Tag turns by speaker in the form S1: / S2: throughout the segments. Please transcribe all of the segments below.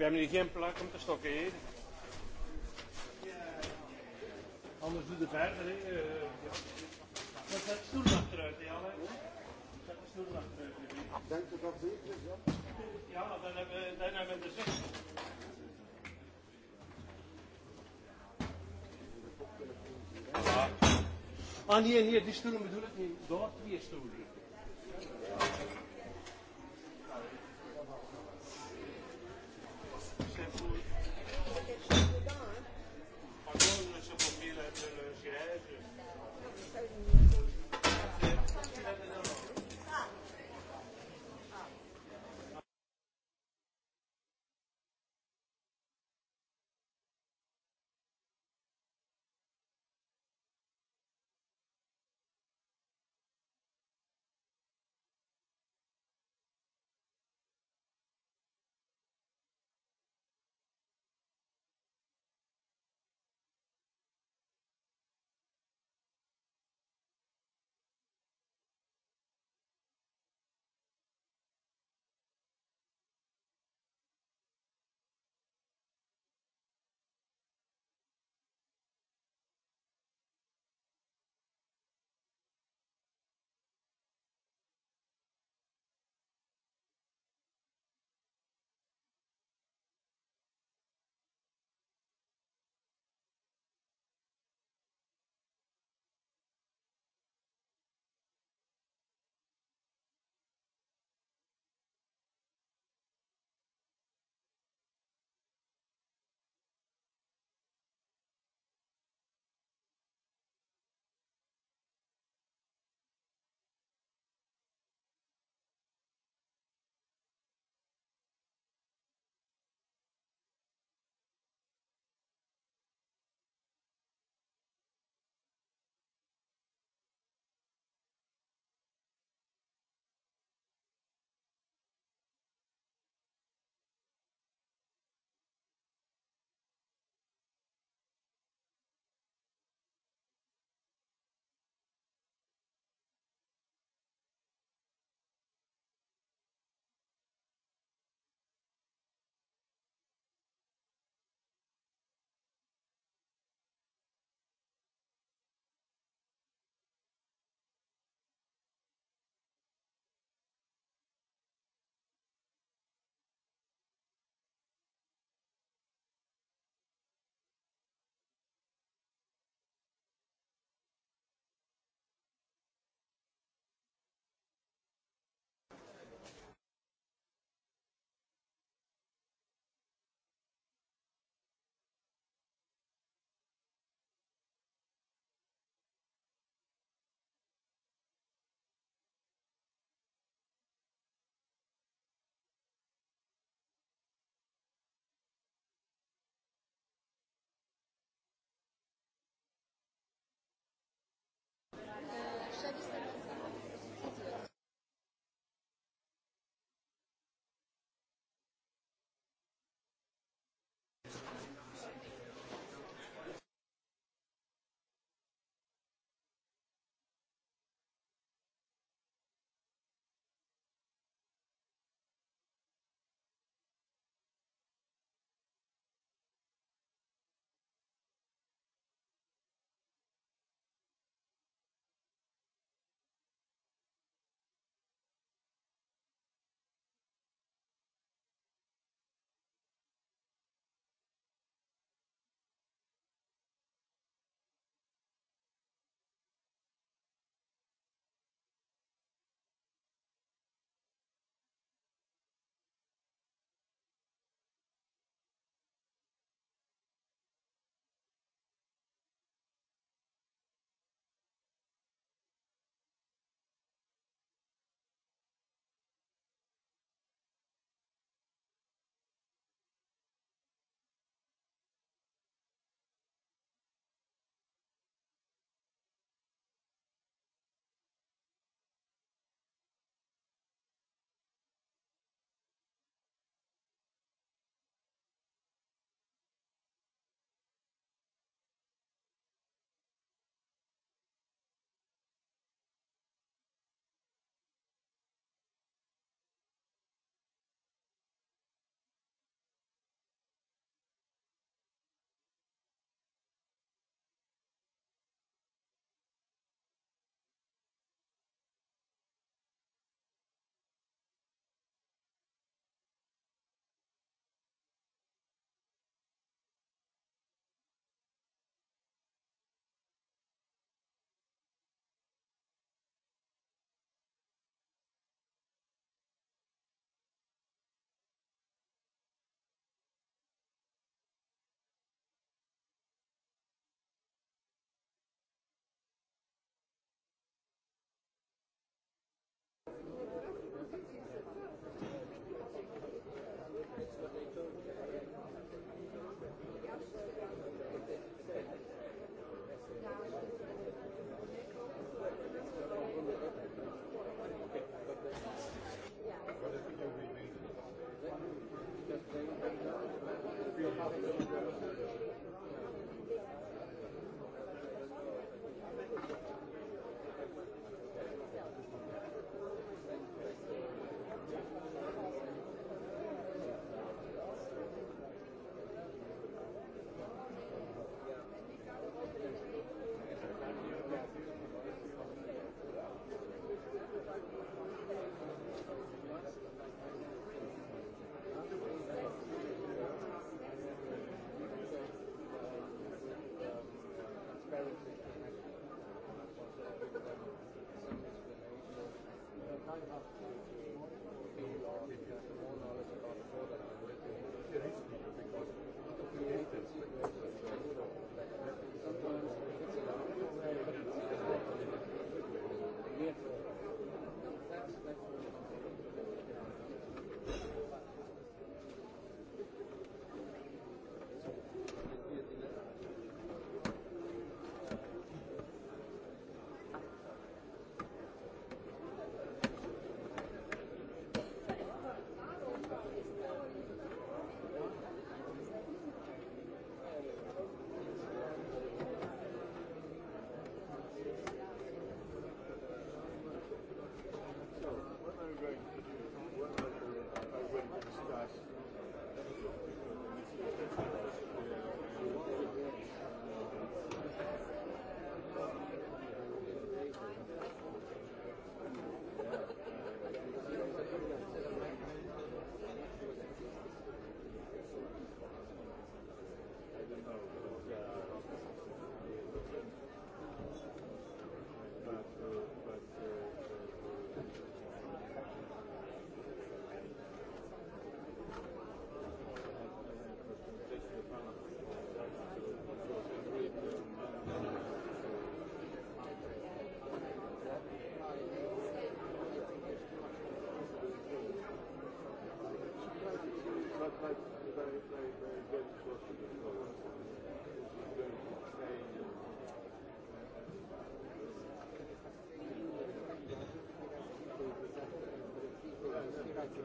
S1: We hebben hier geen plak
S2: om te stokken hier. Anders doe je verder. Hè.
S1: Zet de stoel achteruit, Janne. Zet de stoel eruit. Denk je dat zeker is, ja? Ja, dan hebben, dan hebben we de zicht. Ah, nee, nee, die stoelen bedoel ik niet. Daar twee stoelen.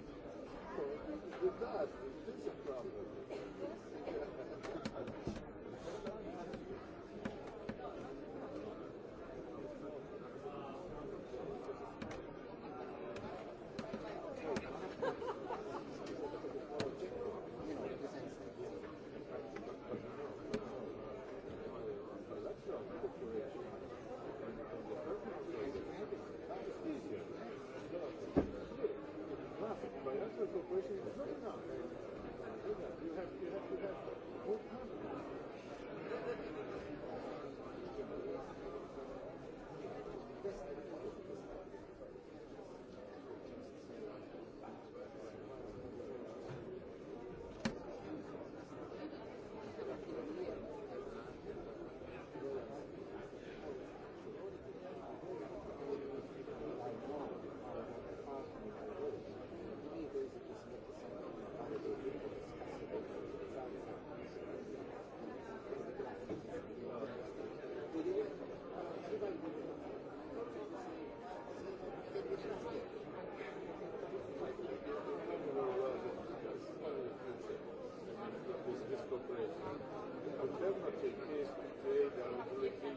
S1: the, with that, this is a problem.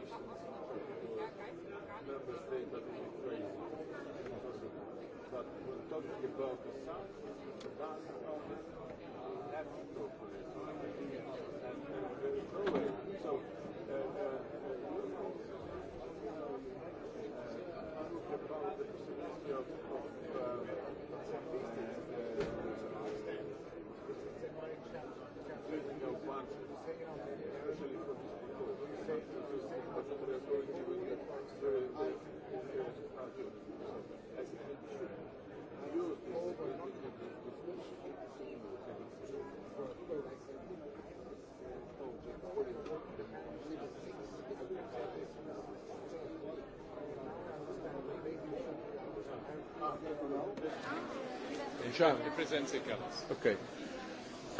S1: member states are crazy. But we're talking about the south, the that's And So, uh, uh, about the possibility of, uh,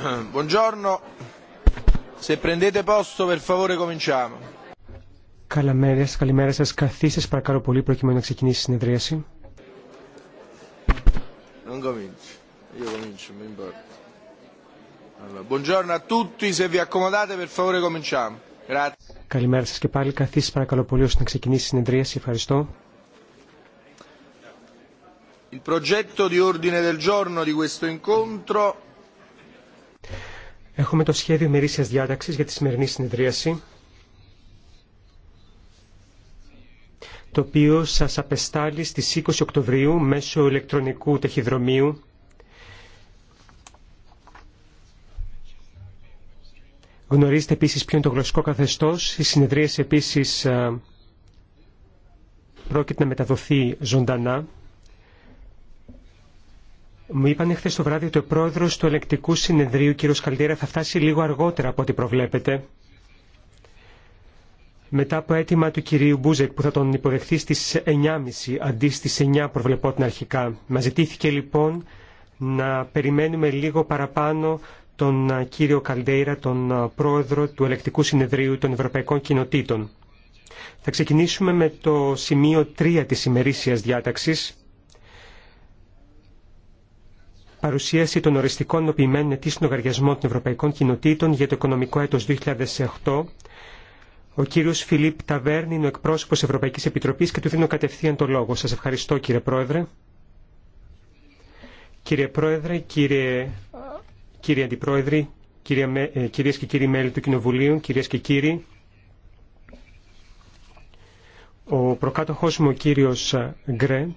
S3: Buongiorno. Se prendete posto, per favore, cominciamo.
S2: Καλημέρα σας, καλημέρα σας. Καθίστε παρακαλώ πολύ προκειμένου να ξεκινήσει η συνεδρίαση.
S3: Non comincio. Io comincio, mi importa. Allora, buongiorno a tutti, se vi accomodate per favore cominciamo. Grazie.
S2: Καλημέρα σας και πάλι. Καθίστε παρακαλώ πολύ ώστε να ξεκινήσει η συνεδρίαση. Ευχαριστώ.
S3: Il progetto di ordine del giorno di questo incontro
S2: Έχουμε το σχέδιο μερίσιας διάταξης για τη σημερινή συνεδρίαση, το οποίο σας απεστάλλει στις 20 Οκτωβρίου μέσω ηλεκτρονικού ταχυδρομείου Γνωρίζετε επίσης ποιο είναι το γλωσσικό καθεστώς. Η συνεδρίαση επίσης ε, πρόκειται να μεταδοθεί ζωντανά. Μου είπαν χθε το βράδυ ότι ο πρόεδρο του ελεκτικού συνεδρίου, κύριο Καλτέρα, θα φτάσει λίγο αργότερα από ό,τι προβλέπετε. Μετά από αίτημα του κυρίου Μπούζεκ που θα τον υποδεχθεί στι 9.30 αντί στι 9 προβλεπόταν αρχικά. Μα ζητήθηκε λοιπόν να περιμένουμε λίγο παραπάνω τον κύριο Καλτέρα, τον πρόεδρο του ελεκτικού συνεδρίου των Ευρωπαϊκών Κοινοτήτων. Θα ξεκινήσουμε με το σημείο 3 της ημερήσιας διάταξης παρουσίαση των οριστικών νοποιημένων ετήσιων λογαριασμών των Ευρωπαϊκών Κοινοτήτων για το οικονομικό έτος 2008. Ο κύριος Φιλίπ Ταβέρνη είναι ο εκπρόσωπος Ευρωπαϊκής Επιτροπής και του δίνω κατευθείαν το λόγο. Σας ευχαριστώ κύριε Πρόεδρε. Κύριε Πρόεδρε, κύριε, κύριε Αντιπρόεδρε, ε, κυρίες και κύριοι μέλη του Κοινοβουλίου, κυρίες και κύριοι, ο προκάτοχο μου ο κύριος Γκρέ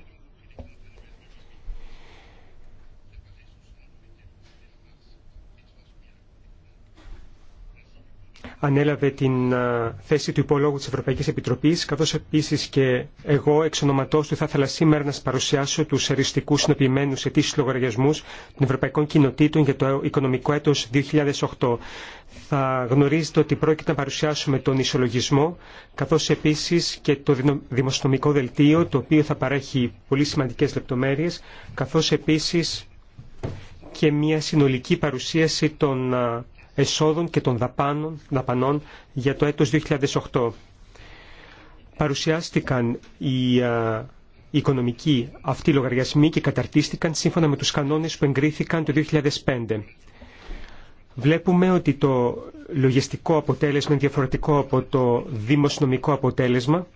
S2: ανέλαβε την θέση του υπολόγου της Ευρωπαϊκής Επιτροπής, καθώς επίσης και εγώ εξ ονοματός του θα ήθελα σήμερα να σας παρουσιάσω τους αριστικούς συνοποιημένους αιτήσεις λογαριασμούς των Ευρωπαϊκών Κοινοτήτων για το οικονομικό έτος 2008. Θα γνωρίζετε ότι πρόκειται να παρουσιάσουμε τον ισολογισμό, καθώς επίσης και το δημοσιονομικό δελτίο, το οποίο θα παρέχει πολύ σημαντικές λεπτομέρειες, καθώς επίσης και μια συνολική παρουσίαση των εσόδων και των δαπάνων, δαπανών για το έτος 2008. Παρουσιάστηκαν οι οικονομικοί αυτοί λογαριασμοί και καταρτίστηκαν σύμφωνα με τους κανόνες που εγκρίθηκαν το 2005. Βλέπουμε ότι το λογιστικό αποτέλεσμα είναι διαφορετικό από το δημοσιονομικό αποτέλεσμα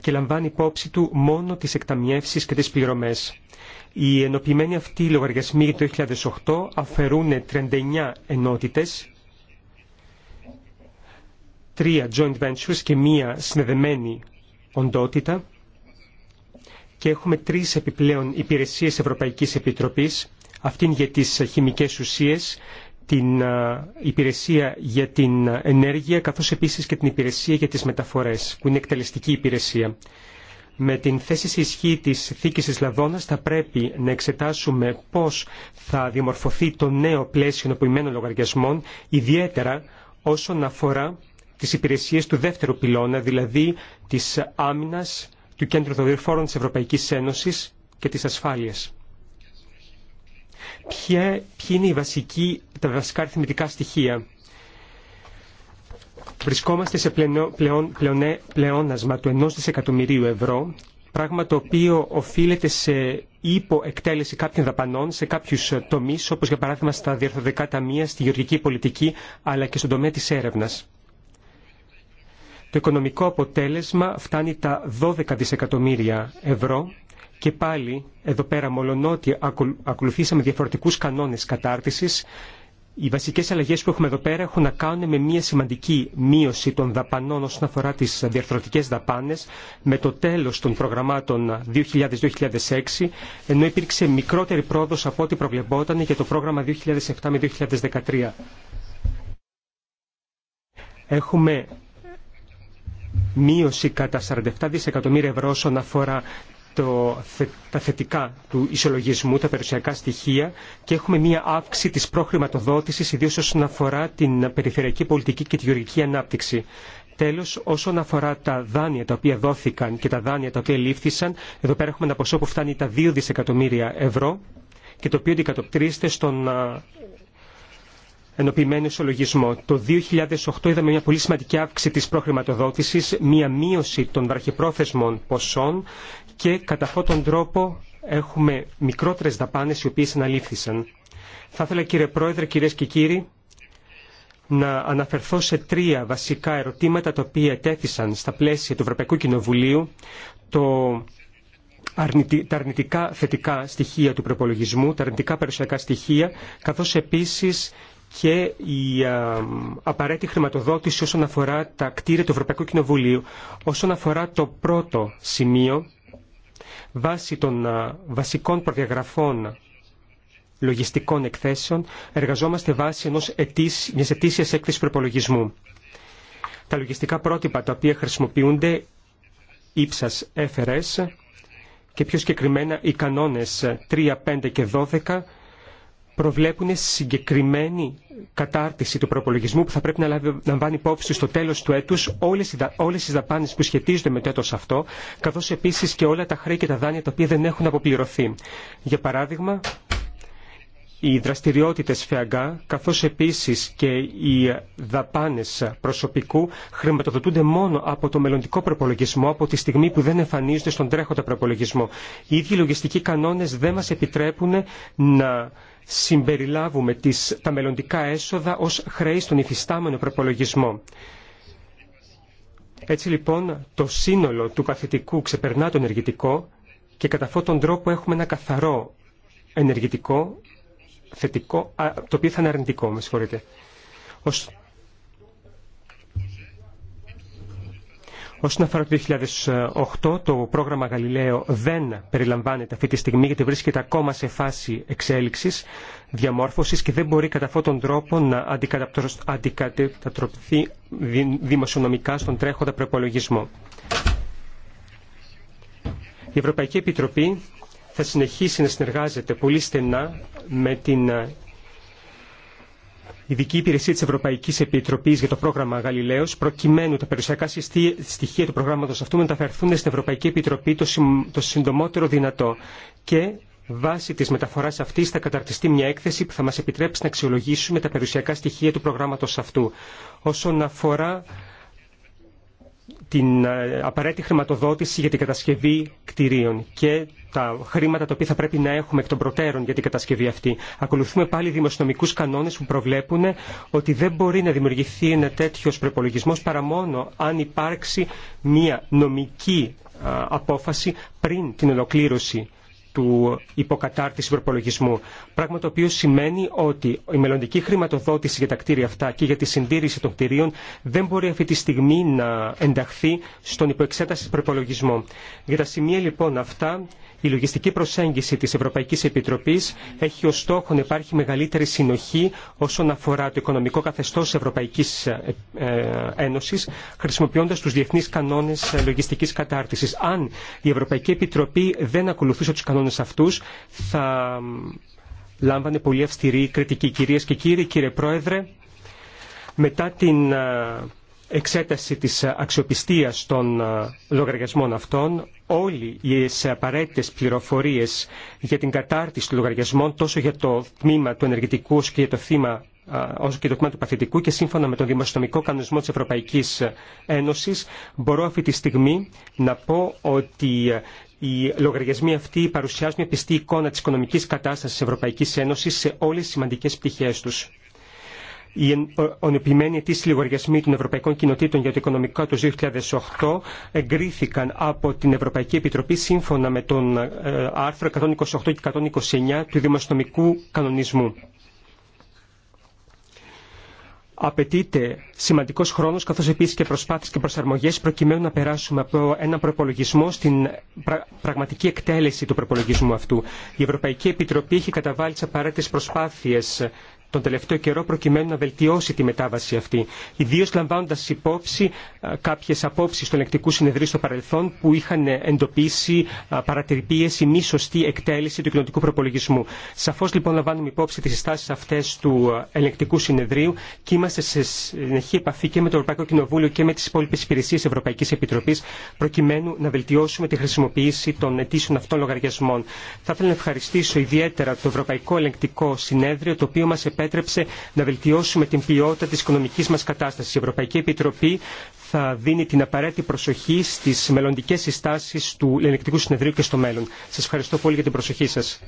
S2: και λαμβάνει υπόψη του μόνο τις εκταμιεύσεις και τις πληρωμές. Οι ενοποιημένοι αυτοί οι λογαριασμοί για το 2008 αφαιρούν 39 ενότητες, τρία joint ventures και μία συνδεδεμένη οντότητα και έχουμε τρεις επιπλέον υπηρεσίες Ευρωπαϊκής Επιτροπής, αυτήν για τις χημικές ουσίες, την υπηρεσία για την ενέργεια καθώς επίσης και την υπηρεσία για τις μεταφορές που είναι εκτελεστική υπηρεσία με την θέση σε ισχύ της θήκης της λαδώνας θα πρέπει να εξετάσουμε πώς θα διαμορφωθεί το νέο πλαίσιο νοποημένων λογαριασμών, ιδιαίτερα όσον αφορά τις υπηρεσίες του δεύτερου πυλώνα, δηλαδή της άμυνας, του Κέντρου Δορυφόρων της Ευρωπαϊκής Ένωσης και της ασφάλειας. Ποια, είναι η βασική, τα βασικά αριθμητικά στοιχεία. Βρισκόμαστε σε πλεον, πλεόνασμα του 1 δισεκατομμυρίου ευρώ, πράγμα το οποίο οφείλεται σε εκτέλεση κάποιων δαπανών σε κάποιους τομείς, όπως για παράδειγμα στα διορθωτικά ταμεία, στη γεωργική πολιτική, αλλά και στον τομέα της έρευνας. Το οικονομικό αποτέλεσμα φτάνει τα 12 δισεκατομμύρια ευρώ και πάλι εδώ πέρα μολονότι ακολουθήσαμε διαφορετικούς κανόνες κατάρτισης οι βασικέ αλλαγέ που έχουμε εδώ πέρα έχουν να κάνουν με μια σημαντική μείωση των δαπανών όσον αφορά τι διαρθρωτικέ δαπάνε με το τέλο των προγραμμάτων 2000-2006, ενώ υπήρξε μικρότερη πρόοδο από ό,τι προβλεπόταν για το πρόγραμμα 2007 2013. Έχουμε μείωση κατά 47 δισεκατομμύρια ευρώ όσον αφορά το, τα θετικά του ισολογισμού, τα περιουσιακά στοιχεία και έχουμε μία αύξηση της προχρηματοδότησης, ιδίως όσον αφορά την περιφερειακή πολιτική και τη γεωργική ανάπτυξη. Τέλος, όσον αφορά τα δάνεια τα οποία δόθηκαν και τα δάνεια τα οποία λήφθησαν, εδώ πέρα έχουμε ένα ποσό που φτάνει τα 2 δισεκατομμύρια ευρώ και το οποίο αντικατοπτρίζεται στον ενωπημένο ισολογισμό. Το 2008 είδαμε μια πολύ σημαντική αύξηση της προχρηματοδότησης, μια μείωση των βραχυπρόθεσμων ποσών και κατά αυτόν τον τρόπο έχουμε μικρότερες δαπάνες οι οποίες αναλήφθησαν. Θα ήθελα κύριε Πρόεδρε, κυρίες και κύριοι, να αναφερθώ σε τρία βασικά ερωτήματα τα οποία τέθησαν στα πλαίσια του Ευρωπαϊκού Κοινοβουλίου το τα αρνητικά θετικά στοιχεία του προπολογισμού, τα αρνητικά περιουσιακά στοιχεία, καθώς επίσης και η απαραίτητη χρηματοδότηση όσον αφορά τα κτίρια του Ευρωπαϊκού Κοινοβουλίου. Όσον αφορά το πρώτο σημείο, βάσει των βασικών προδιαγραφών λογιστικών εκθέσεων, εργαζόμαστε βάσει ενός ετήσι, μιας ετήσιας έκθεσης προπολογισμού. Τα λογιστικά πρότυπα τα οποία χρησιμοποιούνται ύψας FRS και πιο συγκεκριμένα οι κανόνες 3, 5 και 12 προβλέπουν συγκεκριμένη κατάρτιση του προπολογισμού που θα πρέπει να λαμβάνει υπόψη στο τέλο του έτου όλε τι δαπάνε που σχετίζονται με το έτο αυτό, καθώ επίση και όλα τα χρέη και τα δάνεια τα οποία δεν έχουν αποπληρωθεί. Για παράδειγμα, οι δραστηριότητες ΦΕΑΓΑ, καθώς επίσης και οι δαπάνες προσωπικού, χρηματοδοτούνται μόνο από το μελλοντικό προπολογισμό, από τη στιγμή που δεν εμφανίζονται στον τρέχοντα προπολογισμό. Οι ίδιοι λογιστικοί κανόνες δεν μας επιτρέπουν να συμπεριλάβουμε τις, τα μελλοντικά έσοδα ως χρέη στον υφιστάμενο προπολογισμό. Έτσι λοιπόν το σύνολο του παθητικού ξεπερνά το ενεργητικό και κατά αυτόν τον τρόπο έχουμε ένα καθαρό ενεργητικό θετικό, το οποίο θα είναι αρνητικό, με συγχωρείτε. Όσον αφορά το 2008, το πρόγραμμα Γαλιλαίο δεν περιλαμβάνεται αυτή τη στιγμή γιατί βρίσκεται ακόμα σε φάση εξέλιξης, διαμόρφωσης και δεν μπορεί κατά αυτόν τον τρόπο να αντικατατροπηθεί δημοσιονομικά στον τρέχοντα προπολογισμό. Η Ευρωπαϊκή Επιτροπή θα συνεχίσει να συνεργάζεται πολύ στενά με την ειδική υπηρεσία τη Ευρωπαϊκή Επιτροπής για το πρόγραμμα Γαλιλαίο, προκειμένου τα περιουσιακά στοιχεία του προγράμματος αυτού μεταφερθούν στην Ευρωπαϊκή Επιτροπή το συντομότερο δυνατό και Βάσει τη μεταφορά αυτή θα καταρτιστεί μια έκθεση που θα μα επιτρέψει να αξιολογήσουμε τα περιουσιακά στοιχεία του προγράμματο αυτού. Όσον αφορά την ε, απαραίτητη χρηματοδότηση για την κατασκευή κτηρίων και τα χρήματα τα οποία θα πρέπει να έχουμε εκ των προτέρων για την κατασκευή αυτή. Ακολουθούμε πάλι δημοσιονομικού κανόνε που προβλέπουν ότι δεν μπορεί να δημιουργηθεί ένα τέτοιο προπολογισμό παρά μόνο αν υπάρξει μια νομική απόφαση πριν την ολοκλήρωση του υποκατάρτιση προπολογισμού. Πράγμα το οποίο σημαίνει ότι η μελλοντική χρηματοδότηση για τα κτίρια αυτά και για τη συντήρηση των κτιρίων δεν μπορεί αυτή τη στιγμή να ενταχθεί στον υποεξέταση προπολογισμό. Για τα σημεία λοιπόν αυτά η λογιστική προσέγγιση της Ευρωπαϊκής Επιτροπής έχει ως στόχο να υπάρχει μεγαλύτερη συνοχή όσον αφορά το οικονομικό καθεστώς Ευρωπαϊκής ε, ε, Ένωσης, χρησιμοποιώντας τους διεθνείς κανόνες ε, λογιστικής κατάρτισης. Αν η Ευρωπαϊκή Επιτροπή δεν ακολουθούσε τους κανόνες αυτούς, θα λάμβανε πολύ αυστηρή κριτική. Κυρίες και κύριοι, κύριε Πρόεδρε, μετά την εξέταση της αξιοπιστίας των ε, λογαριασμών αυτών, όλοι οι απαραίτητε πληροφορίες για την κατάρτιση των λογαριασμών, τόσο για το τμήμα του ενεργητικού όσο και για το θύμα και το τμήμα του παθητικού και σύμφωνα με τον δημοσιονομικό κανονισμό της Ευρωπαϊκής Ένωσης μπορώ αυτή τη στιγμή να πω ότι ε, οι λογαριασμοί αυτοί παρουσιάζουν μια πιστή εικόνα της οικονομικής κατάστασης της Ευρωπαϊκής Ένωσης σε όλες τις σημαντικές πτυχές τους. Οι ονειπημένοι ετήσιοι λογαριασμοί των Ευρωπαϊκών Κοινοτήτων για το οικονομικό του 2008 εγκρίθηκαν από την Ευρωπαϊκή Επιτροπή σύμφωνα με τον ε, άρθρο 128 και 129 του Δημοσιονομικού Κανονισμού απαιτείται σημαντικό χρόνο καθώ επίση και προσπάθειε και προσαρμογέ προκειμένου να περάσουμε από ένα προπολογισμό στην πραγματική εκτέλεση του προπολογισμού αυτού. Η Ευρωπαϊκή Επιτροπή έχει καταβάλει τι απαραίτητε προσπάθειε τον τελευταίο καιρό προκειμένου να βελτιώσει τη μετάβαση αυτή. Ιδίω λαμβάνοντα υπόψη κάποιε απόψει του ελεκτικού συνεδρίου στο παρελθόν που είχαν εντοπίσει ή μη σωστή εκτέλεση του κοινωνικού προπολογισμού. Σαφώ λοιπόν λαμβάνουμε υπόψη τι συστάσει αυτέ του ελεκτικού συνεδρίου και είμαστε σε συνεχή επαφή και με το Ευρωπαϊκό Κοινοβούλιο και με τι υπόλοιπε υπηρεσίε Ευρωπαϊκή Επιτροπή προκειμένου να βελτιώσουμε τη χρησιμοποίηση των αιτήσεων αυτών λογαριασμών. Θα ήθελα να ευχαριστήσω ιδιαίτερα το Ευρωπαϊκό Ελεκτικό Συνέδριο το οποίο μα επέτρεψε να βελτιώσουμε την ποιότητα της οικονομικής μας κατάστασης. Η Ευρωπαϊκή Επιτροπή θα δίνει την απαραίτητη προσοχή στις μελλοντικέ συστάσεις του Ελεκτικού Συνεδρίου και στο μέλλον. Σας ευχαριστώ πολύ για την προσοχή σας.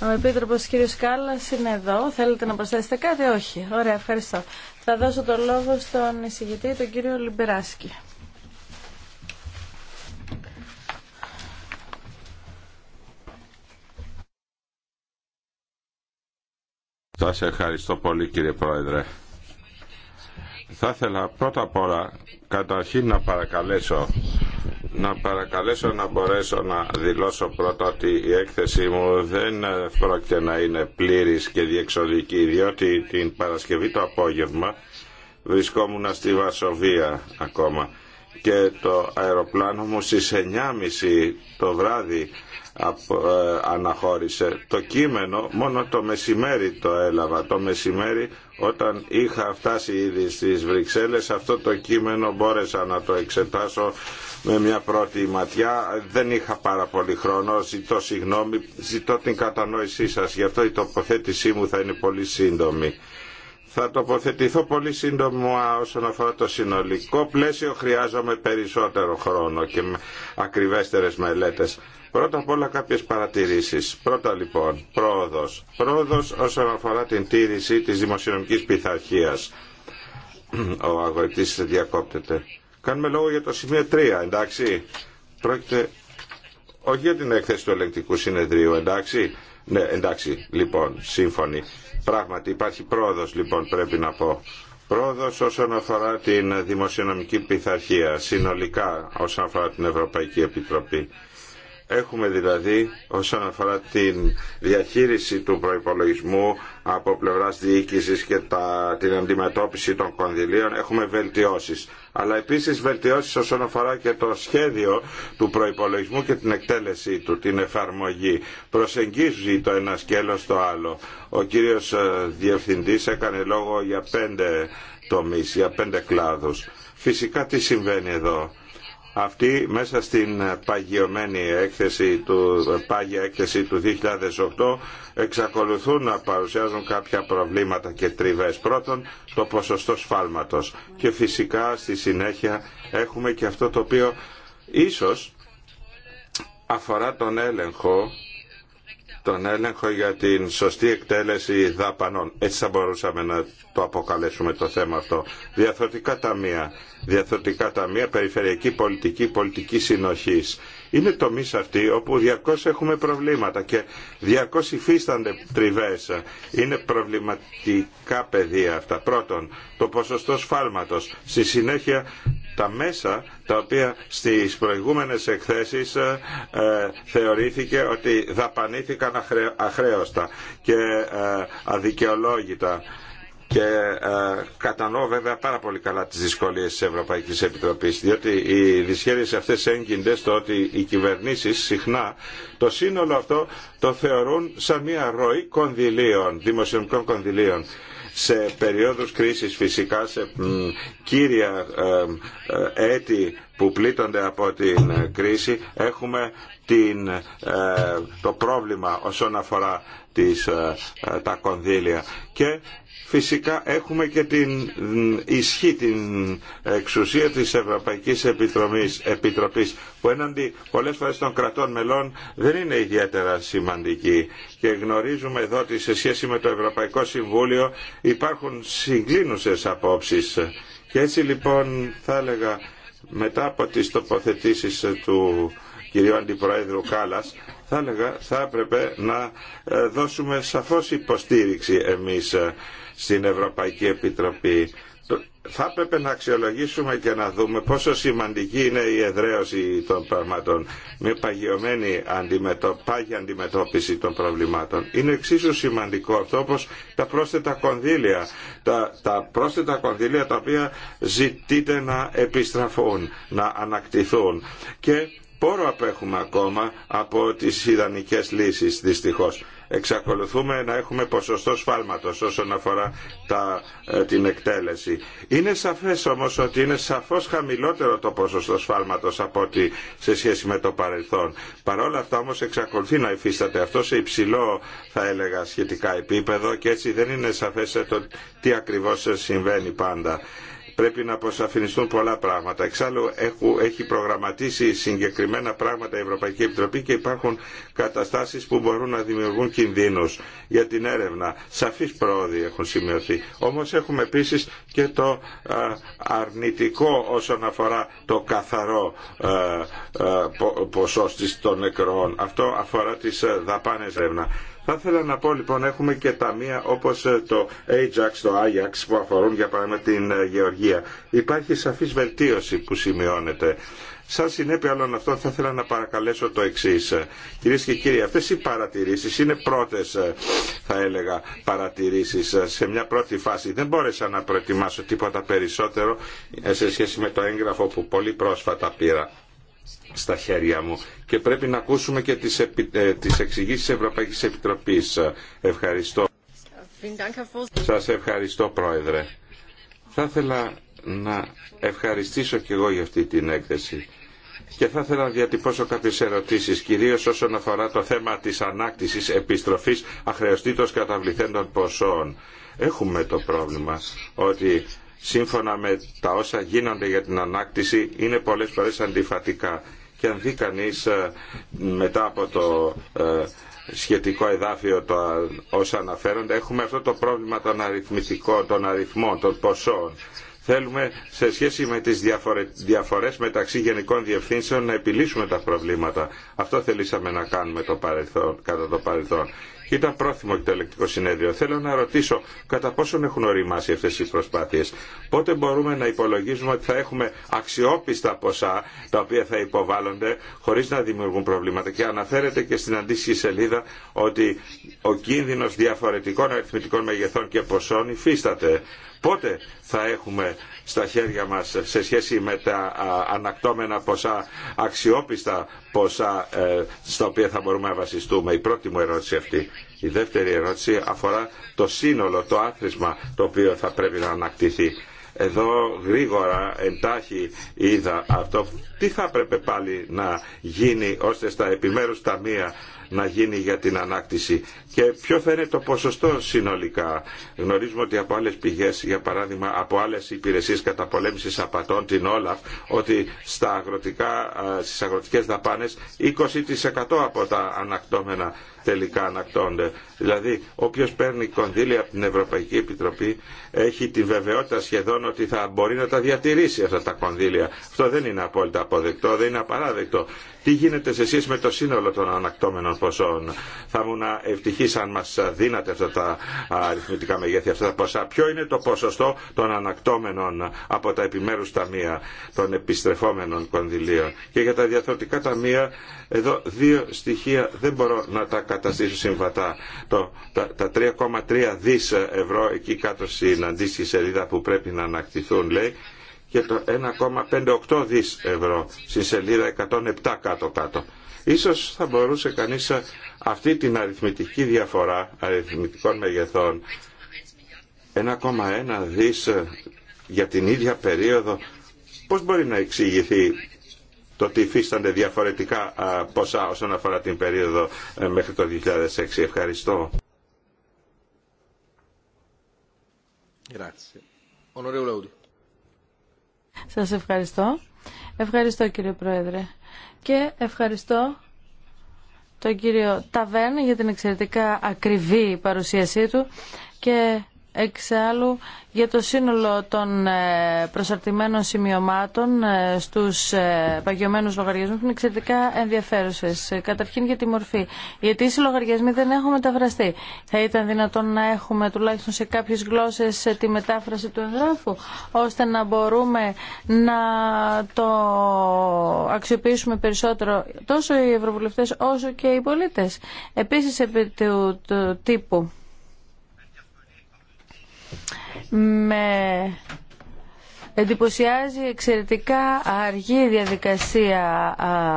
S4: Ο Επίτροπος κ. Κάλλας είναι εδώ. Θέλετε να προσθέσετε κάτι, όχι. Ωραία, ευχαριστώ. Θα δώσω το λόγο στον εισηγητή, τον κύριο Λιμπεράσκη.
S5: Θα Σας ευχαριστώ πολύ κύριε Πρόεδρε. Θα ήθελα πρώτα απ' όλα καταρχήν να παρακαλέσω να παρακαλέσω να μπορέσω να δηλώσω πρώτα ότι η έκθεσή μου δεν πρόκειται να είναι πλήρης και διεξοδική διότι την Παρασκευή το απόγευμα βρισκόμουν στη Βασοβία ακόμα και το αεροπλάνο μου στις 9.30 το βράδυ ε, αναχώρησε. Το κείμενο μόνο το μεσημέρι το έλαβα. Το μεσημέρι όταν είχα φτάσει ήδη στις Βρυξέλλες αυτό το κείμενο μπόρεσα να το εξετάσω με μια πρώτη ματιά. Δεν είχα πάρα πολύ χρόνο. Ζητώ συγγνώμη, ζητώ την κατανόησή σας. Γι' αυτό η τοποθέτησή μου θα είναι πολύ σύντομη. Θα τοποθετηθώ πολύ σύντομα όσον αφορά το συνολικό πλαίσιο. Χρειάζομαι περισσότερο χρόνο και ακριβέστερες μελέτες. Πρώτα απ' όλα κάποιες παρατηρήσεις. Πρώτα λοιπόν, πρόοδος. Πρόοδος όσον αφορά την τήρηση της δημοσιονομικής πειθαρχία. Ο αγωγητής διακόπτεται. Κάνουμε λόγο για το σημείο 3, εντάξει. Πρόκειται όχι για την έκθεση του ελεγκτικού συνεδρίου, εντάξει ναι, εντάξει, λοιπόν, σύμφωνοι. Πράγματι, υπάρχει πρόοδος, λοιπόν, πρέπει να πω. Πρόοδος όσον αφορά την δημοσιονομική πειθαρχία, συνολικά όσον αφορά την Ευρωπαϊκή Επιτροπή. Έχουμε δηλαδή όσον αφορά την διαχείριση του προϋπολογισμού από πλευράς διοίκησης και τα, την αντιμετώπιση των κονδυλίων έχουμε βελτιώσεις αλλά επίσης βελτιώσεις όσον αφορά και το σχέδιο του προϋπολογισμού και την εκτέλεσή του, την εφαρμογή. Προσεγγίζει το ένα σκέλος το άλλο. Ο κύριος ε, Διευθυντής έκανε λόγο για πέντε τομείς, για πέντε κλάδους. Φυσικά τι συμβαίνει εδώ αυτή μέσα στην παγιωμένη έκθεση του, πάγια έκθεση του 2008 εξακολουθούν να παρουσιάζουν κάποια προβλήματα και τριβές. Πρώτον, το ποσοστό σφάλματος. Και φυσικά στη συνέχεια έχουμε και αυτό το οποίο ίσως αφορά τον έλεγχο τον έλεγχο για την σωστή εκτέλεση δαπανών. Έτσι θα μπορούσαμε να το αποκαλέσουμε το θέμα αυτό. Διαθωτικά ταμεία, διαθωτικά ταμεία, περιφερειακή πολιτική, πολιτική συνοχής. Είναι τομεί αυτοί όπου 200 έχουμε προβλήματα και 200 υφίστανται τριβές. Είναι προβληματικά πεδία αυτά. Πρώτον, το ποσοστό σφάλματος. Στη συνέχεια τα μέσα τα οποία στις προηγούμενες εκθέσεις ε, θεωρήθηκε ότι δαπανήθηκαν αχρέωστα και ε, αδικαιολόγητα και ε, κατανοώ βέβαια πάρα πολύ καλά τις δυσκολίες της Ευρωπαϊκής Επιτροπής διότι οι δυσχέρειες αυτές έγκυνται στο ότι οι κυβερνήσεις συχνά το σύνολο αυτό το θεωρούν σαν μια ροή κονδυλίων, δημοσιονομικών κονδυλίων σε περίοδους κρίσης φυσικά σε κύρια ε, ε, έτη που πλήττονται από την κρίση έχουμε ε, το πρόβλημα όσον αφορά τα κονδύλια και Φυσικά έχουμε και την ισχύ, την εξουσία της Ευρωπαϊκής Επιτροπής, που έναντι πολλές φορές των κρατών μελών δεν είναι ιδιαίτερα σημαντική και γνωρίζουμε εδώ ότι σε σχέση με το Ευρωπαϊκό Συμβούλιο υπάρχουν συγκλίνουσες απόψεις και έτσι λοιπόν θα έλεγα μετά από τις τοποθετήσεις του κυρίου Αντιπροέδρου Κάλλας θα έλεγα θα έπρεπε να ε, δώσουμε σαφώς υποστήριξη εμείς στην Ευρωπαϊκή Επιτροπή. Θα έπρεπε να αξιολογήσουμε και να δούμε πόσο σημαντική είναι η εδραίωση των πραγμάτων, με παγιωμένη αντιμετω... πάγια αντιμετώπιση των προβλημάτων. Είναι εξίσου σημαντικό αυτό όπως τα πρόσθετα κονδύλια, τα, τα πρόσθετα κονδύλια τα οποία ζητείτε να επιστραφούν, να ανακτηθούν. Και πόρο απέχουμε ακόμα από τις ιδανικές λύσεις δυστυχώς εξακολουθούμε να έχουμε ποσοστό σφάλματος όσον αφορά τα, ε, την εκτέλεση. Είναι σαφές όμως ότι είναι σαφώς χαμηλότερο το ποσοστό σφάλματος από ότι σε σχέση με το παρελθόν. Παρ' όλα αυτά όμως εξακολουθεί να υφίσταται αυτό σε υψηλό θα έλεγα σχετικά επίπεδο και έτσι δεν είναι σαφές το τι ακριβώς συμβαίνει πάντα πρέπει να αποσαφινιστούν πολλά πράγματα. Εξάλλου έχει προγραμματίσει συγκεκριμένα πράγματα η Ευρωπαϊκή Επιτροπή και υπάρχουν καταστάσεις που μπορούν να δημιουργούν κινδύνους για την έρευνα. Σαφείς πρόοδοι έχουν σημειωθεί. Όμως έχουμε επίσης και το αρνητικό όσον αφορά το καθαρό ε, ε, ποσό των νεκρών. Αυτό αφορά τις ε, δαπάνες έρευνα. Θα ήθελα να πω λοιπόν έχουμε και ταμεία όπως ε, το Ajax, το Ajax που αφορούν για παράδειγμα την ε, Γεωργία. Υπάρχει σαφής βελτίωση που σημειώνεται. Σαν συνέπεια όλων αυτών θα ήθελα να παρακαλέσω το εξή. Κυρίε και κύριοι, αυτέ οι παρατηρήσει είναι πρώτε, ε, θα έλεγα, παρατηρήσει σε μια πρώτη φάση. Δεν μπόρεσα να προετοιμάσω τίποτα περισσότερο σε σχέση με το έγγραφο που πολύ πρόσφατα πήρα στα χέρια μου και πρέπει να ακούσουμε και τις, επι... Ε, τις εξηγήσεις της Ευρωπαϊκής Επιτροπής. Ευχαριστώ. Σας ευχαριστώ Πρόεδρε. Θα ήθελα να ευχαριστήσω και εγώ για αυτή την έκθεση και θα ήθελα να διατυπώσω κάποιες ερωτήσεις, κυρίως όσον αφορά το θέμα της ανάκτησης επιστροφής αχρεωστήτως καταβληθέντων ποσών. Έχουμε το πρόβλημα ότι σύμφωνα με τα όσα γίνονται για την ανάκτηση είναι πολλές φορές αντιφατικά. Και αν δει κανεί ε, μετά από το ε, σχετικό εδάφιο το όσα αναφέρονται, έχουμε αυτό το πρόβλημα των αριθμητικών, των αριθμών, των ποσών. Θέλουμε σε σχέση με τις διαφορε... διαφορές μεταξύ γενικών διευθύνσεων να επιλύσουμε τα προβλήματα. Αυτό θελήσαμε να κάνουμε το παρελθόν, κατά το παρελθόν. Ήταν πρόθυμο και το ελεκτικό συνέδριο. Θέλω να ρωτήσω κατά πόσον έχουν οριμάσει αυτές οι προσπάθειες. Πότε μπορούμε να υπολογίζουμε ότι θα έχουμε αξιόπιστα ποσά τα οποία θα υποβάλλονται χωρίς να δημιουργούν προβλήματα. Και αναφέρεται και στην αντίστοιχη σελίδα ότι ο κίνδυνος διαφορετικών αριθμητικών μεγεθών και ποσών υφίσταται. Πότε θα έχουμε στα χέρια μας σε σχέση με τα ανακτώμενα ποσά, αξιόπιστα ποσά ε, στα οποία θα μπορούμε να βασιστούμε. Η πρώτη μου ερώτηση αυτή. Η δεύτερη ερώτηση αφορά το σύνολο, το άθροισμα το οποίο θα πρέπει να ανακτηθεί. Εδώ γρήγορα, εντάχει είδα αυτό. Τι θα έπρεπε πάλι να γίνει ώστε στα επιμέρους ταμεία να γίνει για την ανάκτηση και ποιο θα είναι το ποσοστό συνολικά. Γνωρίζουμε ότι από άλλε πηγέ, για παράδειγμα από άλλε υπηρεσίε καταπολέμηση απατών, την Όλαφ, ότι στα αγροτικά, στις αγροτικές δαπάνες 20% από τα ανακτώμενα τελικά ανακτώνται. Δηλαδή, όποιος παίρνει κονδύλια από την Ευρωπαϊκή Επιτροπή έχει τη βεβαιότητα σχεδόν ότι θα μπορεί να τα διατηρήσει αυτά τα κονδύλια. Αυτό δεν είναι απόλυτα αποδεκτό, δεν είναι απαράδεκτο. Τι γίνεται σε εσείς με το σύνολο των ανακτώμενων ποσών. Θα ήμουν ευτυχή αν μα δίνατε αυτά τα αριθμητικά μεγέθη, αυτά τα ποσά. Ποιο είναι το ποσοστό των ανακτώμενων από τα επιμέρου ταμεία των επιστρεφόμενων κονδυλίων. Και για τα διαθροτικά ταμεία, εδώ δύο στοιχεία δεν μπορώ να τα καταστήσω συμβατά. Το, τα, τα 3,3 δις ευρώ εκεί κάτω στην αντίστοιχη σελίδα που πρέπει να ανακτηθούν λέει και το 1,58 δις ευρώ στη σελίδα 107 κάτω-κάτω. Ίσως θα μπορούσε κανείς αυτή την αριθμητική διαφορά αριθμητικών μεγεθών 1,1 δις για την ίδια περίοδο πώς μπορεί να εξηγηθεί το ότι υφίστανται διαφορετικά ποσά όσον αφορά την περίοδο ε, μέχρι το
S3: 2006. Ευχαριστώ. Grazie. Onorevole
S4: σας ευχαριστώ. Ευχαριστώ κύριε Πρόεδρε. Και ευχαριστώ τον κύριο Ταβέν για την εξαιρετικά ακριβή παρουσίασή του και Εξάλλου, για το σύνολο των ε, προσαρτημένων σημειωμάτων ε, στους ε, παγιωμένους λογαριασμούς είναι εξαιρετικά ενδιαφέρουσες. Καταρχήν για τη μορφή. Οι αιτήσεις λογαριασμοί δεν έχουν μεταφραστεί. Θα ήταν δυνατόν να έχουμε τουλάχιστον σε κάποιες γλώσσες τη μετάφραση του εγγράφου, ώστε να μπορούμε να το αξιοποιήσουμε περισσότερο τόσο οι ευρωβουλευτές όσο και οι πολίτες. Επίσης, επί του τύπου με εντυπωσιάζει εξαιρετικά αργή διαδικασία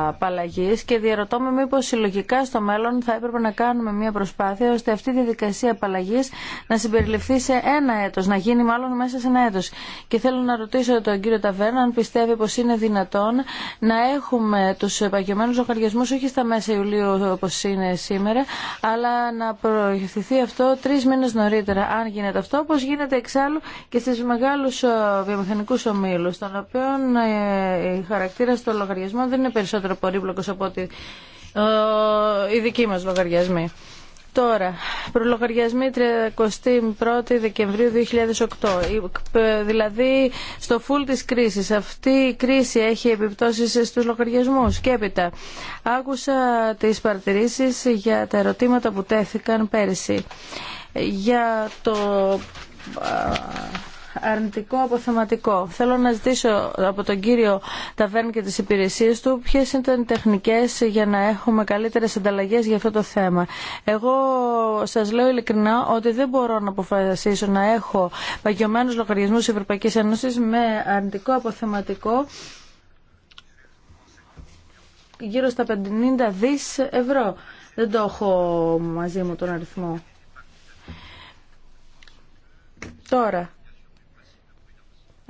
S4: απαλλαγή και διαρωτώ με μήπως συλλογικά στο μέλλον θα έπρεπε να κάνουμε μια προσπάθεια ώστε αυτή η διαδικασία απαλλαγή να συμπεριληφθεί σε ένα έτο, να γίνει μάλλον μέσα σε ένα έτος. Και θέλω να ρωτήσω τον κύριο Ταβέρνα αν πιστεύει πω είναι δυνατόν να έχουμε του επαγγελμένου λογαριασμού όχι στα μέσα Ιουλίου όπω είναι σήμερα, αλλά να προηγηθεί αυτό τρει μήνες νωρίτερα. Αν γίνεται αυτό, όπω γίνεται εξάλλου και στι μεγάλου βιομηχανικού ελληνικού οποίο των οποίων ε, η χαρακτήρα των λογαριασμό δεν είναι περισσότερο πολύπλοκο από ότι οι δικοί μα λογαριασμοί. Τώρα, προλογαριασμοί 31 Δεκεμβρίου 2008, ε, δηλαδή στο φουλ της κρίσης. Αυτή η κρίση έχει επιπτώσεις στους λογαριασμούς. Και έπειτα, άκουσα τις παρατηρήσεις για τα ερωτήματα που τέθηκαν πέρσι. Για το αρνητικό αποθεματικό. Θέλω να ζητήσω από τον κύριο Ταβέρν και τις υπηρεσίες του ποιες ήταν οι τεχνικές για να έχουμε καλύτερες ανταλλαγές για αυτό το θέμα. Εγώ σας λέω ειλικρινά ότι δεν μπορώ να αποφασίσω να έχω παγιωμένους λογαριασμούς Ευρωπαϊκής Ένωσης με αρνητικό αποθεματικό γύρω στα 50 δις ευρώ. Δεν το έχω μαζί μου τον αριθμό. Τώρα,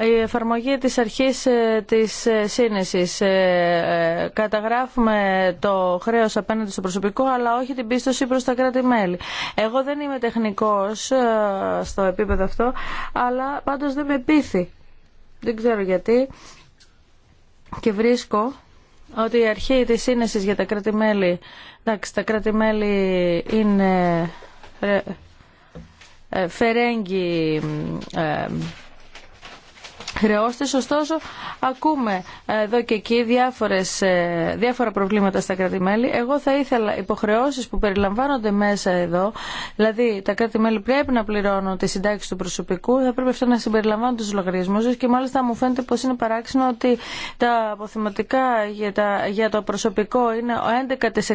S4: η εφαρμογή της αρχής ε, της ε, σύνεσης. Ε, καταγράφουμε το χρέος απέναντι στο προσωπικό, αλλά όχι την πίστοση προς τα κράτη-μέλη. Εγώ δεν είμαι τεχνικός στο επίπεδο αυτό, αλλά πάντως δεν με πείθει. Δεν ξέρω γιατί. Και βρίσκω ότι η αρχή της σύνεσης για τα κράτη-μέλη... Εντάξει, τα κρατη είναι φερέγγι χρεώστες. Ωστόσο, ακούμε εδώ και εκεί διάφορες, ε, διάφορα προβλήματα στα κράτη-μέλη. Εγώ θα ήθελα υποχρεώσεις που περιλαμβάνονται μέσα εδώ, δηλαδή τα κράτη-μέλη πρέπει να πληρώνουν τη συντάξη του προσωπικού, θα πρέπει αυτό να συμπεριλαμβάνουν τους λογαριασμούς και μάλιστα μου φαίνεται πως είναι παράξενο ότι τα αποθυματικά για, τα, για το προσωπικό είναι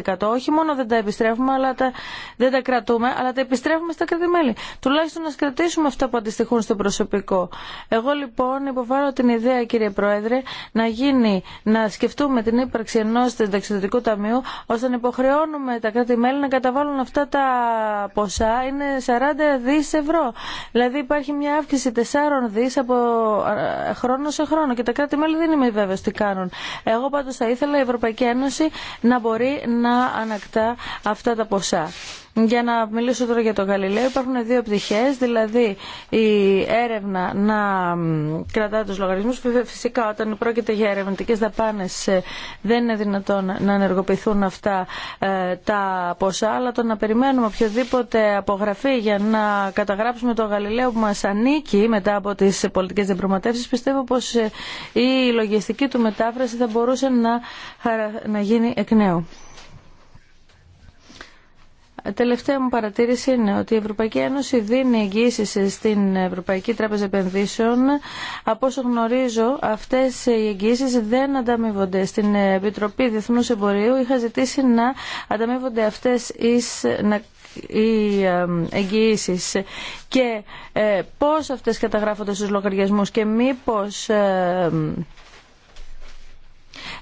S4: 11%. Όχι μόνο δεν τα επιστρέφουμε, αλλά τα, δεν τα κρατούμε, αλλά τα επιστρέφουμε στα κράτη-μέλη. Τουλάχιστον να κρατήσουμε αυτά που αντιστοιχούν στο προσωπικό. Εγώ λοιπόν υποβάλλω την ιδέα, κύριε Πρόεδρε, να γίνει, να σκεφτούμε την ύπαρξη ενό συνταξιδοτικού ταμείου, ώστε να υποχρεώνουμε τα κράτη-μέλη να καταβάλουν αυτά τα ποσά. Είναι 40 δι ευρώ. Δηλαδή υπάρχει μια αύξηση 4 δι από χρόνο σε χρόνο και τα κράτη-μέλη δεν είμαι βέβαιο τι κάνουν. Εγώ πάντω θα ήθελα η Ευρωπαϊκή Ένωση να μπορεί να ανακτά αυτά τα ποσά. Για να μιλήσω τώρα για το Γαλιλαίο υπάρχουν δύο πτυχέ, δηλαδή η έρευνα να κρατά τους λογαριασμού. Φυσικά όταν πρόκειται για ερευνητικέ δαπάνε, ε, δεν είναι δυνατόν να ενεργοποιηθούν αυτά ε, τα ποσά, αλλά το να περιμένουμε οποιοδήποτε απογραφή για να καταγράψουμε το Γαλιλαίο που μας ανήκει μετά από τι πολιτικέ διαπραγματεύσει, πιστεύω πω ε, η λογιστική του μετάφραση θα μπορούσε να γίνει εκ νέου. Τελευταία μου παρατήρηση είναι ότι η Ευρωπαϊκή Ένωση δίνει εγγύησεις στην Ευρωπαϊκή Τράπεζα Επενδύσεων. Από όσο γνωρίζω, αυτές οι εγγύησεις δεν ανταμείβονται. Στην Επιτροπή Διεθνούς Εμπορίου είχα ζητήσει να ανταμείβονται αυτές οι εγγυήσει και ε, πώς αυτές καταγράφονται στους λογαριασμούς και μήπως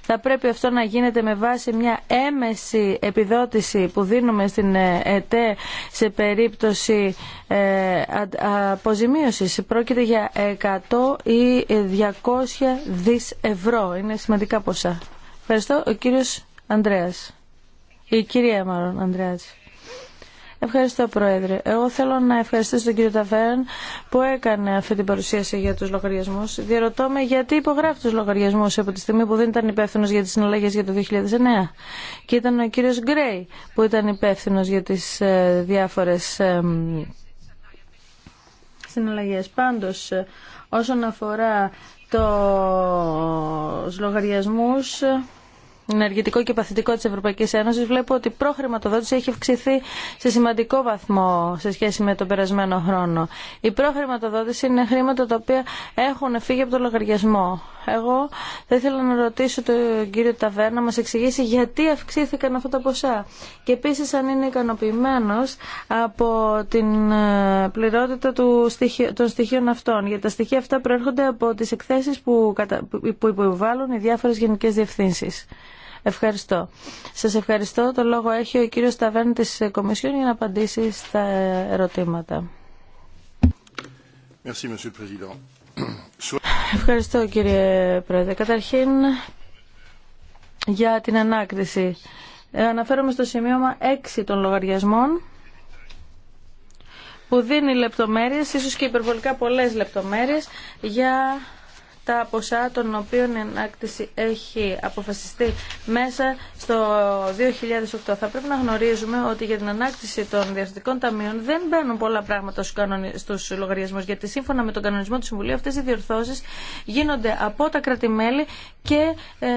S4: θα πρέπει αυτό να γίνεται με βάση μια έμεση επιδότηση που δίνουμε στην ε, ΕΤΕ σε περίπτωση ε, αποζημίωσης. Πρόκειται για 100 ή 200 δις ευρώ. Είναι σημαντικά ποσά. Ευχαριστώ. Ο κύριος Ανδρέας. Η κυρία Μαρόν Ανδρέας. Ευχαριστώ, Πρόεδρε. Εγώ θέλω να ευχαριστήσω τον κύριο Ταβέρν που έκανε αυτή την παρουσίαση για του λογαριασμού. Διερωτώ με γιατί υπογράφει του λογαριασμού από τη στιγμή που δεν ήταν υπεύθυνο για τι συναλλαγές για το 2009. Και ήταν ο κύριο Γκρέι που ήταν υπεύθυνο για τι ε, διάφορε συναλλαγέ. Πάντω, ε, όσον αφορά ε, του λογαριασμού, ενεργητικό και παθητικό της Ευρωπαϊκής Ένωσης βλέπω ότι η προχρηματοδότηση έχει αυξηθεί σε σημαντικό βαθμό σε σχέση με τον περασμένο χρόνο. Η προχρηματοδότηση είναι χρήματα τα οποία έχουν φύγει από το λογαριασμό. Εγώ θα ήθελα να ρωτήσω τον κύριο Ταβέρνα να μας εξηγήσει γιατί αυξήθηκαν αυτά τα ποσά και επίσης αν είναι ικανοποιημένο από την ε, πληρότητα του των στοιχείων αυτών. Γιατί τα στοιχεία αυτά προέρχονται από τις εκθέσεις που υποβάλλουν οι διάφορες γενικές διευθύνσεις. Ευχαριστώ. Σας ευχαριστώ. Το λόγο έχει ο κύριο Σταβέρνη τη Κομισιόν για να απαντήσει στα ερωτήματα. Ευχαριστώ κύριε Πρόεδρε. Καταρχήν για την ανάκριση. Αναφέρομαι στο σημείωμα 6 των λογαριασμών που δίνει λεπτομέρειες, ίσως και υπερβολικά πολλές λεπτομέρειες, για τα ποσά των οποίων η ανάκτηση έχει αποφασιστεί μέσα στο 2008. Θα πρέπει να γνωρίζουμε ότι για την ανάκτηση των διαστατικών ταμείων δεν μπαίνουν πολλά πράγματα στους λογαριασμούς, γιατί σύμφωνα με τον κανονισμό του Συμβουλίου αυτές οι διορθώσεις γίνονται από τα κρατημέλη και ε,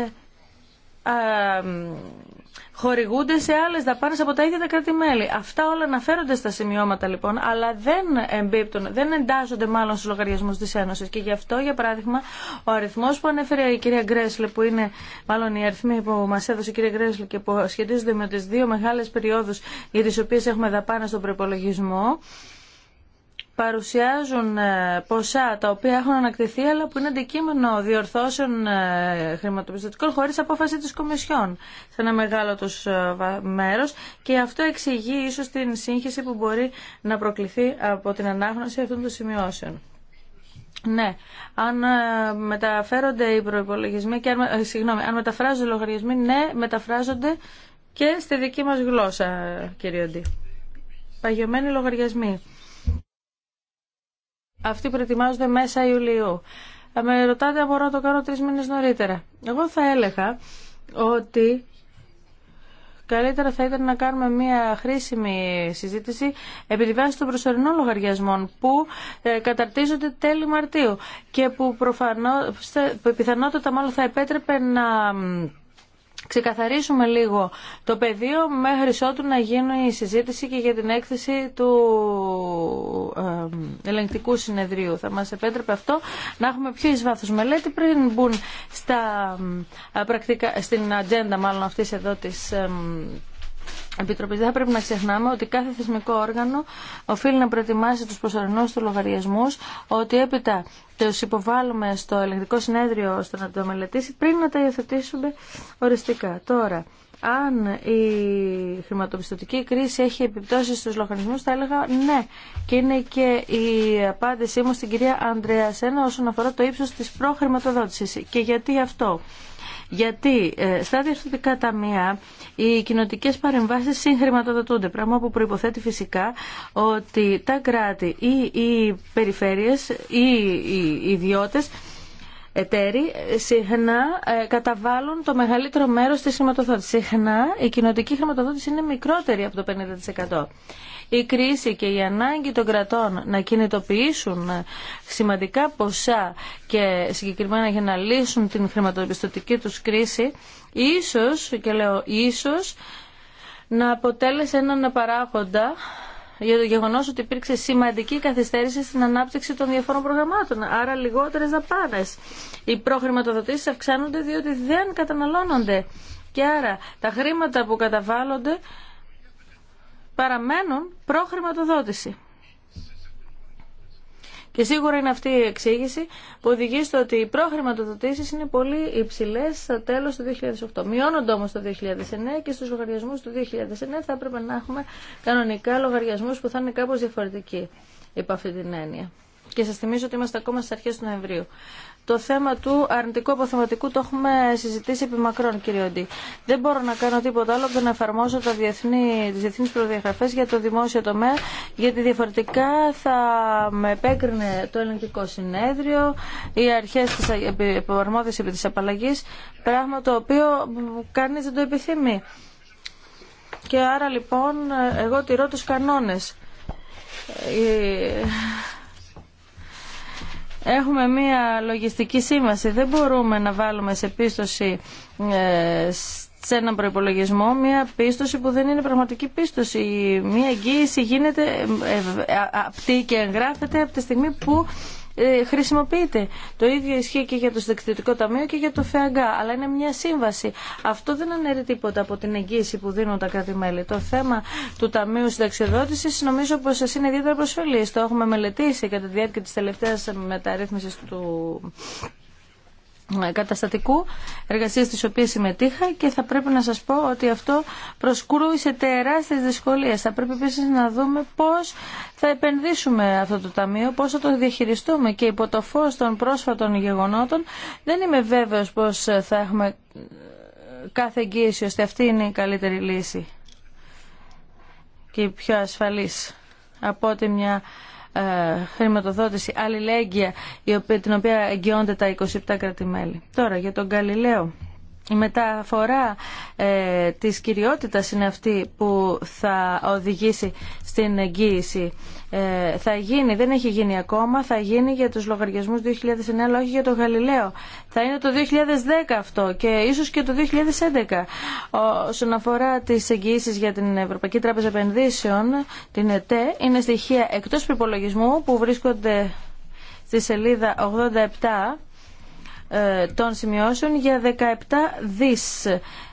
S4: χορηγούνται σε άλλε δαπάνε από τα ίδια τα κράτη-μέλη. Αυτά όλα αναφέρονται στα σημειώματα λοιπόν, αλλά δεν εμπίπτουν, δεν εντάσσονται μάλλον στους λογαριασμού τη Ένωση. Και γι' αυτό, για παράδειγμα, ο αριθμός που ανέφερε η κυρία Γκρέσλε, που είναι μάλλον οι αριθμοί που μα έδωσε η κυρία Γκρέσλε και που σχετίζονται με τι δύο μεγάλε περιόδου για τι οποίε έχουμε δαπάνε στον προπολογισμό, παρουσιάζουν ε, ποσά τα οποία έχουν ανακτηθεί αλλά που είναι αντικείμενο διορθώσεων ε, χρηματοπιστωτικών χωρίς απόφαση της Κομισιόν σε ένα μεγάλο τους ε, μέρος και αυτό εξηγεί ίσως την σύγχυση που μπορεί να προκληθεί από την ανάγνωση αυτών των σημειώσεων. Ναι, αν μεταφέρονται οι προπολογισμοί και αν, συγγνώμη, αν μεταφράζονται οι λογαριασμοί, ναι, μεταφράζονται και στη δική μας γλώσσα, κύριε Ντί. Παγιωμένοι λογαριασμοί. Αυτοί προετοιμάζονται μέσα Ιουλίου. Ε, με ρωτάτε αν μπορώ να το κάνω τρεις μήνες νωρίτερα. Εγώ θα έλεγα ότι καλύτερα θα ήταν να κάνουμε μια χρήσιμη συζήτηση επί τη βάση των προσωρινών λογαριασμών που ε, καταρτίζονται τέλη Μαρτίου και που, προφανώ, ε, που πιθανότατα μάλλον θα επέτρεπε να ξεκαθαρίσουμε λίγο το πεδίο μέχρι ότου να γίνει η συζήτηση και για την έκθεση του ελεγκτικού συνεδρίου. Θα μας επέτρεπε αυτό να έχουμε πιο εις βάθος μελέτη πριν μπουν στα, πρακτικά, στην ατζέντα μάλλον αυτής εδώ της Επιτροπή. Δεν θα πρέπει να ξεχνάμε ότι κάθε θεσμικό όργανο οφείλει να προετοιμάσει τους προσωρινούς του λογαριασμούς, ότι έπειτα τους υποβάλλουμε στο ελεγκτικό συνέδριο ώστε να το μελετήσει πριν να τα υιοθετήσουμε οριστικά. Τώρα, αν η χρηματοπιστωτική κρίση έχει επιπτώσει στους λογαριασμούς, θα έλεγα ναι. Και είναι και η απάντησή μου στην κυρία Ανδρέα Σένα όσον αφορά το ύψος της προχρηματοδότησης. Και γιατί αυτό. Γιατί ε, στα διευθυντικά ταμεία οι κοινοτικέ παρεμβάσει συγχρηματοδοτούνται. Πράγμα που προποθέτει φυσικά ότι τα κράτη ή οι περιφέρειε ή οι ιδιώτε εταίροι συχνά ε, καταβάλουν το μεγαλύτερο μέρος της χρηματοδότησης. Συχνά η κοινοτική χρηματοδότηση είναι μικρότερη από το 50%. Η κρίση και η ανάγκη των κρατών να κινητοποιήσουν ε, σημαντικά ποσά και συγκεκριμένα για να λύσουν την χρηματοπιστωτική τους κρίση, ίσως, και λέω ίσως, να αποτέλεσε έναν παράγοντα για το γεγονό ότι υπήρξε σημαντική καθυστέρηση στην ανάπτυξη των διαφόρων προγραμμάτων, άρα λιγότερε δαπάνε. Οι προχρηματοδοτήσει αυξάνονται διότι δεν καταναλώνονται. Και άρα τα χρήματα που καταβάλλονται παραμένουν προχρηματοδότηση. Και σίγουρα είναι αυτή η εξήγηση που οδηγεί στο ότι οι προχρηματοδοτήσει είναι πολύ υψηλέ στο τέλο του 2008. Μειώνονται όμω το 2009 και στου λογαριασμού του 2009 θα έπρεπε να έχουμε κανονικά λογαριασμού που θα είναι κάπω διαφορετικοί υπό αυτή την έννοια. Και σα θυμίζω ότι είμαστε ακόμα στι αρχέ του Νοεμβρίου. Το θέμα του αρνητικού αποθεματικού το έχουμε συζητήσει επί μακρόν, κύριε Οντή. Δεν μπορώ να κάνω τίποτα άλλο από να εφαρμόσω τα διεθνή, τις διεθνείς προδιαγραφές για το δημόσιο τομέα, γιατί διαφορετικά θα με επέκρινε το ελληνικό συνέδριο, οι αρχές της αρμόδιας επί της απαλλαγής, πράγμα το οποίο κανείς δεν το επιθυμεί. Και άρα λοιπόν εγώ τηρώ τους κανόνες ε, Έχουμε μία λογιστική σύμβαση. Δεν μπορούμε να βάλουμε σε πίστοση ε, σε έναν προπολογισμό μια πίστοση που δεν είναι πραγματική πίστοση. Μια εγγύηση γίνεται ε, ε, απτή και εγγράφεται από τη στιγμή που ε, χρησιμοποιείται. Το ίδιο ισχύει και για το Συνταξιδιωτικό Ταμείο και για το ΦΕΑΓΑ, αλλά είναι μια σύμβαση. Αυτό δεν αναιρεί τίποτα από την εγγύηση που δίνουν τα κράτη-μέλη. Το θέμα του Ταμείου Συνταξιοδότηση νομίζω πω σα είναι ιδιαίτερα προσφυλή. Το έχουμε μελετήσει κατά τη διάρκεια τη τελευταία μεταρρύθμιση του ε, καταστατικού εργασίες στις οποίες συμμετείχα και θα πρέπει να σας πω ότι αυτό προσκρούει σε τεράστιες δυσκολίες. Θα πρέπει επίση να δούμε πώς θα επενδύσουμε αυτό το ταμείο, πώς θα το διαχειριστούμε και υπό το φως των πρόσφατων γεγονότων δεν είμαι βέβαιος πώς θα έχουμε ε, κάθε εγγύηση ώστε αυτή είναι η καλύτερη λύση και η πιο ασφαλής από ότι μια ε, χρηματοδότηση αλληλέγγυα την οποία εγγυώνται τα 27 κράτη-μέλη. Τώρα για τον Γαλιλαίο η μεταφορά ε, της κυριότητας είναι αυτή που θα οδηγήσει στην εγγύηση. Ε, θα γίνει, δεν έχει γίνει ακόμα, θα γίνει για τους λογαριασμούς 2009, αλλά όχι για το Γαλιλαίο. Θα είναι το 2010 αυτό και ίσως και το 2011. Όσον αφορά τις εγγύησει για την Ευρωπαϊκή Τράπεζα Επενδύσεων, την ΕΤΕ, είναι στοιχεία εκτός προπολογισμού που βρίσκονται στη σελίδα 87 ε, των σημειώσεων για 17 δις.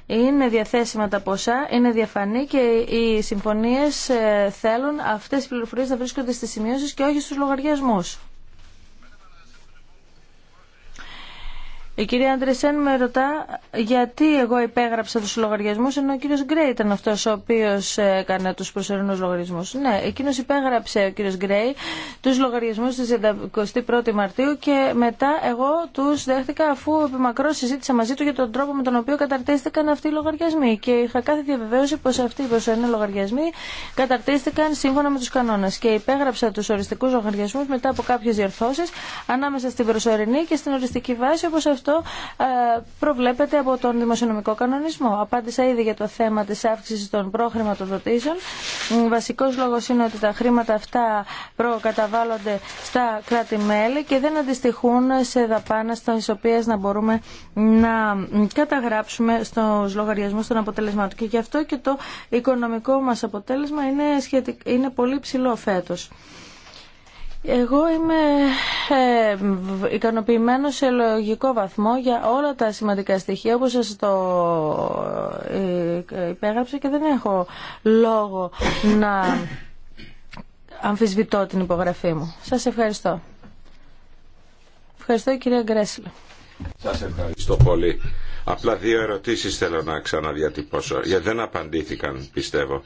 S4: Είναι διαθέσιμα τα ποσά, είναι διαφανή και οι συμφωνίες ε, θέλουν αυτές οι πληροφορίες να βρίσκονται στις σημειώσεις και όχι στους λογαριασμούς. Η κυρία Αντρεσέν με ρωτά γιατί εγώ υπέγραψα τους λογαριασμούς ενώ ο κύριος Γκρέι ήταν αυτός ο οποίος έκανε τους προσωρινούς λογαριασμούς. Ναι, εκείνος υπέγραψε ο κύριος Γκρέι τους λογαριασμούς της 21η Μαρτίου και μετά εγώ τους δέχτηκα αφού επιμακρό συζήτησα μαζί του για τον τρόπο με τον οποίο καταρτίστηκαν αυτοί οι λογαριασμοί και είχα κάθε διαβεβαίωση πως αυτοί οι προσωρινοί λογαριασμοί καταρτίστηκαν σύμφωνα με τους κανόνες και υπέγραψα τους οριστικούς λογαριασμούς μετά από κάποιες διορθώσεις ανάμεσα στην προσωρινή και στην οριστική βάση όπως αυτή αυτό ε, προβλέπεται από τον δημοσιονομικό κανονισμό. Απάντησα ήδη για το θέμα της αύξησης των προχρηματοδοτήσεων. Βασικός λόγος είναι ότι τα χρήματα αυτά προκαταβάλλονται στα κράτη-μέλη και δεν αντιστοιχούν σε δαπάνες στις οποίες να μπορούμε να καταγράψουμε στους λογαριασμούς των αποτελεσμάτων. Και γι' αυτό και το οικονομικό μας αποτέλεσμα είναι, είναι πολύ ψηλό φέτος. Εγώ είμαι ε, ικανοποιημένο σε λογικό βαθμό για όλα τα σημαντικά στοιχεία όπως σας το ε, υπέγραψα και δεν έχω λόγο να αμφισβητώ την υπογραφή μου. Σας ευχαριστώ. Ευχαριστώ κυρία Γκρέσλο.
S5: Σας ευχαριστώ πολύ. Απλά δύο ερωτήσεις θέλω να ξαναδιατυπώσω γιατί δεν απαντήθηκαν πιστεύω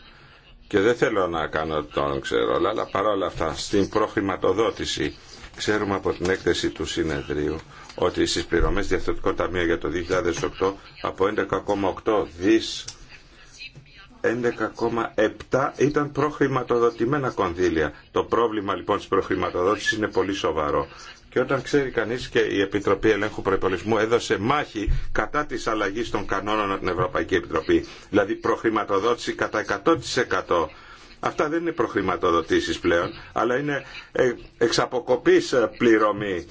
S5: και δεν θέλω να κάνω τον ξέρω, αλλά παρόλα αυτά στην προχρηματοδότηση ξέρουμε από την έκθεση του συνεδρίου ότι στις πληρωμές διαθετικό Ταμείο για το 2008 από 11,8 δις 11,7 ήταν προχρηματοδοτημένα κονδύλια. Το πρόβλημα λοιπόν της προχρηματοδότησης είναι πολύ σοβαρό. Και όταν ξέρει κανείς και η Επιτροπή Ελέγχου Προϋπολισμού έδωσε μάχη κατά της αλλαγής των κανόνων από την Ευρωπαϊκή Επιτροπή, δηλαδή προχρηματοδότηση κατά 100%. Αυτά δεν είναι προχρηματοδοτήσεις πλέον, αλλά είναι ε, εξαποκοπής ε, πληρωμή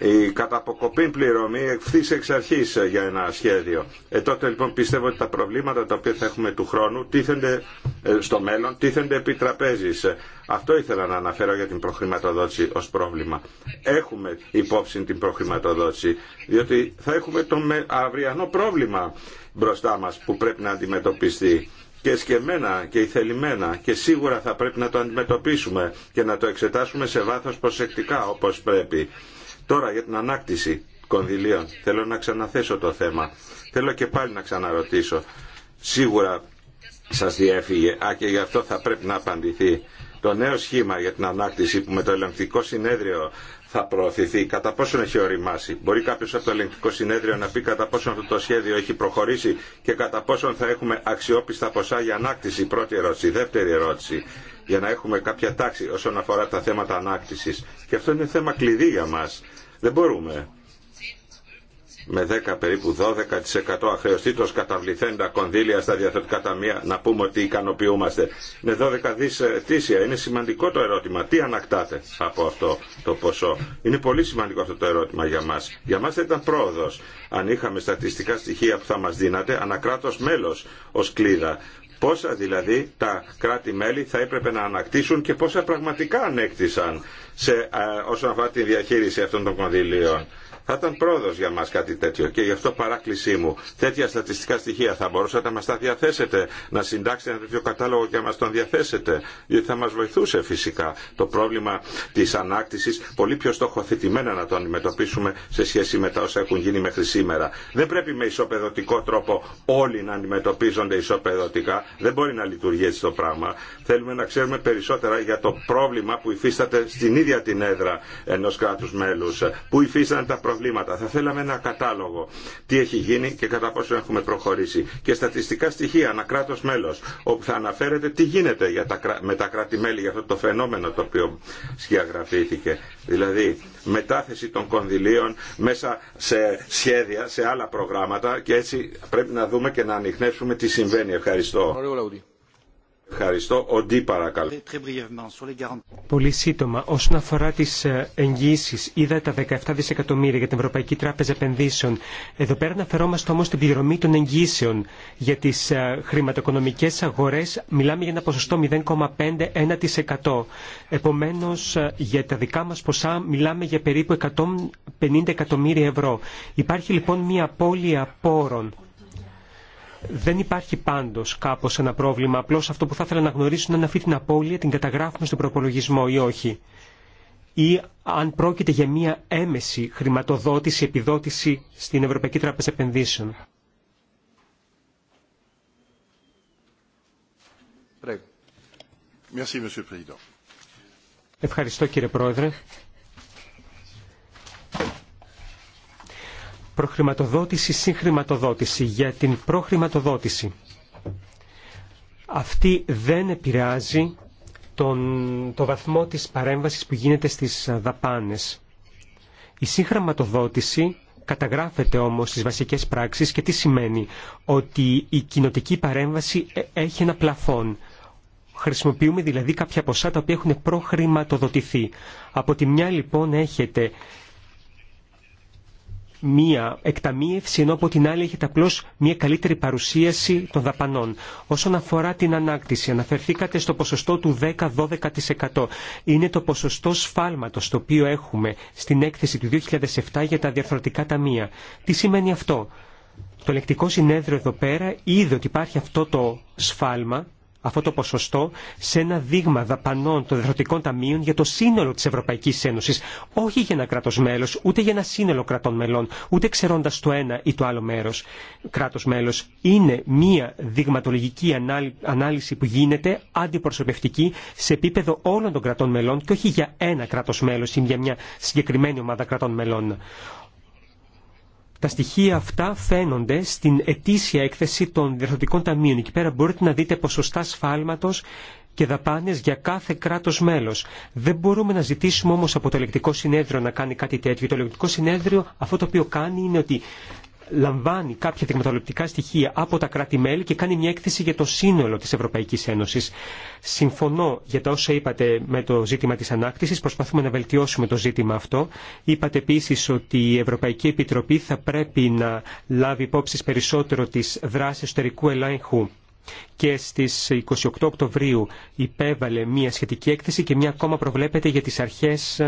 S5: η καταποκοπή πληρωμή ευθύ εξ αρχή για ένα σχέδιο. Ε, τότε λοιπόν πιστεύω ότι τα προβλήματα τα οποία θα έχουμε του χρόνου τίθενται, ε, στο μέλλον τίθενται επί τραπέζης. Αυτό ήθελα να αναφέρω για την προχρηματοδότηση ως πρόβλημα. Έχουμε υπόψη την προχρηματοδότηση, διότι θα έχουμε το αυριανό πρόβλημα μπροστά μας που πρέπει να αντιμετωπιστεί και σκεμμένα και ηθελημένα και σίγουρα θα πρέπει να το αντιμετωπίσουμε και να το εξετάσουμε σε βάθος προσεκτικά όπως πρέπει. Τώρα για την ανάκτηση κονδυλίων θέλω να ξαναθέσω το θέμα. Θέλω και πάλι να ξαναρωτήσω. Σίγουρα σας διέφυγε, α και γι' αυτό θα πρέπει να απαντηθεί. Το νέο σχήμα για την ανάκτηση που με το ελεγκτικό συνέδριο θα προωθηθεί, κατά πόσο έχει οριμάσει. Μπορεί κάποιος από το ελεγκτικό συνέδριο να πει κατά πόσο αυτό το σχέδιο έχει προχωρήσει και κατά πόσον θα έχουμε αξιόπιστα ποσά για ανάκτηση. Πρώτη ερώτηση. Δεύτερη ερώτηση. Για να έχουμε κάποια τάξη όσον αφορά τα θέματα ανάκτηση. Και αυτό είναι θέμα κλειδί για μας. Δεν μπορούμε με 10 περίπου 12% αχρεωστήτως καταβληθέντα κονδύλια στα διαθετικά ταμεία να πούμε ότι ικανοποιούμαστε. Είναι 12 δις Είναι σημαντικό το ερώτημα. Τι ανακτάτε από αυτό το ποσό. Είναι πολύ σημαντικό αυτό το ερώτημα για μας. Για μας θα ήταν πρόοδος αν είχαμε στατιστικά στοιχεία που θα μας δίνατε ανακράτος μέλος ως κλίδα Πόσα δηλαδή τα κράτη-μέλη θα έπρεπε να ανακτήσουν και πόσα πραγματικά ανέκτησαν σε, ε, όσον αφορά τη διαχείριση αυτών των κονδυλίων. Θα ήταν πρόοδο για μα κάτι τέτοιο και γι' αυτό παράκλησή μου. Τέτοια στατιστικά στοιχεία θα μπορούσατε να μα τα διαθέσετε, να συντάξετε ένα τέτοιο κατάλογο και να μα τον διαθέσετε. Διότι θα μα βοηθούσε φυσικά το πρόβλημα τη ανάκτηση πολύ πιο στοχοθετημένα να το αντιμετωπίσουμε σε σχέση με τα όσα έχουν γίνει μέχρι σήμερα. Δεν πρέπει με ισοπεδωτικό τρόπο όλοι να αντιμετωπίζονται ισοπεδωτικά. Δεν μπορεί να λειτουργεί έτσι το πράγμα. Θέλουμε να ξέρουμε περισσότερα για το πρόβλημα που υφίσταται στην ίδια την έδρα ενό κράτου μέλου. Πού υφίστανται τα προβλήματα προβλήματα. Θα θέλαμε ένα κατάλογο τι έχει γίνει και κατά πόσο έχουμε προχωρήσει. Και στατιστικά στοιχεία ανά κράτο μέλο, όπου θα αναφέρεται τι γίνεται για τα, με τα κράτη-μέλη για αυτό το φαινόμενο το οποίο σχεδιαγραφήθηκε. Δηλαδή, μετάθεση των κονδυλίων μέσα σε σχέδια, σε άλλα προγράμματα και έτσι πρέπει να δούμε και να ανοιχνεύσουμε τι συμβαίνει. Ευχαριστώ. Ευχαριστώ. Ο Ντί παρακαλώ.
S2: Πολύ σύντομα, όσον αφορά τι ε, εγγύσει, είδα τα 17 δισεκατομμύρια για την Ευρωπαϊκή Τράπεζα Επενδύσεων. Εδώ πέρα αναφερόμαστε όμω στην πληρωμή των εγγύσεων. Για τι ε, χρηματοοικονομικέ αγορέ μιλάμε για ένα ποσοστό 0,5-1%. Επομένω, ε, για τα δικά μα ποσά μιλάμε για περίπου 150 εκατομμύρια ευρώ. Υπάρχει λοιπόν μία απώλεια πόρων δεν υπάρχει πάντω κάπω ένα πρόβλημα. Απλώ αυτό που θα ήθελα να γνωρίσουν είναι αν αυτή την απώλεια την καταγράφουμε στον προπολογισμό ή όχι. Ή αν πρόκειται για μία έμεση χρηματοδότηση, επιδότηση στην Ευρωπαϊκή Τράπεζα Επενδύσεων. Ευχαριστώ κύριε Πρόεδρε προχρηματοδότηση, συγχρηματοδότηση, για την προχρηματοδότηση. Αυτή δεν επηρεάζει τον, το βαθμό της παρέμβασης που γίνεται στις δαπάνες. Η συγχρηματοδότηση καταγράφεται όμως στις βασικές πράξεις και τι σημαίνει ότι η κοινοτική παρέμβαση ε, έχει ένα πλαφόν. Χρησιμοποιούμε δηλαδή κάποια ποσά τα οποία έχουν προχρηματοδοτηθεί. Από τη μια λοιπόν έχετε μία εκταμείευση ενώ από την άλλη έχετε απλω μία καλύτερη παρουσίαση των δαπανών. Όσον αφορά την ανάκτηση, αναφερθήκατε στο ποσοστό του 10-12%. Είναι το ποσοστό σφάλματος το οποίο έχουμε στην έκθεση του 2007 για τα διαφορετικά ταμεία. Τι σημαίνει αυτό. Το λεκτικό συνέδριο εδώ πέρα είδε ότι υπάρχει αυτό το σφάλμα αυτό το ποσοστό σε ένα δείγμα δαπανών των διεθνωτικών ταμείων για το σύνολο της Ευρωπαϊκής Ένωσης. Όχι για ένα κράτος μέλος, ούτε για ένα σύνολο κρατών μελών, ούτε ξερώντας το ένα ή το άλλο μέρος κράτος μέλος. Είναι μία δειγματολογική ανάλυση που γίνεται αντιπροσωπευτική σε επίπεδο όλων των κρατών μελών και όχι για ένα κράτος μέλος ή για μια συγκεκριμένη ομάδα κρατών μελών. Τα στοιχεία αυτά φαίνονται στην ετήσια έκθεση των διαρθρωτικών ταμείων. Εκεί πέρα μπορείτε να δείτε ποσοστά σφάλματο και δαπάνε για κάθε κράτο μέλο. Δεν μπορούμε να ζητήσουμε όμω από το ελεκτικό συνέδριο να κάνει κάτι τέτοιο. Το ελεκτικό συνέδριο αυτό το οποίο κάνει είναι ότι λαμβάνει κάποια δειγματοληπτικά στοιχεία από τα κράτη-μέλη και κάνει μια έκθεση για το σύνολο της Ευρωπαϊκής Ένωσης. Συμφωνώ για τα όσα είπατε με το ζήτημα της ανάκτησης, προσπαθούμε να βελτιώσουμε το ζήτημα αυτό. Είπατε επίσης ότι η Ευρωπαϊκή Επιτροπή θα πρέπει να λάβει υπόψη περισσότερο τις δράσεις εσωτερικού ελέγχου και στις 28 Οκτωβρίου υπέβαλε μια σχετική έκθεση και μια ακόμα προβλέπεται για τις αρχές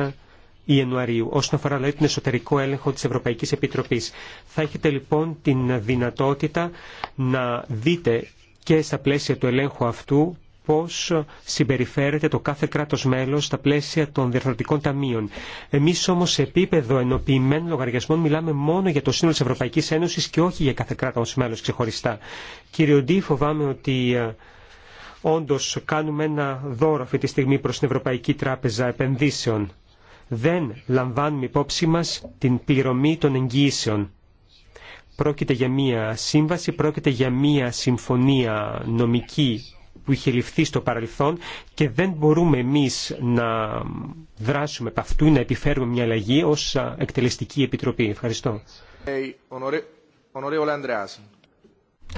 S2: Ιανουαρίου όσον αφορά την δηλαδή, τον εσωτερικό έλεγχο της Ευρωπαϊκής Επιτροπής. Θα έχετε λοιπόν την δυνατότητα να δείτε και στα πλαίσια του ελέγχου αυτού πώς συμπεριφέρεται το κάθε κράτος μέλος στα πλαίσια των διευθυντικών ταμείων. Εμείς όμως σε επίπεδο ενοποιημένων λογαριασμών μιλάμε μόνο για το σύνολο της Ευρωπαϊκής Ένωσης και όχι για κάθε κράτος μέλος ξεχωριστά. Κύριο Ντί, φοβάμαι ότι ε, όντως κάνουμε ένα δώρο αυτή τη στιγμή προς την Ευρωπαϊκή Τράπεζα Επενδύσεων δεν λαμβάνουμε υπόψη μας την πληρωμή των εγγύησεων. Πρόκειται για μία σύμβαση, πρόκειται για μία συμφωνία νομική που είχε ληφθεί στο παρελθόν και δεν μπορούμε εμείς να δράσουμε από αυτού ή να επιφέρουμε μια αλλαγή ως εκτελεστική επιτροπή. Ευχαριστώ.
S3: Ε,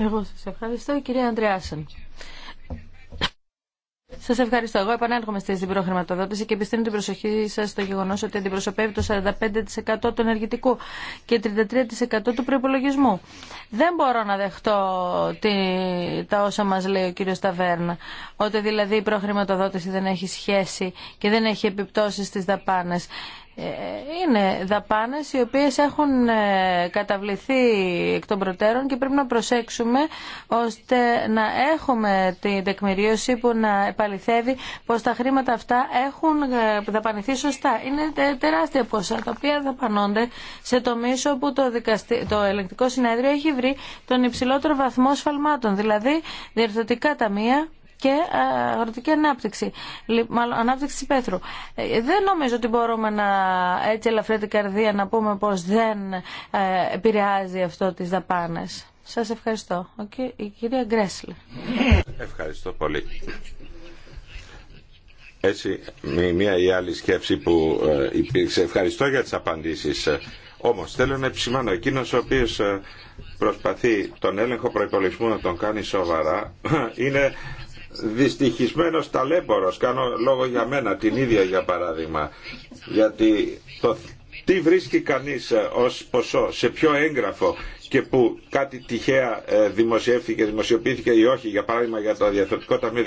S4: Εγώ σας ευχαριστώ, κυρία Ανδρεάσεν. Σας ευχαριστώ. Εγώ επανέρχομαι στη Χρηματοδότηση και επιστρέφω την προσοχή σα στο γεγονός ότι αντιπροσωπεύει το 45% του ενεργητικού και 33% του προπολογισμού. Δεν μπορώ να δεχτώ τη, τα όσα μας λέει ο κύριο Ταβέρνα, ότι δηλαδή η προχρηματοδότηση δεν έχει σχέση και δεν έχει επιπτώσει στι δαπάνε. Ε, είναι δαπάνες οι οποίες έχουν ε, καταβληθεί εκ των προτέρων και πρέπει να προσέξουμε ώστε να έχουμε την τεκμηρίωση που να επαληθεύει πως τα χρήματα αυτά έχουν ε, δαπανηθεί σωστά. Είναι τεράστια ποσά τα οποία δαπανώνται σε τομείς όπου το, δικαστη... το ελεγκτικό συνέδριο έχει βρει τον υψηλότερο βαθμό σφαλμάτων, δηλαδή διορθωτικά ταμεία και ε, αγροτική ανάπτυξη, μάλλον ανάπτυξη υπαίθρου. Ε, δεν νομίζω ότι μπορούμε να έτσι ελαφρύ την καρδία να πούμε πως δεν ε, επηρεάζει αυτό τις δαπάνες. Σας ευχαριστώ. Η κυρία Γκρέσλε.
S5: Ευχαριστώ πολύ. Έτσι, μία ή άλλη σκέψη που υπήρξε. Ευχαριστώ για τις απαντήσεις. Όμως, θέλω να επισημάνω, εκείνος ο οποίος προσπαθεί τον έλεγχο προϋπολογισμού να τον κάνει σοβαρά, είναι δυστυχισμένος ταλέπορος κάνω λόγο για μένα, την ίδια για παράδειγμα, γιατί το, τι βρίσκει κανείς ε, ως ποσό, σε ποιο έγγραφο και που κάτι τυχαία ε, δημοσιεύθηκε, δημοσιοποιήθηκε ή όχι, για παράδειγμα για το Διαθετικό Ταμείο 2008,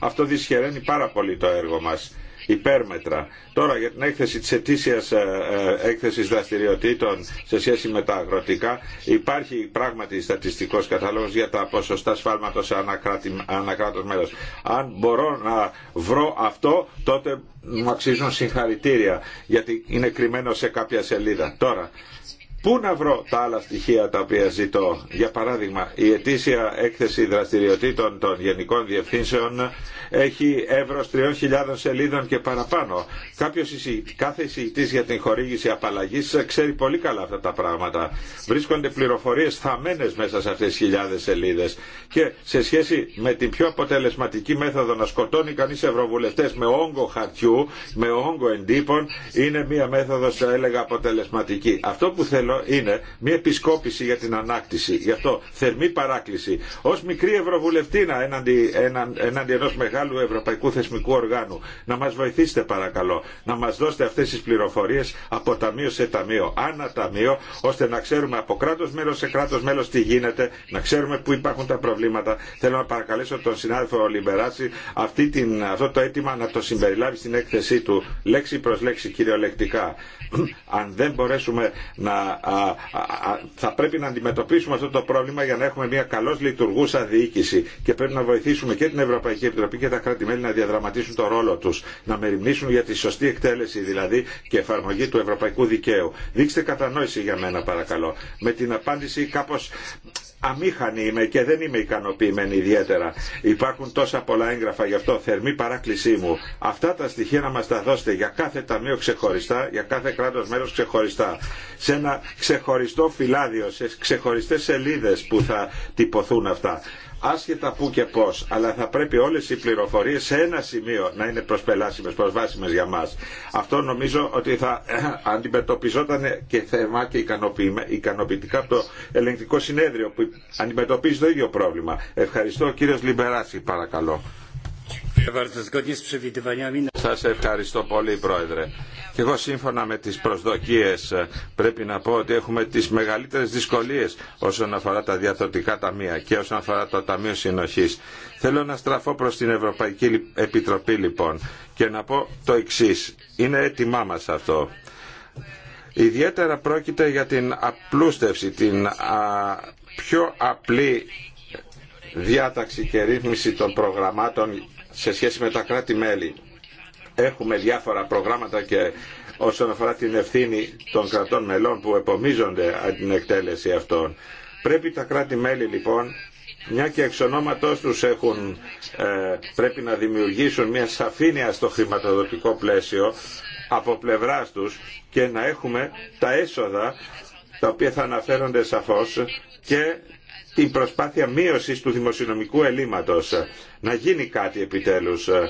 S5: αυτό δυσχεραίνει πάρα πολύ το έργο μας υπέρμετρα. Τώρα για την έκθεση της ετήσιας ε, ε, έκθεσης δραστηριοτήτων σε σχέση με τα αγροτικά υπάρχει πράγματι στατιστικός καταλόγος για τα ποσοστά σφάλματος ανακράτος μέλος. Αν μπορώ να βρω αυτό τότε μου αξίζουν συγχαρητήρια γιατί είναι κρυμμένο σε κάποια σελίδα. Τώρα Πού να βρω τα άλλα στοιχεία τα οποία ζητώ. Για παράδειγμα, η ετήσια έκθεση δραστηριοτήτων των Γενικών Διευθύνσεων έχει εύρος 3.000 σελίδων και παραπάνω. Κάποιος, κάθε εισηγητή για την χορήγηση απαλλαγή ξέρει πολύ καλά αυτά τα πράγματα. Βρίσκονται πληροφορίε θαμμένε μέσα σε αυτέ τι χιλιάδες σελίδε. Και σε σχέση με την πιο αποτελεσματική μέθοδο να σκοτώνει κανεί ευρωβουλευτέ με όγκο χαρτιού, με όγκο εντύπων, είναι μία μέθοδο θα έλεγα, αποτελεσματική. Αυτό που θέλω είναι μια επισκόπηση για την ανάκτηση. Γι' αυτό θερμή παράκληση. Ω μικρή Ευρωβουλευτήνα εναντί, εναν, εναντί ενό μεγάλου ευρωπαϊκού θεσμικού οργάνου, να μα βοηθήσετε παρακαλώ, να μα δώσετε αυτέ τι πληροφορίε από ταμείο σε ταμείο, ανά ταμείο, ώστε να ξέρουμε από κράτο μέλο σε κράτο μέλο τι γίνεται, να ξέρουμε πού υπάρχουν τα προβλήματα. Θέλω να παρακαλέσω τον συνάδελφο Λιμπεράτσι αυτή αυτό το αίτημα να το συμπεριλάβει στην έκθεσή του λέξη προ λέξη κυριολεκτικά. Αν δεν μπορέσουμε να θα πρέπει να αντιμετωπίσουμε αυτό το πρόβλημα για να έχουμε μια καλώ λειτουργούσα διοίκηση και πρέπει να βοηθήσουμε και την Ευρωπαϊκή Επιτροπή και τα κράτη-μέλη να διαδραματίσουν το ρόλο του, να μεριμνήσουν για τη σωστή εκτέλεση δηλαδή και εφαρμογή του ευρωπαϊκού δικαίου. Δείξτε κατανόηση για μένα παρακαλώ. Με την απάντηση κάπω αμήχανη είμαι και δεν είμαι ικανοποιημένη ιδιαίτερα. Υπάρχουν τόσα πολλά έγγραφα, γι' αυτό θερμή παράκλησή μου. Αυτά τα στοιχεία να μας τα δώσετε για κάθε ταμείο ξεχωριστά, για κάθε κράτος μέρος ξεχωριστά. Σε ένα ξεχωριστό φυλάδιο, σε ξεχωριστές σελίδες που θα τυπωθούν αυτά άσχετα που και πώς, αλλά θα πρέπει όλες οι πληροφορίες σε ένα σημείο να είναι προσπελάσιμες, προσβάσιμες για μα. Αυτό νομίζω ότι θα ε, αντιμετωπιζόταν και και ικανοποιητικά από το ελεγκτικό συνέδριο που αντιμετωπίζει το ίδιο πρόβλημα. Ευχαριστώ. Ο κύριος Λιμπεράση παρακαλώ. Σας ευχαριστώ πολύ Πρόεδρε. Και εγώ σύμφωνα με τις προσδοκίες ε, πρέπει να πω ότι έχουμε τις μεγαλύτερες δυσκολίες όσον αφορά τα διαθωτικά ταμεία και όσον αφορά το Ταμείο Συνοχής. Θέλω να στραφώ προς την Ευρωπαϊκή Επιτροπή λοιπόν και να πω το εξής. Είναι έτοιμά μας αυτό. Ιδιαίτερα πρόκειται για την απλούστευση, την πιο απλή διάταξη και ρύθμιση των προγραμμάτων σε σχέση με τα κράτη-μέλη. Έχουμε διάφορα προγράμματα και όσον αφορά την ευθύνη των κρατών μελών που επομίζονται την εκτέλεση αυτών. Πρέπει τα κράτη-μέλη λοιπόν, μια και εξ ονόματός τους έχουν, ε, πρέπει να δημιουργήσουν μια σαφήνεια στο χρηματοδοτικό πλαίσιο από πλευράς τους και να έχουμε τα έσοδα τα οποία θα αναφέρονται σαφώς και την προσπάθεια μείωσης του δημοσιονομικού ελλείμματος. Να γίνει κάτι επιτέλους. Ε,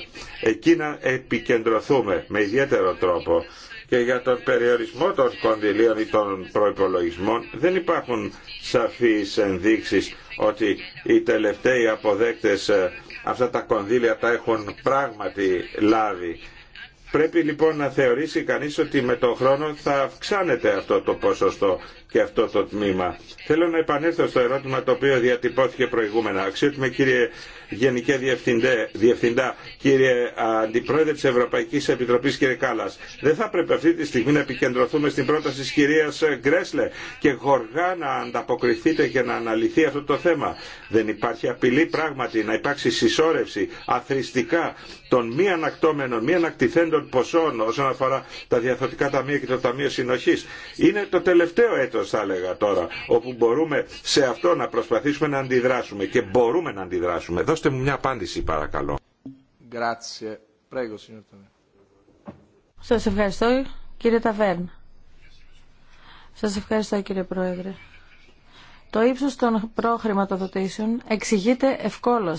S5: εκεί να επικεντρωθούμε με ιδιαίτερο τρόπο. Και για τον περιορισμό των κονδυλίων ή των προϋπολογισμών δεν υπάρχουν σαφείς ενδείξεις ότι οι τελευταίοι αποδέκτες ε, αυτά τα κονδύλια τα έχουν πράγματι λάβει. Πρέπει λοιπόν να θεωρήσει κανείς ότι με τον χρόνο θα αυξάνεται αυτό το ποσοστό και αυτό το τμήμα. Θέλω να επανέλθω στο ερώτημα το οποίο διατυπώθηκε προηγούμενα. Αξιότιμε κύριε Γενικέ Διευθυντέ, Διευθυντά, κύριε Αντιπρόεδρε της Ευρωπαϊκής Επιτροπής κύριε Κάλλας, δεν θα πρέπει αυτή τη στιγμή να επικεντρωθούμε στην πρόταση της κυρίας Γκρέσλε και γοργά να ανταποκριθείτε και να αναλυθεί αυτό το θέμα. Δεν υπάρχει απειλή πράγματι να υπάρξει συσσόρευση αθρηστικά των μη ανακτώμενων, μη ανακτηθέντων ποσών όσον αφορά τα διαθωτικά ταμεία και το Ταμείο Συνοχής. Είναι το τελευταίο έτος θα έλεγα τώρα όπου μπορούμε σε αυτό να προσπαθήσουμε να αντιδράσουμε και μπορούμε να αντιδράσουμε. Δώστε μου μια απάντηση παρακαλώ.
S4: Σας ευχαριστώ κύριε Ταβέρν. Σας ευχαριστώ κύριε Πρόεδρε. Το ύψο των προχρηματοδοτήσεων εξηγείται ευκόλω.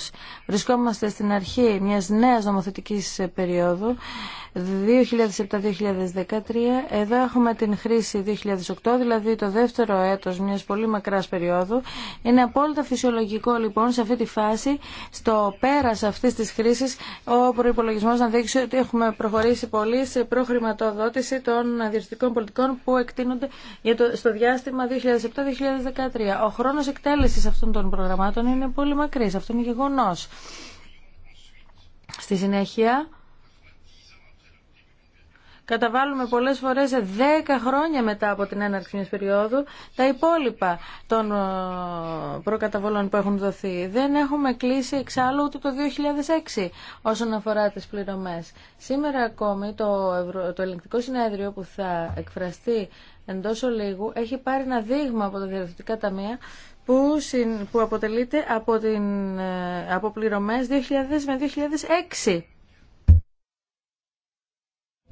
S4: Βρισκόμαστε στην αρχή μια νέα νομοθετική νομοθετικής περίοδου 2007-2013. Εδώ έχουμε την χρήση 2008, δηλαδή το δεύτερο έτος μιας πολύ μακρά περίοδου. Είναι απόλυτα φυσιολογικό λοιπόν σε αυτή τη φάση, στο πέρας αυτή τη χρήση, ο προπολογισμό να δείξει ότι έχουμε προχωρήσει πολύ σε προχρηματοδότηση των διευθυντικών πολιτικών που εκτείνονται στο διάστημα 2007-2013 ο χρόνος εκτέλεσης αυτών των προγραμμάτων είναι πολύ μακρύς. Αυτό είναι γεγονό. Στη συνέχεια, καταβάλουμε πολλές φορές 10 χρόνια μετά από την έναρξη μιας περίοδου τα υπόλοιπα των ε, προκαταβολών που έχουν δοθεί. Δεν έχουμε κλείσει εξάλλου ούτε το 2006 όσον αφορά τις πληρωμές. Σήμερα ακόμη το, το ελεγκτικό συνέδριο που θα εκφραστεί εντός ολίγου έχει πάρει ένα δείγμα από τα διευθυντικά ταμεία που, συν, που αποτελείται από, την, ε, από πληρωμές 2000 με 2006.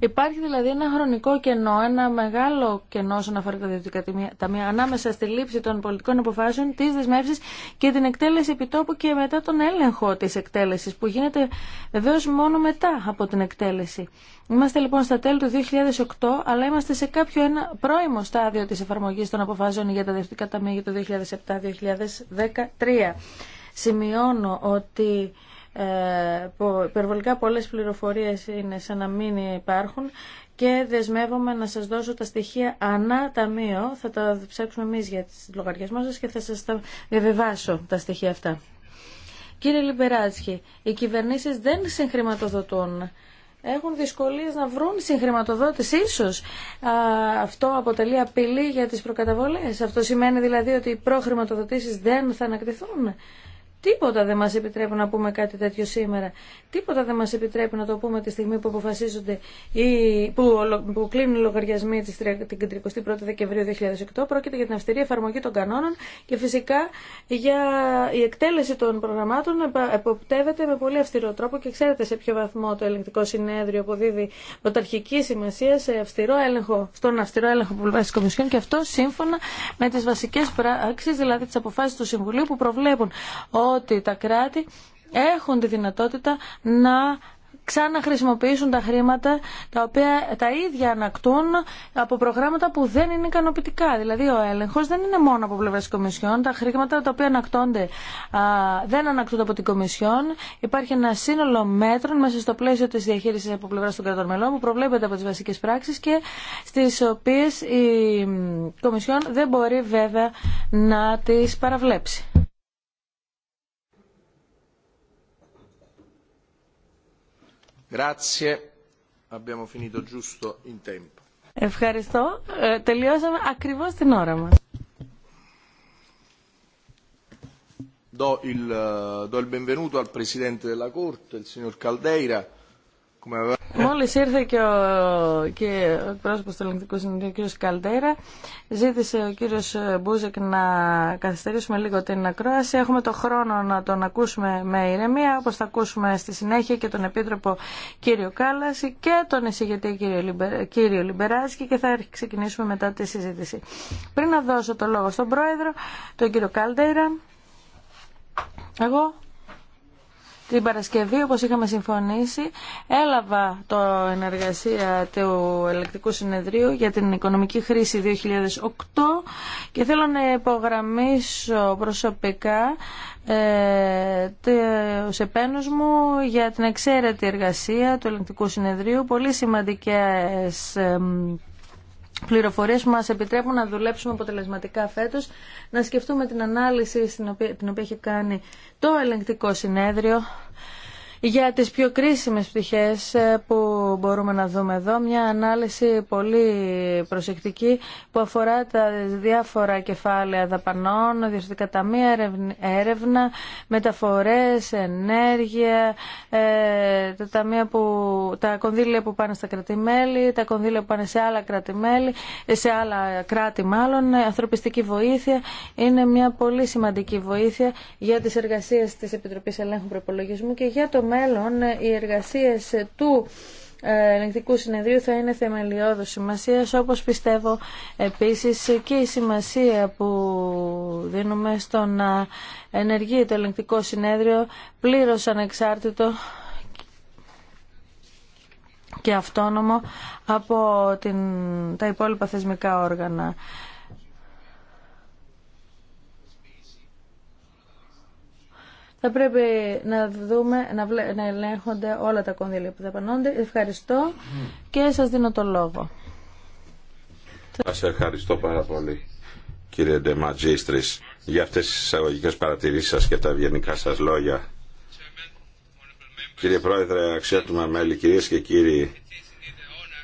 S4: Υπάρχει δηλαδή ένα χρονικό κενό, ένα μεγάλο κενό όσον αφορά τα διευθυντικά ταμεία ανάμεσα στη λήψη των πολιτικών αποφάσεων, τη δεσμεύση και την εκτέλεση επιτόπου και μετά τον έλεγχο τη εκτέλεση που γίνεται βεβαίω μόνο μετά από την εκτέλεση. Είμαστε λοιπόν στα τέλη του 2008, αλλά είμαστε σε κάποιο ένα πρώιμο στάδιο τη εφαρμογή των αποφάσεων για τα διευθυντικά ταμεία για το 2007-2013. Σημειώνω ότι ε, υπερβολικά πολλές πληροφορίες είναι σαν να μην υπάρχουν και δεσμεύομαι να σας δώσω τα στοιχεία ανά ταμείο. Θα τα ψάξουμε εμείς για τις λογαριασμούς σας και θα σας τα διαβεβάσω τα στοιχεία αυτά. Κύριε Λιμπεράτσχη, οι κυβερνήσεις δεν συγχρηματοδοτούν έχουν δυσκολίες να βρουν συγχρηματοδότηση ίσως. Α, αυτό αποτελεί απειλή για τις προκαταβολές. Αυτό σημαίνει δηλαδή ότι οι προχρηματοδοτήσεις δεν θα ανακτηθούν. Τίποτα δεν μας επιτρέπει να πούμε κάτι τέτοιο σήμερα. Τίποτα δεν μας επιτρέπει να το πούμε τη στιγμή που αποφασίζονται ή που, που κλείνουν οι λογαριασμοί της, την 31η Δεκεμβρίου 2008. Πρόκειται για την αυστηρή εφαρμογή των κανόνων και φυσικά για η εκτέλεση των προγραμμάτων εποπτεύεται με πολύ αυστηρό τρόπο και ξέρετε σε ποιο βαθμό το ελεγκτικό συνέδριο αποδίδει πρωταρχική σημασία σε αυστηρό έλεγχο, στον αυστηρό έλεγχο που βάζει Κομισιόν και αυτό σύμφωνα με τις βασικές πράξεις, δηλαδή τις αποφάσεις του Συμβουλίου που προβλέπουν ότι τα κράτη έχουν τη δυνατότητα να ξαναχρησιμοποιήσουν τα χρήματα τα οποία τα ίδια ανακτούν από προγράμματα που δεν είναι ικανοποιητικά. Δηλαδή ο έλεγχος δεν είναι μόνο από πλευρά τη Κομισιόν. Τα χρήματα τα οποία ανακτώνται δεν ανακτούνται από την Κομισιόν. Υπάρχει ένα σύνολο μέτρων μέσα στο πλαίσιο της διαχείρισης από πλευρά των κρατών μελών που προβλέπεται από τι βασικέ πράξει και στι οποίε η Κομισιόν δεν μπορεί βέβαια να τις παραβλέψει.
S3: Grazie. Abbiamo finito giusto in tempo.
S4: Ευχαριστώ. Ε, τελειώσαμε ακριβώς
S3: Do il, do il benvenuto al Presidente della Corte, il signor Caldeira.
S4: Μόλις ήρθε και ο, και του Ελληνικού Συνεδρίου, ο κύριος Καλτέρα, ζήτησε ο κύριος Μπούζεκ να καθυστερήσουμε λίγο την ακρόαση. Έχουμε το χρόνο να τον ακούσουμε με ηρεμία, όπω θα ακούσουμε στη συνέχεια και τον Επίτροπο κύριο Κάλαση και τον εισηγητή κύριο, Λιμπεράσκη και θα ξεκινήσουμε μετά τη συζήτηση. Πριν να δώσω το λόγο στον Πρόεδρο, τον κύριο Καλτέρα, εγώ την Παρασκευή, όπως είχαμε συμφωνήσει, έλαβα το ενεργασία του Ελεκτικού Συνεδρίου για την Οικονομική Χρήση 2008 και θέλω να υπογραμμίσω προσωπικά ε, τους επένους μου για την εξαίρετη εργασία του Ελεκτικού Συνεδρίου. Πολύ σημαντικές πληροφορίε που μα επιτρέπουν να δουλέψουμε αποτελεσματικά φέτος, να σκεφτούμε την ανάλυση την οποία έχει κάνει το ελεγκτικό συνέδριο, για τις πιο κρίσιμες πτυχές ε, που μπορούμε να δούμε εδώ. Μια ανάλυση πολύ προσεκτική που αφορά τα διάφορα κεφάλαια δαπανών, διευθυντικά ταμεία, έρευνα, μεταφορές, ενέργεια, ε, τα, ταμεία που, τα κονδύλια που πάνε στα κρατημέλη, τα κονδύλια που πάνε σε άλλα κρατημέλη, σε άλλα κράτη μάλλον, ανθρωπιστική βοήθεια. Είναι μια πολύ σημαντική βοήθεια για τις εργασίες της Επιτροπής Ελέγχου Προπολογισμού και για το μέλλον οι εργασίες του ε, ελεγκτικού συνεδρίου θα είναι θεμελιώδους σημασίας όπως πιστεύω επίσης και η σημασία που δίνουμε στο να ε, ενεργεί το ελεγκτικό συνέδριο πλήρως ανεξάρτητο και αυτόνομο από την, τα υπόλοιπα θεσμικά όργανα. θα πρέπει να δούμε, να, να ελέγχονται όλα τα κονδύλια που δαπανώνται. Ευχαριστώ και σας δίνω το λόγο.
S5: Σας ευχαριστώ πάρα πολύ κύριε Ντεματζίστρης για αυτές τις εισαγωγικέ παρατηρήσεις σας και τα ευγενικά σας λόγια. Κύριε Πρόεδρε, αξιότιμα μέλη, κυρίες και κύριοι,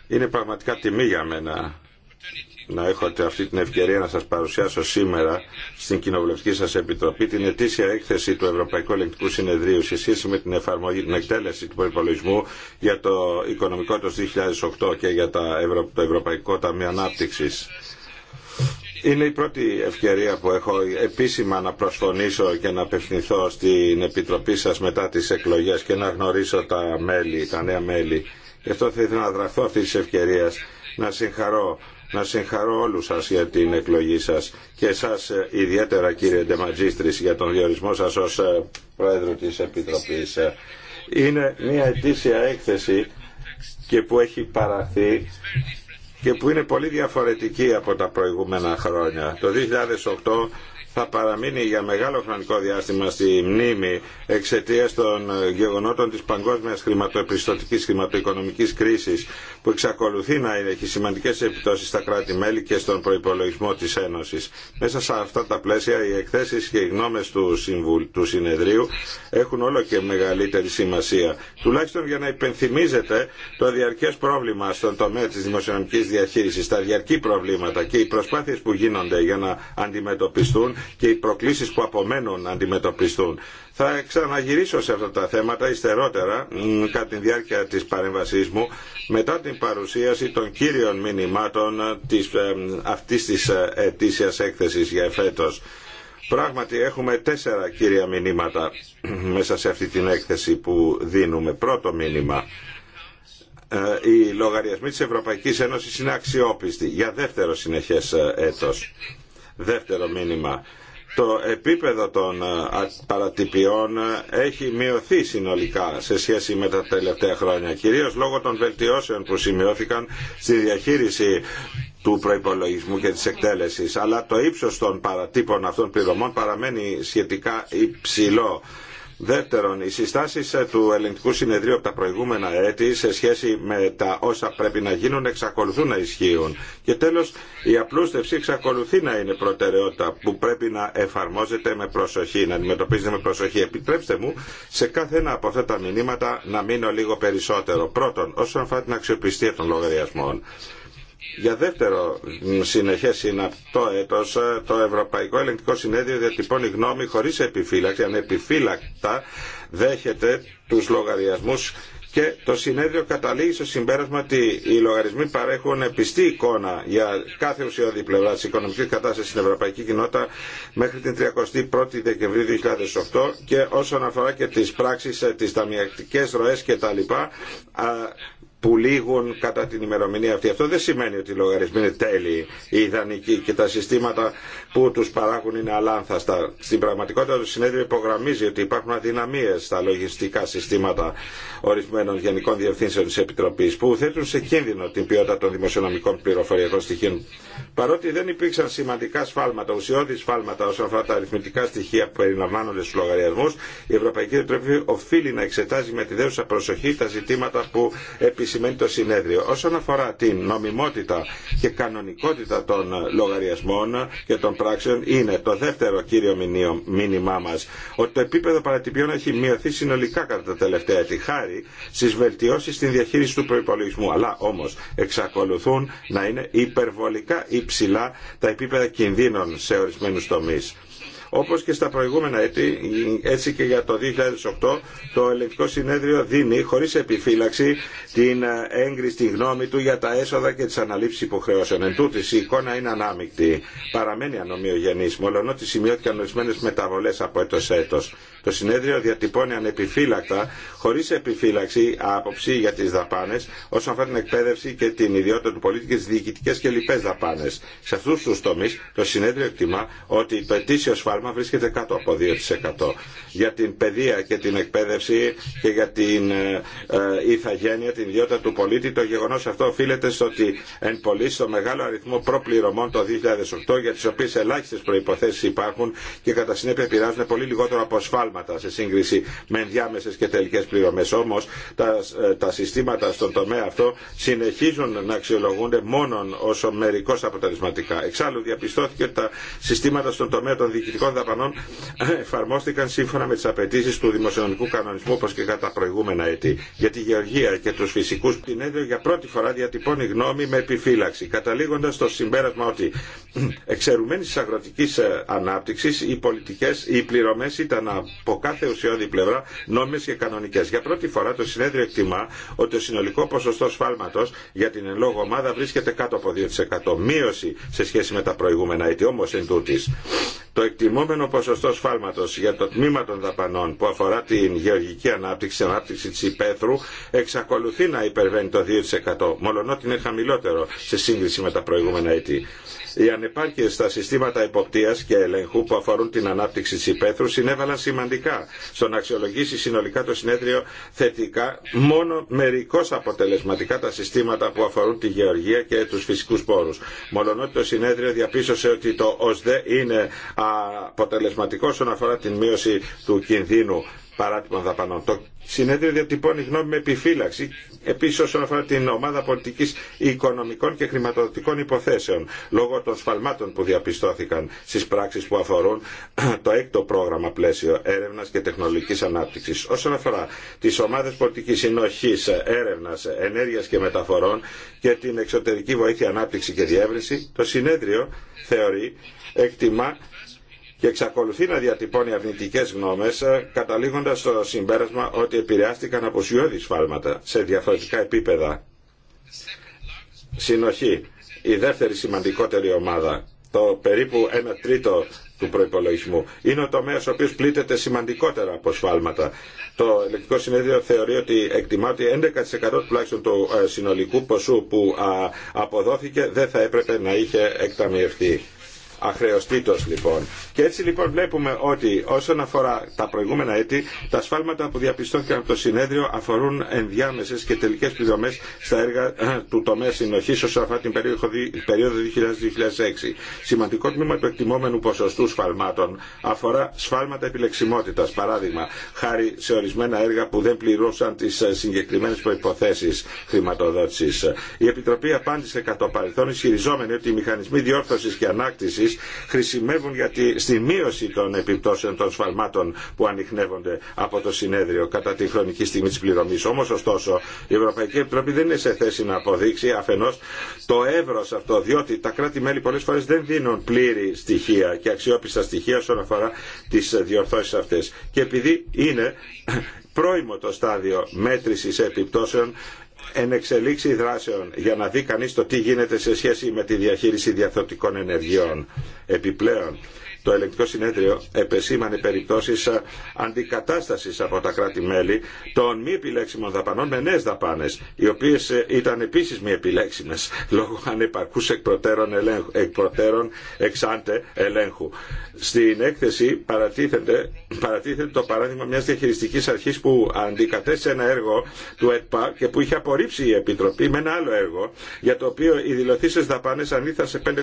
S5: είναι πραγματικά τιμή για μένα να έχω αυτή την ευκαιρία να σας παρουσιάσω σήμερα στην κοινοβουλευτική σας επιτροπή την ετήσια έκθεση του Ευρωπαϊκού Ελεγκτικού Συνεδρίου σε σχέση με την εφαρμογή, την εκτέλεση του προπολογισμού για το οικονομικό το 2008 και για το Ευρωπαϊκό Ταμείο Ανάπτυξης. Είναι η πρώτη ευκαιρία που έχω επίσημα να προσφωνήσω και να απευθυνθώ στην Επιτροπή σας μετά τις εκλογές και να γνωρίσω τα μέλη, τα νέα μέλη. Γι' αυτό θα ήθελα να δραχθώ αυτή τη ευκαιρία να συγχαρώ να συγχαρώ όλους σας για την εκλογή σας και εσάς ε, ιδιαίτερα κύριε Ντεματζίστρης για τον διορισμό σας ως ε, Πρόεδρο της Επιτροπής. Είναι μια ετήσια έκθεση και που έχει παραθεί και που είναι πολύ διαφορετική από τα προηγούμενα χρόνια. Το 2008 θα παραμείνει για μεγάλο χρονικό διάστημα στη μνήμη εξαιτία των γεγονότων τη παγκόσμια χρηματοπιστωτική χρηματοοικονομική κρίση που εξακολουθεί να έχει σημαντικέ επιπτώσει στα κράτη-μέλη και στον προπολογισμό τη Ένωση. Μέσα σε αυτά τα πλαίσια, οι εκθέσει και οι γνώμε του, του συνεδρίου έχουν όλο και μεγαλύτερη σημασία. Τουλάχιστον για να υπενθυμίζεται το διαρκέ πρόβλημα στον τομέα τη δημοσιονομική διαχείριση, τα διαρκή προβλήματα και οι προσπάθειε που γίνονται για να αντιμετωπιστούν και οι προκλήσεις που απομένουν να αντιμετωπιστούν. Θα ξαναγυρίσω σε αυτά τα θέματα υστερότερα κατά τη διάρκεια της παρεμβασή μου μετά την παρουσίαση των κύριων μηνυμάτων της, ε, αυτής της ε, ετήσιας έκθεσης για εφέτος. Πράγματι έχουμε τέσσερα κύρια μηνύματα μέσα σε αυτή την έκθεση που δίνουμε. Πρώτο μήνυμα. Ε, οι λογαριασμοί της Ευρωπαϊκής Ένωσης είναι αξιόπιστοι για δεύτερο συνεχές έτος. Δεύτερο μήνυμα. Το επίπεδο των ε, παρατυπιών ε, έχει μειωθεί συνολικά σε σχέση με τα τελευταία χρόνια, κυρίως λόγω των βελτιώσεων που σημειώθηκαν στη διαχείριση του προϋπολογισμού και της εκτέλεσης, αλλά το ύψος των παρατύπων αυτών πληρωμών παραμένει σχετικά υψηλό Δεύτερον, οι συστάσει ε, του ελληνικού συνεδρίου από τα προηγούμενα έτη σε σχέση με τα όσα πρέπει να γίνουν εξακολουθούν να ισχύουν. Και τέλος, η απλούστευση εξακολουθεί να είναι προτεραιότητα που πρέπει να εφαρμόζεται με προσοχή, να αντιμετωπίζεται με προσοχή. Επιτρέψτε μου σε κάθε ένα από αυτά τα μηνύματα να μείνω λίγο περισσότερο. Πρώτον, όσον αφορά την αξιοπιστία των λογαριασμών. Για δεύτερο συνεχές συναπτό έτο, το Ευρωπαϊκό Ελεγκτικό Συνέδριο διατυπώνει γνώμη χωρί επιφύλαξη, ανεπιφύλακτα δέχεται του λογαριασμού και το συνέδριο καταλήγει στο συμπέρασμα ότι οι λογαριασμοί παρέχουν πιστή εικόνα για κάθε ουσιώδη πλευρά τη οικονομική κατάσταση στην Ευρωπαϊκή Κοινότητα μέχρι την 31η Δεκεμβρίου 2008 και όσον αφορά και τι πράξει, ε, τι ταμιακτικέ ροέ κτλ που λήγουν κατά την ημερομηνία αυτή. Αυτό δεν σημαίνει ότι οι λογαριασμοί είναι τέλειοι, ή ιδανικοί και τα συστήματα που του παράγουν είναι αλάνθαστα. Στην πραγματικότητα το συνέδριο υπογραμμίζει ότι υπάρχουν αδυναμίε στα λογιστικά συστήματα ορισμένων γενικών διευθύνσεων τη Επιτροπή που θέτουν σε κίνδυνο την ποιότητα των δημοσιονομικών πληροφοριακών στοιχείων. Παρότι δεν υπήρξαν σημαντικά σφάλματα, ουσιώδη σφάλματα όσον αφορά τα αριθμητικά στοιχεία που περιλαμβάνονται στου λογαριασμού, η Ευρωπαϊκή Επιτροπή οφείλει να εξετάζει με τη δέουσα προσοχή τα ζητήματα που σημαίνει το συνέδριο. Όσον αφορά την νομιμότητα και κανονικότητα των λογαριασμών και των πράξεων είναι το δεύτερο κύριο μήνυμά μα, ότι το επίπεδο παρατυπιών έχει μειωθεί συνολικά κατά τα τελευταία έτη χάρη στις βελτιώσεις στην διαχείριση του προπολογισμού. Αλλά όμως εξακολουθούν να είναι υπερβολικά υψηλά τα επίπεδα κινδύνων σε ορισμένου τομεί. Όπως και στα προηγούμενα έτη, έτσι και για το 2008, το Ελεκτικό Συνέδριο δίνει χωρίς επιφύλαξη την ε, έγκριστη γνώμη του για τα έσοδα και τις αναλήψεις υποχρεώσεων. Εν τούτης, η εικόνα είναι ανάμεικτη. Παραμένει ανομοιογενής, μόλον ότι σημειώθηκαν ορισμένε μεταβολές από έτος σε έτος. Το συνέδριο διατυπώνει ανεπιφύλακτα, χωρί επιφύλαξη, άποψη για τι δαπάνε όσον αφορά την εκπαίδευση και την ιδιότητα του πολίτη και τι διοικητικέ και λοιπέ δαπάνε. Σε αυτού του τομεί το συνέδριο εκτιμά ότι το ετήσιο σφάλμα βρίσκεται κάτω από 2%. Για την παιδεία και την εκπαίδευση και για την ε, ε ηθαγένεια, την ιδιότητα του πολίτη, το γεγονό αυτό οφείλεται στο ότι εν πολύ στο μεγάλο αριθμό προπληρωμών το 2008 για τι οποίε ελάχιστε προποθέσει υπάρχουν και κατά συνέπεια επηρεάζουν πολύ λιγότερο από σε σύγκριση με ενδιάμεσες και τελικές πληρωμές. Όμως τα, ε, τα συστήματα στον τομέα αυτό συνεχίζουν να αξιολογούνται μόνον όσο μερικώς αποτελεσματικά. Εξάλλου διαπιστώθηκε ότι τα συστήματα στον τομέα των διοικητικών δαπανών ε, εφαρμόστηκαν σύμφωνα με τις απαιτήσει του δημοσιονομικού κανονισμού όπως και κατά προηγούμενα έτη. Για τη γεωργία και τους φυσικούς συνέδριο για πρώτη φορά διατυπώνει γνώμη με επιφύλαξη καταλήγοντας στο συμπέρασμα ότι ε, εξαιρουμένης της αγροτικής ανάπτυξης οι πολιτικές, οι πληρωμές ήταν από κάθε ουσιώδη πλευρά νόμιμες και κανονικές. Για πρώτη φορά το συνέδριο εκτιμά ότι το συνολικό ποσοστό σφάλματος για την εν λόγω ομάδα βρίσκεται κάτω από 2%. Μείωση σε σχέση με τα προηγούμενα έτη. Όμως εν τούτης, το εκτιμόμενο ποσοστό σφάλματος για το τμήμα των δαπανών που αφορά την γεωργική ανάπτυξη, την ανάπτυξη της υπαίθρου, εξακολουθεί να υπερβαίνει το 2%, μολονότι είναι χαμηλότερο σε σύγκριση με τα προηγούμενα έτη. Οι ανεπάρκειε στα συστήματα υποπτίας και ελέγχου που αφορούν την ανάπτυξη τη υπαίθρου συνέβαλαν σημαντικά στο να αξιολογήσει συνολικά το συνέδριο θετικά μόνο μερικώ αποτελεσματικά τα συστήματα που αφορούν τη γεωργία και του φυσικού πόρου. Μολονότι το συνέδριο διαπίστωσε ότι το ΟΣΔΕ είναι αποτελεσματικό όσον αφορά την μείωση του κινδύνου παράτυπων δαπανών. Το συνέδριο διατυπώνει γνώμη με επιφύλαξη επίση όσον αφορά την ομάδα πολιτική οικονομικών και χρηματοδοτικών υποθέσεων λόγω των σφαλμάτων που διαπιστώθηκαν στι πράξει που αφορούν το έκτο πρόγραμμα πλαίσιο έρευνα και τεχνολογική ανάπτυξη. Όσον αφορά τι ομάδε πολιτική συνοχή έρευνα, ενέργεια και μεταφορών και την εξωτερική βοήθεια ανάπτυξη και διεύρυνση, το συνέδριο θεωρεί, εκτιμά και εξακολουθεί να διατυπώνει αρνητικέ γνώμε, καταλήγοντα στο συμπέρασμα ότι επηρεάστηκαν από σιώδη σφάλματα σε διαφορετικά επίπεδα. Συνοχή. Η δεύτερη σημαντικότερη ομάδα, το περίπου 1 τρίτο του προπολογισμού. Είναι ο τομέα ο οποίο πλήττεται σημαντικότερα από σφάλματα. Το ελεκτικό συνέδριο θεωρεί ότι εκτιμά ότι 11% τουλάχιστον του ε, συνολικού ποσού που αποδόθηκε δεν θα έπρεπε να είχε εκταμιευτεί αχρεωστήτως λοιπόν. Και έτσι λοιπόν βλέπουμε ότι όσον αφορά τα προηγούμενα έτη, τα σφάλματα που διαπιστώθηκαν από το συνέδριο αφορούν ενδιάμεσες και τελικές πληρωμές στα έργα ε, του τομέα συνοχής όσον αφορά την περίοδο 2000-2006. Σημαντικό τμήμα του εκτιμόμενου ποσοστού σφαλμάτων αφορά σφάλματα επιλεξιμότητας, παράδειγμα, χάρη σε ορισμένα έργα που δεν πληρούσαν τις ε, συγκεκριμένες προϋποθέσεις χρηματοδότησης. Η Επιτροπή απάντησε κατ' παρελθόν ισχυριζόμενη ότι οι μηχανισμοί διόρθωσης και ανάκτησης χρησιμεύουν για τη, στη μείωση των επιπτώσεων των σφαλμάτων που ανοιχνεύονται από το συνέδριο κατά τη χρονική στιγμή της πληρωμής. Όμως ωστόσο η Ευρωπαϊκή Επιτροπή δεν είναι σε θέση να αποδείξει αφενός το εύρος αυτό διότι τα κράτη-μέλη πολλές φορές δεν δίνουν πλήρη στοιχεία και αξιόπιστα στοιχεία όσον αφορά τις διορθώσεις αυτές. Και επειδή είναι πρώιμο το στάδιο μέτρησης επιπτώσεων εν εξελίξει δράσεων για να δει κανείς το τι γίνεται σε σχέση με τη διαχείριση διαθωτικών ενεργειών. Επιπλέον, το ελεγκτικό συνέδριο επεσήμανε περιπτώσεις αντικατάστασης από τα κράτη-μέλη των μη επιλέξιμων δαπανών με νέες δαπάνες, οι οποίες ε, ήταν επίσης μη επιλέξιμες λόγω ανεπαρκούς εκπροτέρων, ελέγχου, εξάντε ελέγχου. Στην έκθεση παρατίθεται, το παράδειγμα μιας διαχειριστικής αρχής που αντικατέστησε ένα έργο του ΕΤΠΑ και που είχε απορρίψει απορρίψει η Επιτροπή με ένα άλλο έργο για το οποίο οι δηλωθήσει δαπάνε ανήλθαν σε 5,7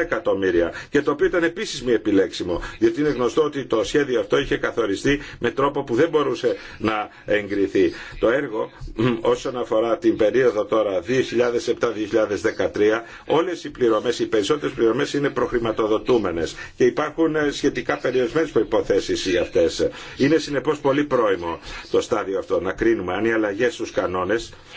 S5: εκατομμύρια και το οποίο ήταν επίση μη επιλέξιμο διότι είναι γνωστό ότι το σχέδιο αυτό είχε καθοριστεί με τρόπο που δεν μπορούσε να εγκριθεί. Το έργο όσον αφορά την περίοδο τώρα 2007-2013 όλε οι πληρωμέ, οι περισσότερε πληρωμέ είναι προχρηματοδοτούμενε και υπάρχουν ε, σχετικά περιορισμένε προποθέσει για αυτέ. Είναι συνεπώ πολύ πρόημο το στάδιο αυτό να κρίνουμε αν οι αλλαγέ στου κανόνε.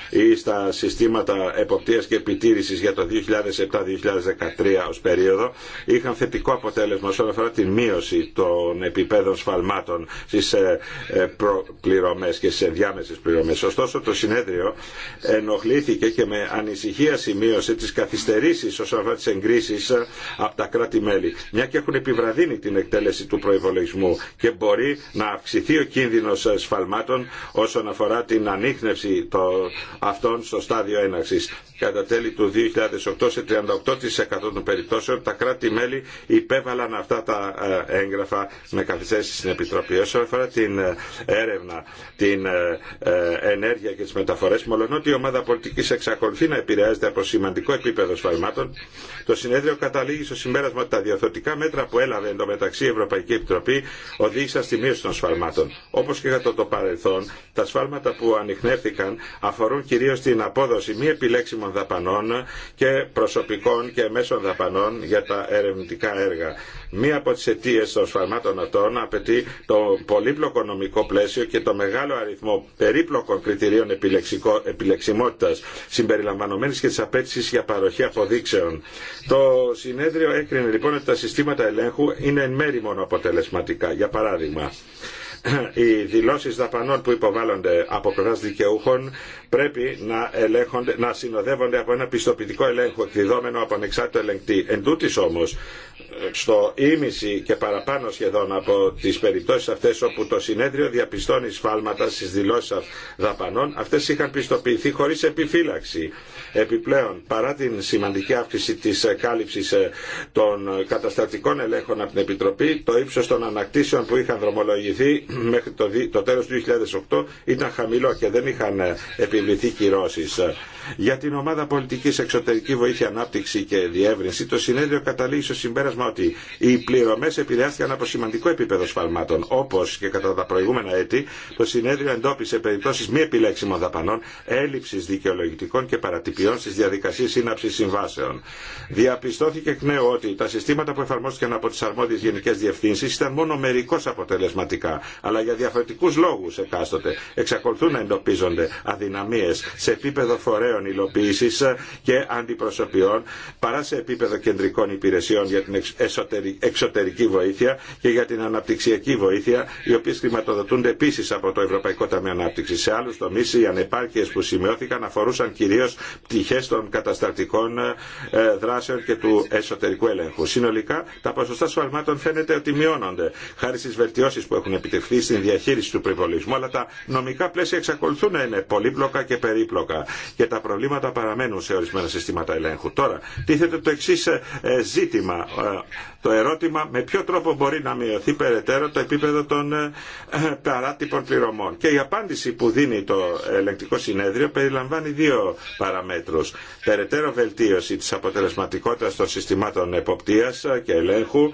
S5: ή στα συστήματα εποπτείας και επιτήρησης για το 2007-2013 ως περίοδο είχαν θετικό αποτέλεσμα όσον αφορά τη μείωση των επιπέδων σφαλμάτων στις ε, ε, προπληρωμές και στις ενδιάμεσες πληρωμές. Ωστόσο το συνέδριο ενοχλήθηκε και με ανησυχία σημείωσε τις καθυστερήσεις όσον αφορά τις εγκρίσεις ε, από τα κράτη-μέλη, μια και έχουν επιβραδύνει την εκτέλεση του προϋπολογισμού και μπορεί να αυξηθεί ο κίνδυνος σφαλμάτων όσον αφορά την ανείχνευση το, αυτών στο στάδιο έναρξη Κατά τέλη του 2008 σε 38% των περιπτώσεων τα κράτη-μέλη υπέβαλαν αυτά τα ε, έγγραφα με καθυστέρηση στην Επιτροπή. Όσον αφορά την ε, έρευνα, την ε, ενέργεια και τις μεταφορές, μολονότι η ομάδα πολιτική εξακολουθεί να επηρεάζεται από σημαντικό επίπεδο σφαλμάτων, το συνέδριο καταλήγει στο συμπέρασμα ότι τα διορθωτικά μέτρα που έλαβε εντωμεταξύ η Ευρωπαϊκή Επιτροπή οδήγησαν στη μείωση των σφαλμάτων. Όπω και κατά το παρελθόν, τα σφάλματα που ανοιχνεύτηκαν αφορούν κυρίω στην την απόδοση μη επιλέξιμων δαπανών και προσωπικών και μέσων δαπανών για τα ερευνητικά έργα. Μία από τι αιτίε των σφαλμάτων αυτών απαιτεί το πολύπλοκο νομικό πλαίσιο και το μεγάλο αριθμό περίπλοκων κριτηρίων επιλεξιμότητα συμπεριλαμβανομένη και τη απέτηση για παροχή αποδείξεων. Το συνέδριο έκρινε λοιπόν ότι τα συστήματα ελέγχου είναι εν μέρη μόνο αποτελεσματικά. Για παράδειγμα, οι δηλώσεις δαπανών που υποβάλλονται από πλευρά δικαιούχων πρέπει να, ελέγχονται, να συνοδεύονται από ένα πιστοποιητικό ελέγχο εκδιδόμενο από ανεξάρτητο ελεγκτή. Εν τούτης όμως, στο ίμιση και παραπάνω σχεδόν από τις περιπτώσεις αυτές όπου το συνέδριο διαπιστώνει σφάλματα στις δηλώσεις δαπανών, αυτές είχαν πιστοποιηθεί χωρίς επιφύλαξη. Επιπλέον, παρά την σημαντική αύξηση της κάλυψης ε, των καταστατικών ελέγχων από την Επιτροπή, το ύψος των ανακτήσεων που είχαν δρομολογηθεί μέχρι το τέλος του 2008 ήταν χαμηλό και δεν είχαν επιφύλαξη επιβληθεί κυρώσει. Για την ομάδα πολιτική εξωτερική βοήθεια, ανάπτυξη και διεύρυνση, το συνέδριο καταλήγει στο συμπέρασμα ότι οι πληρωμέ επηρεάστηκαν από σημαντικό επίπεδο σφαλμάτων. Όπω και κατά τα προηγούμενα έτη, το συνέδριο εντόπισε περιπτώσει μη επιλέξιμων δαπανών, έλλειψη δικαιολογητικών και παρατυπιών στι διαδικασίε σύναψη συμβάσεων. Διαπιστώθηκε εκ νέου ότι τα συστήματα που εφαρμόστηκαν από τι αρμόδιε γενικέ διευθύνσει ήταν μόνο μερικώ αποτελεσματικά, αλλά για διαφορετικού λόγου εκάστοτε. Εξακολουθούν να εντοπίζονται σε επίπεδο φορέων υλοποίηση και αντιπροσωπιών παρά σε επίπεδο κεντρικών υπηρεσιών για την εξωτερική βοήθεια και για την αναπτυξιακή βοήθεια οι οποίε χρηματοδοτούνται επίση από το Ευρωπαϊκό Ταμείο Ανάπτυξη. Σε άλλου τομεί οι ανεπάρκειε που σημειώθηκαν αφορούσαν κυρίω πτυχέ των καταστατικών ε, δράσεων και του εσωτερικού ελέγχου. Συνολικά τα ποσοστά σφαλμάτων φαίνεται ότι μειώνονται χάρη στι βελτιώσει που έχουν επιτευχθεί στην διαχείριση του αλλά τα νομικά πλαίσια εξακολουθούν να είναι πολύπλοκα και περίπλοκα και τα προβλήματα παραμένουν σε ορισμένα συστήματα ελέγχου. Τώρα, τίθεται το εξή ε, ε, ζήτημα. Ε, το ερώτημα με ποιο τρόπο μπορεί να μειωθεί περαιτέρω το επίπεδο των παράτυπων πληρωμών. Και η απάντηση που δίνει το ελεγκτικό συνέδριο περιλαμβάνει δύο παραμέτρους. Περαιτέρω βελτίωση της αποτελεσματικότητας των συστημάτων εποπτείας και ελέγχου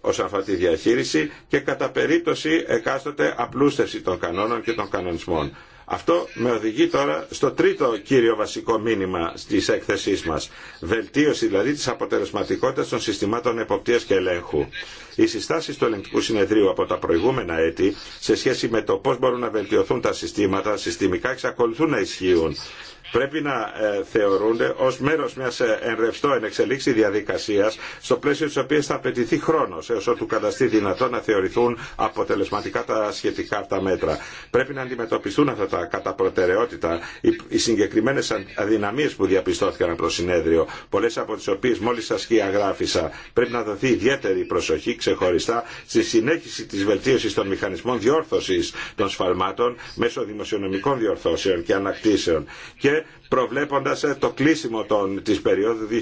S5: όσον αφορά τη διαχείριση και κατά περίπτωση εκάστοτε απλούστευση των κανόνων και των κανονισμών. Αυτό με οδηγεί τώρα στο τρίτο κύριο βασικό μήνυμα τη έκθεσή μα. Βελτίωση δηλαδή τη αποτελεσματικότητα των συστημάτων εποπτεία και ελέγχου. Οι συστάσει του ελεγκτικού συνεδρίου από τα προηγούμενα έτη σε σχέση με το πώ μπορούν να βελτιωθούν τα συστήματα συστημικά εξακολουθούν να ισχύουν πρέπει να ε, θεωρούνται ως μέρος μιας ε, ενρευστό ενεξελίξη διαδικασία, στο πλαίσιο τη οποία θα απαιτηθεί χρόνο έω ότου καταστεί δυνατό να θεωρηθούν αποτελεσματικά τα σχετικά αυτά μέτρα. Πρέπει να αντιμετωπιστούν αυτά τα κατά προτεραιότητα οι συγκεκριμένε αδυναμίες που διαπιστώθηκαν από συνέδριο, πολλέ από τι οποίε, μόλι σας χειαγράφησα. Πρέπει να δοθεί ιδιαίτερη προσοχή ξεχωριστά στη συνέχιση τη βελτίωση των μηχανισμών διορθωση των σφαλμάτων μέσω δημοσιονομικών διορθώσεων και ανακτήσεων και προβλέποντας ε, το κλείσιμο των, της περίοδου 2000-2006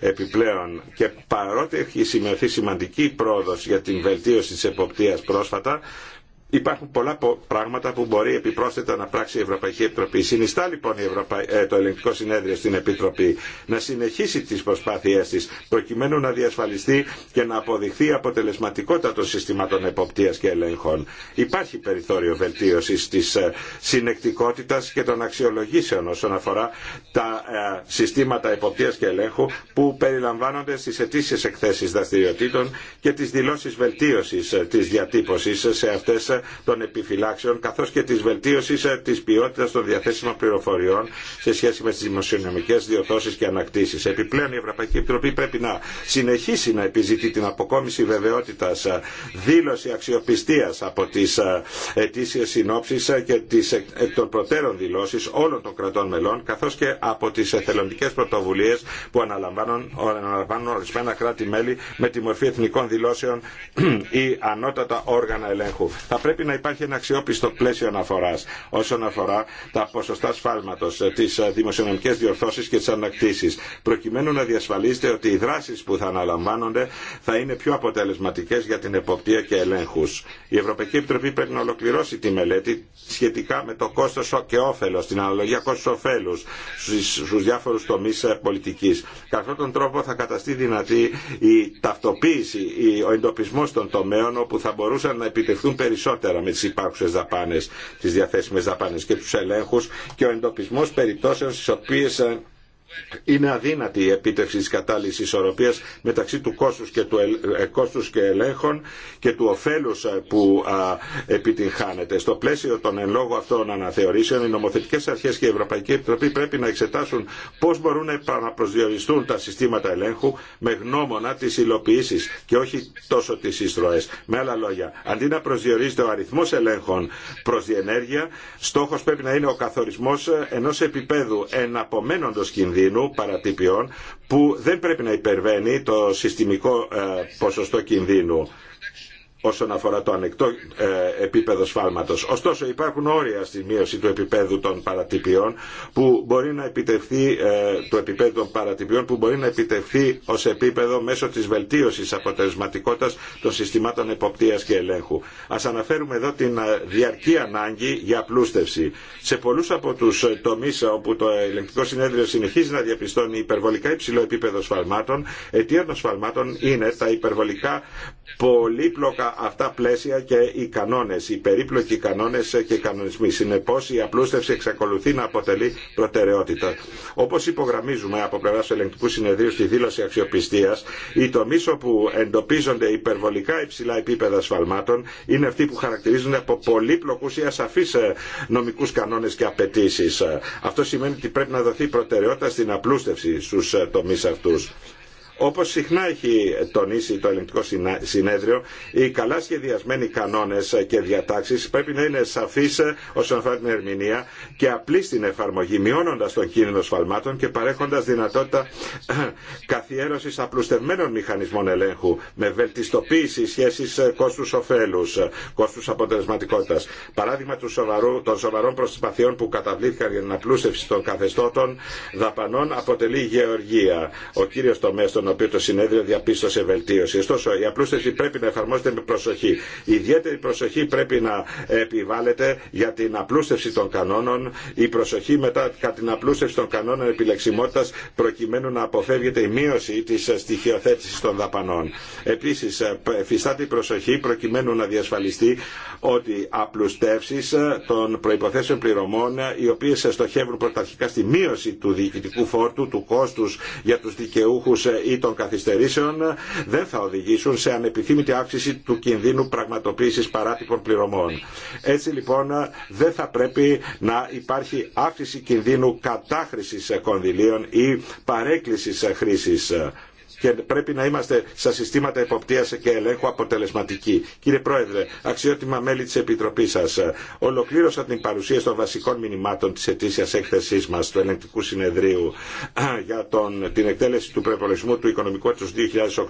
S5: επιπλέον και παρότι έχει σημειωθεί σημαντική πρόοδος για την βελτίωση της εποπτείας πρόσφατα Υπάρχουν πολλά πράγματα που μπορεί επιπρόσθετα να πράξει η Ευρωπαϊκή Επιτροπή. Συνιστά λοιπόν ε, το Ελληνικό Συνέδριο στην Επιτροπή να συνεχίσει τις προσπάθειές της προκειμένου να διασφαλιστεί και να αποδειχθεί η αποτελεσματικότητα των συστημάτων εποπτείας και ελέγχων. Υπάρχει περιθώριο βελτίωσης της ε, συνεκτικότητας και των αξιολογήσεων όσον αφορά τα ε, συστήματα εποπτείας και ελέγχου που περιλαμβάνονται στι αιτήσει εκθέσει δραστηριοτήτων και τι δηλώσει βελτίωση τη διατύπωσης σε αυτές των επιφυλάξεων καθώ και τη βελτίωση ε, τη ποιότητα των διαθέσιμων πληροφοριών σε σχέση με τι δημοσιονομικέ διορθώσει και ανακτήσει. Επιπλέον η Ευρωπαϊκή Επιτροπή πρέπει να συνεχίσει να επιζητεί την αποκόμιση βεβαιότητα, ε, δήλωση αξιοπιστία από τι ε, ετήσιες συνόψει και τις εκ των προτέρων δηλώσει όλων των κρατών μελών καθώ και από τι εθελοντικέ πρωτοβουλίε που αναλαμβάνουν, αναλαμβάνουν ορισμένα κράτη-μέλη με τη μορφή εθνικών δηλώσεων ή ανώτατα όργανα ελέγχου πρέπει να υπάρχει ένα αξιόπιστο πλαίσιο αναφορά όσον αφορά τα ποσοστά σφάλματο, ε, τι ε, δημοσιονομικέ διορθώσει και τι ανακτήσει, προκειμένου να διασφαλίσετε ότι οι δράσει που θα αναλαμβάνονται θα είναι πιο αποτελεσματικέ για την εποπτεία και ελέγχου. Η Ευρωπαϊκή Επιτροπή πρέπει να ολοκληρώσει τη μελέτη σχετικά με το κόστο και όφελο, την αναλογία κόστο-οφέλου στου διάφορου τομεί ε, πολιτική. Κατά αυτόν τον τρόπο θα καταστεί δυνατή η ταυτοποίηση, ο εντοπισμό των τομέων όπου θα μπορούσαν να επιτευχθούν περισσότερο με τι υπάρχουσε δαπάνε, τι διαθέσιμε δαπάνε και του ελέγχου και ο εντοπισμό περιπτώσεων στι οποίε. Ε, είναι αδύνατη η επίτευξη της κατάλληλης ισορροπίας μεταξύ του κόστους και, του ε, και ελέγχων και του ωφέλους ε, που επιτυγχάνεται. Στο πλαίσιο των εν λόγω αυτών αναθεωρήσεων, οι νομοθετικές αρχές και η Ευρωπαϊκή Επιτροπή πρέπει να εξετάσουν πώς μπορούν να επαναπροσδιοριστούν τα συστήματα ελέγχου με γνώμονα τις υλοποιήσεις και όχι τόσο τις εισρωές. Με άλλα λόγια, αντί να προσδιορίζεται ο αριθμός ελέγχων προς διενέργεια, στόχος πρέπει να είναι ο καθορισμός ε, ενός επίπεδου εναπομένοντος κινδύνου παρατυπιών που δεν πρέπει να υπερβαίνει το συστημικό ε, ποσοστό κινδύνου όσον αφορά το ανεκτό ε, επίπεδο σφάλματος. Ωστόσο υπάρχουν όρια στη μείωση του επίπεδου των παρατυπιών που μπορεί να επιτευχθεί ε, το επίπεδου των παρατυπιών που μπορεί να επιτευχθεί ως επίπεδο μέσω της βελτίωσης αποτελεσματικότητας των συστημάτων εποπτείας και ελέγχου. Ας αναφέρουμε εδώ την ε, διαρκή ανάγκη για απλούστευση. Σε πολλούς από τους τομείς όπου το ελεγκτικό συνέδριο συνεχίζει να διαπιστώνει υπερβολικά υψηλό επίπεδο σφαλμάτων, αιτία των σφαλμάτων είναι τα υπερβολικά πολύπλοκα αυτά πλαίσια και οι κανόνε, οι περίπλοκοι κανόνε και οι κανονισμοί. Συνεπώ, η απλούστευση εξακολουθεί να αποτελεί προτεραιότητα. Όπω υπογραμμίζουμε από πλευρά του ελεγκτικού συνεδρίου στη δήλωση αξιοπιστία, οι τομέί όπου εντοπίζονται υπερβολικά υψηλά επίπεδα σφαλμάτων είναι αυτοί που χαρακτηρίζονται από πολύπλοκού ή ασαφεί ε, νομικού κανόνε και απαιτήσει. Αυτό σημαίνει ότι πρέπει να δοθεί προτεραιότητα στην απλούστευση στου ε, τομεί αυτού. Όπω συχνά έχει τονίσει το ελεγκτικό συνέδριο, οι καλά σχεδιασμένοι κανόνε και διατάξει πρέπει να είναι σαφεί όσον αφορά την ερμηνεία και απλή στην εφαρμογή, μειώνοντα τον κίνδυνο σφαλμάτων και παρέχοντα δυνατότητα καθιέρωση απλουστευμένων μηχανισμών ελέγχου με βελτιστοποίηση σχέσης κόστους-οφέλους, κόστου αποτελεσματικότητα. Παράδειγμα των σοβαρών προσπαθειών που καταβλήθηκαν για την απλούστευση των καθεστώτων δαπανών αποτελεί η γεωργία. Ο κύριο τομέα τον οποίο το συνέδριο διαπίστωσε βελτίωση. Ωστόσο, η απλούστευση πρέπει να εφαρμόζεται με προσοχή. Η ιδιαίτερη προσοχή πρέπει να επιβάλλεται για την απλούστευση των κανόνων, η προσοχή μετά κατά την απλούστευση των κανόνων επιλεξιμότητα προκειμένου να αποφεύγεται η μείωση τη στοιχειοθέτηση των δαπανών. Επίση, φυστάται η προσοχή προκειμένου να διασφαλιστεί ότι απλουστεύσει των προποθέσεων πληρωμών, οι οποίε στοχεύουν πρωταρχικά στη μείωση του διοικητικού φόρτου, του κόστου για του δικαιούχου ή των καθυστερήσεων δεν θα οδηγήσουν σε ανεπιθύμητη αύξηση του κινδύνου πραγματοποίηση παράτυπων πληρωμών. Έτσι λοιπόν δεν θα πρέπει να υπάρχει αύξηση κινδύνου κατάχρηση κονδυλίων ή παρέκκληση χρήση και πρέπει να είμαστε στα συστήματα εποπτείας και ελέγχου αποτελεσματικοί. Κύριε Πρόεδρε, αξιότιμα μέλη της Επιτροπής σας, ολοκλήρωσα την παρουσίαση των βασικών μηνυμάτων της ετήσιας έκθεσής μας του Ελεγκτικού Συνεδρίου για τον, την εκτέλεση του προπολογισμού του οικονομικού έτους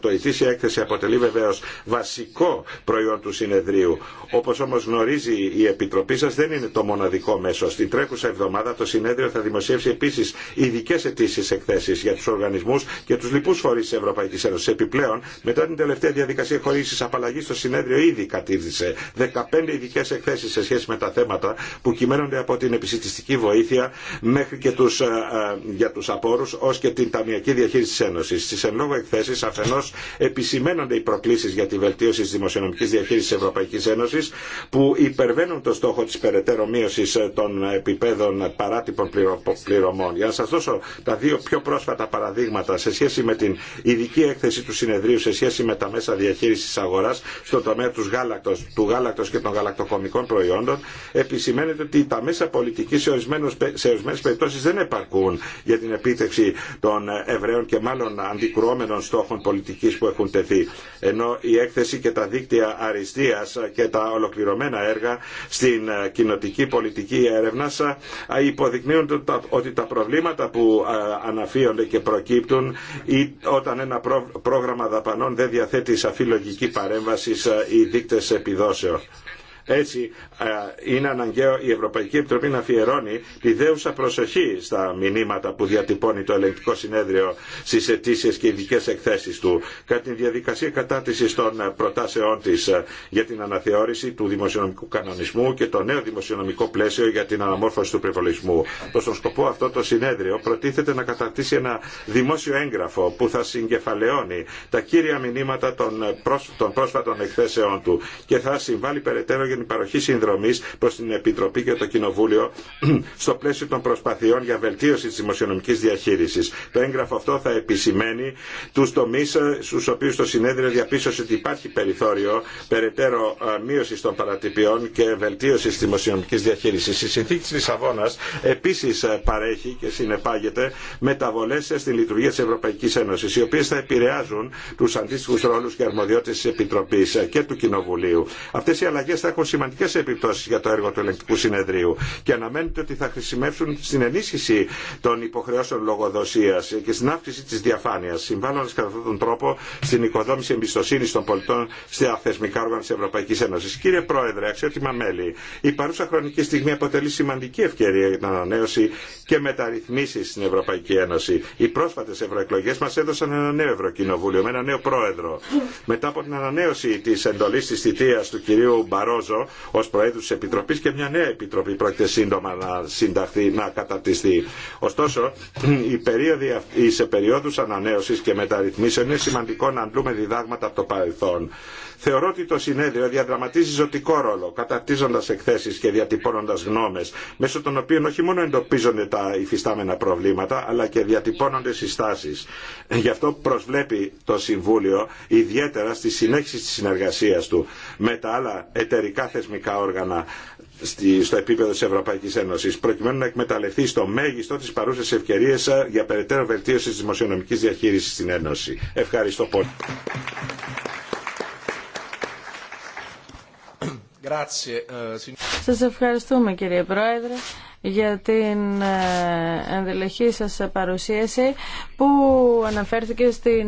S5: 2008. Η ετήσια έκθεση αποτελεί βεβαίω βασικό προϊόν του Συνεδρίου. Όπως όμως γνωρίζει η Επιτροπή σας δεν είναι το μοναδικό μέσο. Στην τρέχουσα εβδομάδα το Συνέδριο θα δημοσιεύσει επίσης ειδικές αιτήσει εκθέσεις για τους οργανισμούς και τους λοιπούς φορείς Ευρωπαϊκή Ένωση. Επιπλέον, μετά την τελευταία διαδικασία χωρίς απαλλαγή στο συνέδριο ήδη κατήρθησε 15 ειδικέ εκθέσει σε σχέση με τα θέματα που κυμαίνονται από την επισητιστική βοήθεια μέχρι και ε, ε, για του απόρου ω και την ταμιακή διαχείριση τη Ένωση. Στι εν λόγω εκθέσει αφενό επισημένονται οι προκλήσει για τη βελτίωση τη δημοσιονομική διαχείριση τη Ευρωπαϊκή Ένωση που υπερβαίνουν το στόχο τη περαιτέρω μείωση ε, των επιπέδων παράτυπων πληρωμών. Για να σα δώσω τα δύο πιο πρόσφατα παραδείγματα σε σχέση με την η ειδική έκθεση του συνεδρίου σε σχέση με τα μέσα διαχείριση αγορά στο τομέα του γάλακτο γάλακτος και των γαλακτοκομικών προϊόντων, επισημαίνεται ότι τα μέσα πολιτική σε ορισμένε περιπτώσει δεν επαρκούν για την επίτευξη των ευραίων και μάλλον αντικρουόμενων στόχων πολιτική που έχουν τεθεί. Ενώ η έκθεση και τα δίκτυα αριστεία και τα ολοκληρωμένα έργα στην κοινοτική πολιτική έρευνα υποδεικνύουν ότι τα προβλήματα που ε, αναφύονται και προκύπτουν όταν ένα πρόγραμμα δαπανών δεν διαθέτει σαφή λογική παρέμβαση ή ε, δείκτες επιδόσεων. Έτσι είναι αναγκαίο η Ευρωπαϊκή Επιτροπή να αφιερώνει τη δέουσα προσοχή στα μηνύματα που διατυπώνει το ελεγκτικό συνέδριο στι αιτήσει και ειδικέ εκθέσει του κατά τη διαδικασία κατάτηση των προτάσεών τη για την αναθεώρηση του δημοσιονομικού κανονισμού και το νέο δημοσιονομικό πλαίσιο για την αναμόρφωση του προπολογισμού. Προ τον σκοπό αυτό το συνέδριο προτίθεται να καταρτήσει ένα δημόσιο έγγραφο που θα συγκεφαλαιώνει τα κύρια μηνύματα των, πρόσφατων εκθέσεών του και θα συμβάλλει περαιτέρω την παροχή συνδρομή προ την Επιτροπή και το Κοινοβούλιο στο πλαίσιο των προσπαθειών για βελτίωση τη δημοσιονομική διαχείριση. Το έγγραφο αυτό θα επισημαίνει του τομεί ε, στου οποίου το συνέδριο διαπίστωσε ότι υπάρχει περιθώριο περαιτέρω ε, μείωση των παρατυπιών και βελτίωση τη δημοσιονομική διαχείριση. Η συνθήκη τη Λισαβόνα επίση ε, παρέχει και συνεπάγεται μεταβολέ στην λειτουργία τη Ευρωπαϊκή Ένωση, οι οποίε θα επηρεάζουν του αντίστοιχου ρόλου και αρμοδιότητε τη Επιτροπή και του Κοινοβουλίου. Αυτέ οι αλλαγέ θα έχουν Σημαντικέ επιπτώσει για το έργο του ελεγκτικού συνεδρίου και αναμένεται ότι θα χρησιμεύσουν στην ενίσχυση των υποχρεώσεων λογοδοσία και στην αύξηση τη διαφάνεια, συμβάλλοντα κατά αυτόν τον τρόπο στην οικοδόμηση εμπιστοσύνη των πολιτών στα θεσμικά όργανα τη Ευρωπαϊκή Ένωση. Κύριε Πρόεδρε, αξιότιμα μέλη, η παρούσα χρονική στιγμή αποτελεί σημαντική ευκαιρία για την ανανέωση και μεταρρυθμίσει στην Ευρωπαϊκή Ένωση. Οι πρόσφατε ευρωεκλογέ μα έδωσαν ένα νέο Ευρωκοινοβούλιο με ένα νέο πρόεδρο. Μετά από την ανανέωση τη εντολή τη θητεία του κυρίου Μπαρόζο, ω Προέδρου τη Επιτροπή και μια νέα Επιτροπή πρόκειται σύντομα να συνταχθεί, να καταρτιστεί. Ωστόσο, η σε περίοδου ανανέωση και μεταρρυθμίσεων είναι σημαντικό να αντλούμε διδάγματα από το παρελθόν Θεωρώ ότι το συνέδριο διαδραματίζει ζωτικό ρόλο, καταρτίζοντα εκθέσει και διατυπώνοντα γνώμε, μέσω των οποίων όχι μόνο εντοπίζονται τα υφιστάμενα προβλήματα, αλλά και διατυπώνονται συστάσει. Γι' αυτό προσβλέπει το Συμβούλιο ιδιαίτερα στη συνέχιση τη συνεργασία του με τα άλλα εταιρικά θεσμικά όργανα στο επίπεδο της Ευρωπαϊκής Ένωσης προκειμένου να εκμεταλλευτεί στο μέγιστο τις παρούσες ευκαιρίες ε, για περαιτέρω βελτίωση της δημοσιονομικής διαχείρισης στην Ένωση. Ευχαριστώ πολύ.
S3: Eh,
S4: σας ευχαριστούμε κύριε Πρόεδρε για την ε, ενδελεχή σας παρουσίαση που αναφέρθηκε στην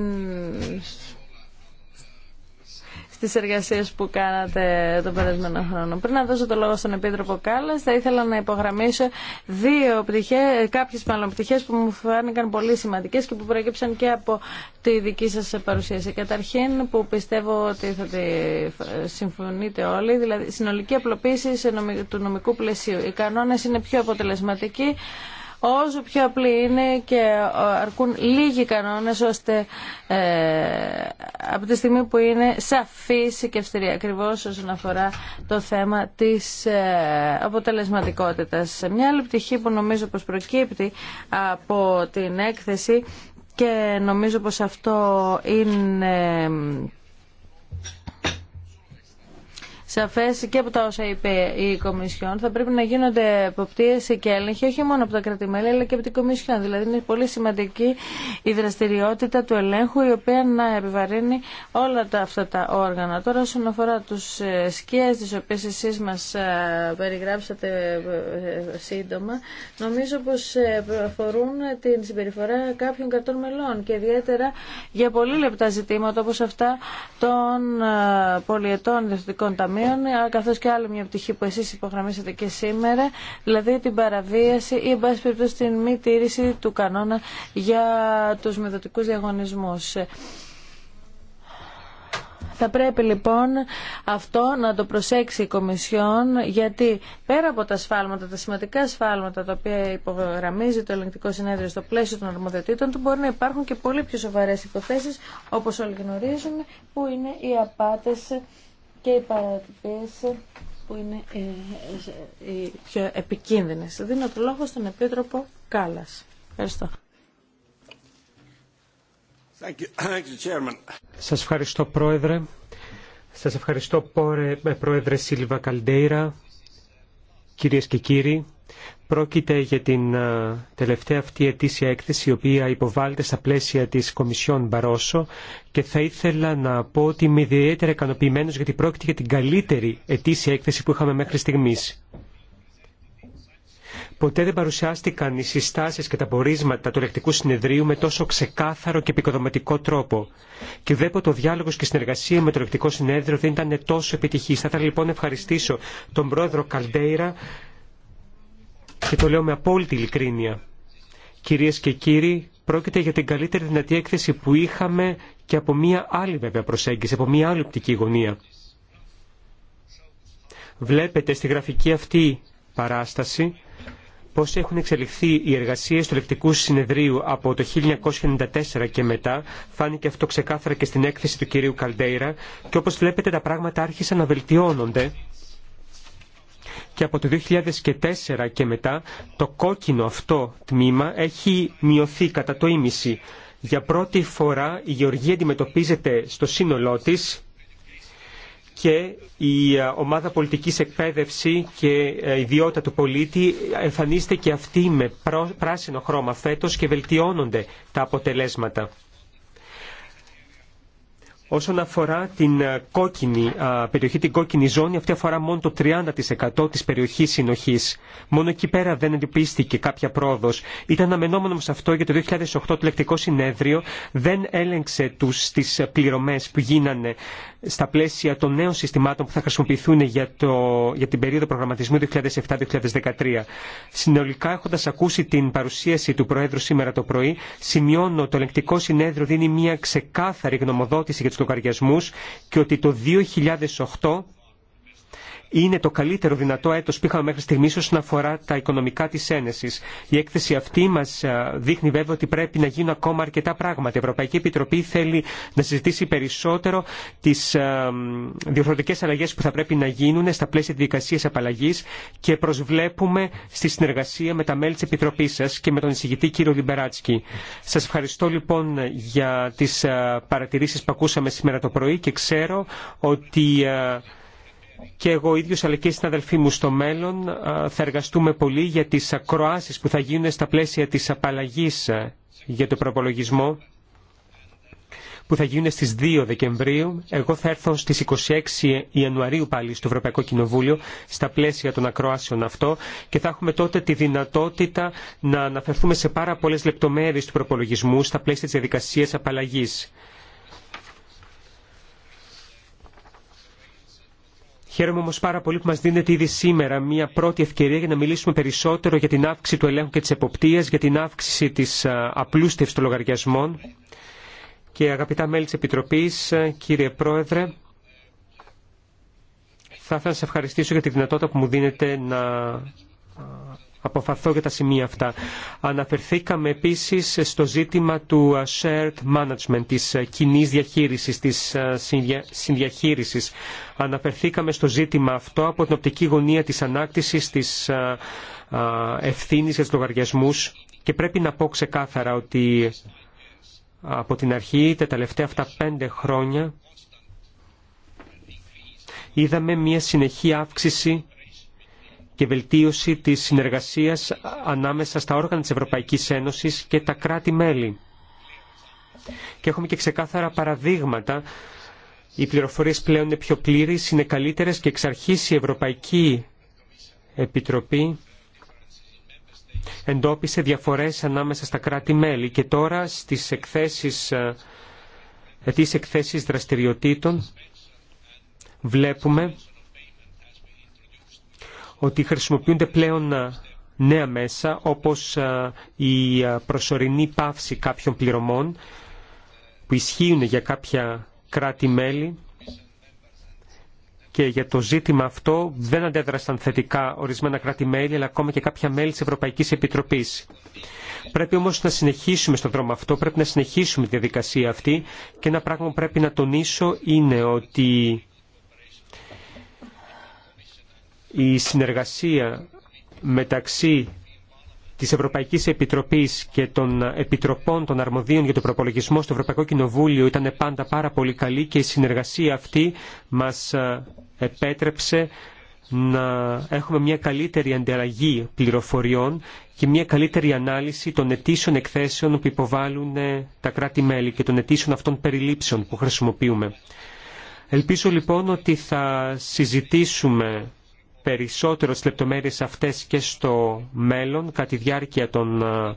S4: τις εργασίες που κάνατε τον περασμένο χρόνο. Πριν να δώσω το λόγο στον Επίτροπο Κάλλας, θα ήθελα να υπογραμμίσω δύο πτυχές, κάποιες πτυχές που μου φάνηκαν πολύ σημαντικές και που προέκυψαν και από τη δική σας παρουσίαση. Καταρχήν, που πιστεύω ότι θα τη συμφωνείτε όλοι, δηλαδή συνολική απλοποίηση του νομικού πλαισίου. Οι κανόνες είναι πιο αποτελεσματικοί όσο πιο απλή είναι και αρκούν λίγοι κανόνες ώστε ε, από τη στιγμή που είναι σαφής και ευστηρία ακριβώς όσον αφορά το θέμα της ε, αποτελεσματικότητας. μια άλλη πτυχή που νομίζω πως προκύπτει από την έκθεση και νομίζω πως αυτό είναι Σαφέ και από τα όσα είπε η Κομισιόν, θα πρέπει να γίνονται εποπτείες και έλεγχοι όχι μόνο από τα κρατημέλη αλλά και από την Κομισιόν. Δηλαδή είναι πολύ σημαντική η δραστηριότητα του ελέγχου η οποία να επιβαρύνει όλα τα, αυτά τα όργανα. Τώρα όσον αφορά τους ε, σκιές τις οποίες εσείς μας ε, περιγράψατε ε, σύντομα, νομίζω πως αφορούν την συμπεριφορά κάποιων κρατών μελών και ιδιαίτερα για πολύ λεπτά ζητήματα όπως αυτά των πολιετών διευθυντικών ταμείων ταμείων, καθώ και άλλη μια πτυχή που εσεί υπογραμμίσατε και σήμερα, δηλαδή την παραβίαση ή, εν πάση περιπτώσει, την μη τήρηση του κανόνα για του μεδοτικού διαγωνισμού. Θα πρέπει λοιπόν αυτό να το προσέξει η Κομισιόν γιατί πέρα από τα σφάλματα, τα σημαντικά σφάλματα τα οποία υπογραμμίζει το ελεγκτικό συνέδριο στο πλαίσιο των αρμοδιοτήτων του μπορεί να υπάρχουν και πολύ πιο σοβαρές υποθέσεις όπως όλοι γνωρίζουμε που είναι οι απάτε και οι παρατυπίες που είναι οι ε, ε, ε, πιο επικίνδυνες. Δίνω το λόγο στον Επίτροπο Κάλλας.
S2: Ευχαριστώ.
S5: Thank
S2: Σας ευχαριστώ Πρόεδρε. Σας ευχαριστώ Πρόεδρε Σίλβα Καλντέιρα, κυρίες και κύριοι. Πρόκειται για την ε, τελευταία αυτή ετήσια έκθεση, η οποία υποβάλλεται στα πλαίσια της Κομισιόν Μπαρόσο και θα ήθελα να πω ότι είμαι ιδιαίτερα ικανοποιημένος γιατί πρόκειται για την καλύτερη ετήσια έκθεση που είχαμε μέχρι στιγμής. Ποτέ δεν παρουσιάστηκαν οι συστάσεις και τα πορίσματα του ελεκτικού συνεδρίου με τόσο ξεκάθαρο και επικοδοματικό τρόπο. Και βλέπω το διάλογο και η συνεργασία με το ελεκτικό συνέδριο δεν ήταν τόσο επιτυχη. Θα ήθελα λοιπόν να ευχαριστήσω τον πρόεδρο Καλντέιρα και το λέω με απόλυτη ειλικρίνεια. Κυρίες και κύριοι, πρόκειται για την καλύτερη δυνατή έκθεση που είχαμε και από μία άλλη βέβαια προσέγγιση, από μία άλλη οπτική γωνία. Βλέπετε στη γραφική αυτή παράσταση πώς έχουν εξελιχθεί οι εργασίες του λεπτικού Συνεδρίου από το 1994 και μετά. Φάνηκε αυτό ξεκάθαρα και στην έκθεση του κυρίου Καλντέιρα και όπως βλέπετε τα πράγματα άρχισαν να βελτιώνονται και από το 2004 και μετά το κόκκινο αυτό τμήμα έχει μειωθεί κατά το ίμιση. Για πρώτη φορά η γεωργία αντιμετωπίζεται στο σύνολό της και η ε, ομάδα πολιτικής εκπαίδευση και ε, ιδιότητα του πολίτη εμφανίστηκε και αυτή με πράσινο χρώμα φέτος και βελτιώνονται τα αποτελέσματα. Όσον αφορά την ε, κόκκινη ε, περιοχή, την κόκκινη ζώνη, αυτή αφορά μόνο το 30% της περιοχής συνοχής. Μόνο εκεί πέρα δεν εντυπίστηκε κάποια πρόοδος. Ήταν αμενόμενο όμως αυτό για το 2008 το λεκτικό συνέδριο δεν έλεγξε τους, τις πληρωμές που γίνανε στα πλαίσια των νέων συστημάτων που θα χρησιμοποιηθούν για, το, για την περίοδο προγραμματισμού 2007-2013. Συνολικά, έχοντας ακούσει την παρουσίαση του Προέδρου σήμερα το πρωί, σημειώνω το ελεγκτικό συνέδριο δίνει μια ξεκάθαρη γνωμοδότηση για τους λογαριασμού και ότι το 2008 είναι το καλύτερο δυνατό έτος που είχαμε μέχρι στιγμής όσον αφορά τα οικονομικά της Ένεσης. Η έκθεση αυτή μας ε, δείχνει βέβαια ότι πρέπει να γίνουν ακόμα αρκετά πράγματα. Η Ευρωπαϊκή Επιτροπή θέλει να συζητήσει περισσότερο τις ε, διορθωτικές αλλαγές που θα πρέπει να γίνουν στα πλαίσια δικασία απαλλαγή και προσβλέπουμε στη συνεργασία με τα μέλη της Επιτροπής σας και με τον εισηγητή κύριο Λιμπεράτσκι. Σας ευχαριστώ λοιπόν για τις ε, παρατηρήσεις που ακούσαμε σήμερα το πρωί και ξέρω ότι και εγώ ίδιος αλλά και οι συναδελφοί μου στο μέλλον θα εργαστούμε πολύ για τις ακροάσεις που θα γίνουν στα πλαίσια της απαλλαγής για το προπολογισμό που θα γίνουν στις 2 Δεκεμβρίου. Εγώ θα έρθω στις 26 Ιανουαρίου πάλι στο Ευρωπαϊκό Κοινοβούλιο στα πλαίσια των ακροάσεων αυτό και θα έχουμε τότε τη δυνατότητα να αναφερθούμε σε πάρα πολλές λεπτομέρειες του προπολογισμού στα πλαίσια της διαδικασίας απαλλαγής. Χαίρομαι όμω πάρα πολύ που μα δίνεται ήδη σήμερα μια πρώτη ευκαιρία για να μιλήσουμε περισσότερο για την αύξηση του ελέγχου και τη εποπτεία, για την αύξηση τη απλούστευση των λογαριασμών. Και αγαπητά μέλη τη Επιτροπή, κύριε Πρόεδρε, θα ήθελα να σα ευχαριστήσω για τη δυνατότητα που μου δίνετε να αποφαθώ για τα σημεία αυτά. Αναφερθήκαμε επίσης στο ζήτημα του ε, shared management, της ε, κοινή διαχείρισης, της ε, συνδιαχείρισης. Αναφερθήκαμε στο ζήτημα αυτό από την οπτική γωνία της ανάκτησης, της ευθύνης για τους και πρέπει να πω ξεκάθαρα ότι από την αρχή τα τελευταία αυτά πέντε χρόνια είδαμε μια συνεχή αύξηση και βελτίωση της συνεργασίας ανάμεσα στα όργανα της Ευρωπαϊκής Ένωσης και τα κράτη-μέλη. Και έχουμε και ξεκάθαρα παραδείγματα. Οι πληροφορίες πλέον είναι πιο πλήρεις, είναι καλύτερες και εξ αρχής η Ευρωπαϊκή Επιτροπή εντόπισε διαφορές ανάμεσα στα κράτη-μέλη και τώρα στις εκθέσεις, ε, τις εκθέσεις δραστηριοτήτων βλέπουμε ότι χρησιμοποιούνται πλέον ε, νέα μέσα όπως ε, η ε, προσωρινή πάυση κάποιων πληρωμών που ισχύουν για κάποια κράτη-μέλη και για το ζήτημα αυτό δεν αντέδρασαν θετικά ορισμένα κράτη-μέλη αλλά ακόμα και κάποια μέλη της Ευρωπαϊκής Επιτροπής. Πρέπει όμως να συνεχίσουμε στον δρόμο αυτό, πρέπει να συνεχίσουμε τη διαδικασία αυτή και ένα πράγμα που πρέπει να τονίσω είναι ότι η συνεργασία μεταξύ της Ευρωπαϊκής Επιτροπής και των Επιτροπών των Αρμοδίων για τον Προπολογισμό στο Ευρωπαϊκό Κοινοβούλιο ήταν πάντα πάρα πολύ καλή και η συνεργασία αυτή μας ε, επέτρεψε να έχουμε μια καλύτερη ανταλλαγή πληροφοριών και μια καλύτερη ανάλυση των αιτήσεων εκθέσεων που υποβάλλουν ε, τα κράτη-μέλη και των αιτήσεων αυτών περιλήψεων που χρησιμοποιούμε. Ελπίζω λοιπόν ότι θα συζητήσουμε περισσότερο λεπτομέρειες αυτές και στο μέλλον, κατά τη διάρκεια των ε,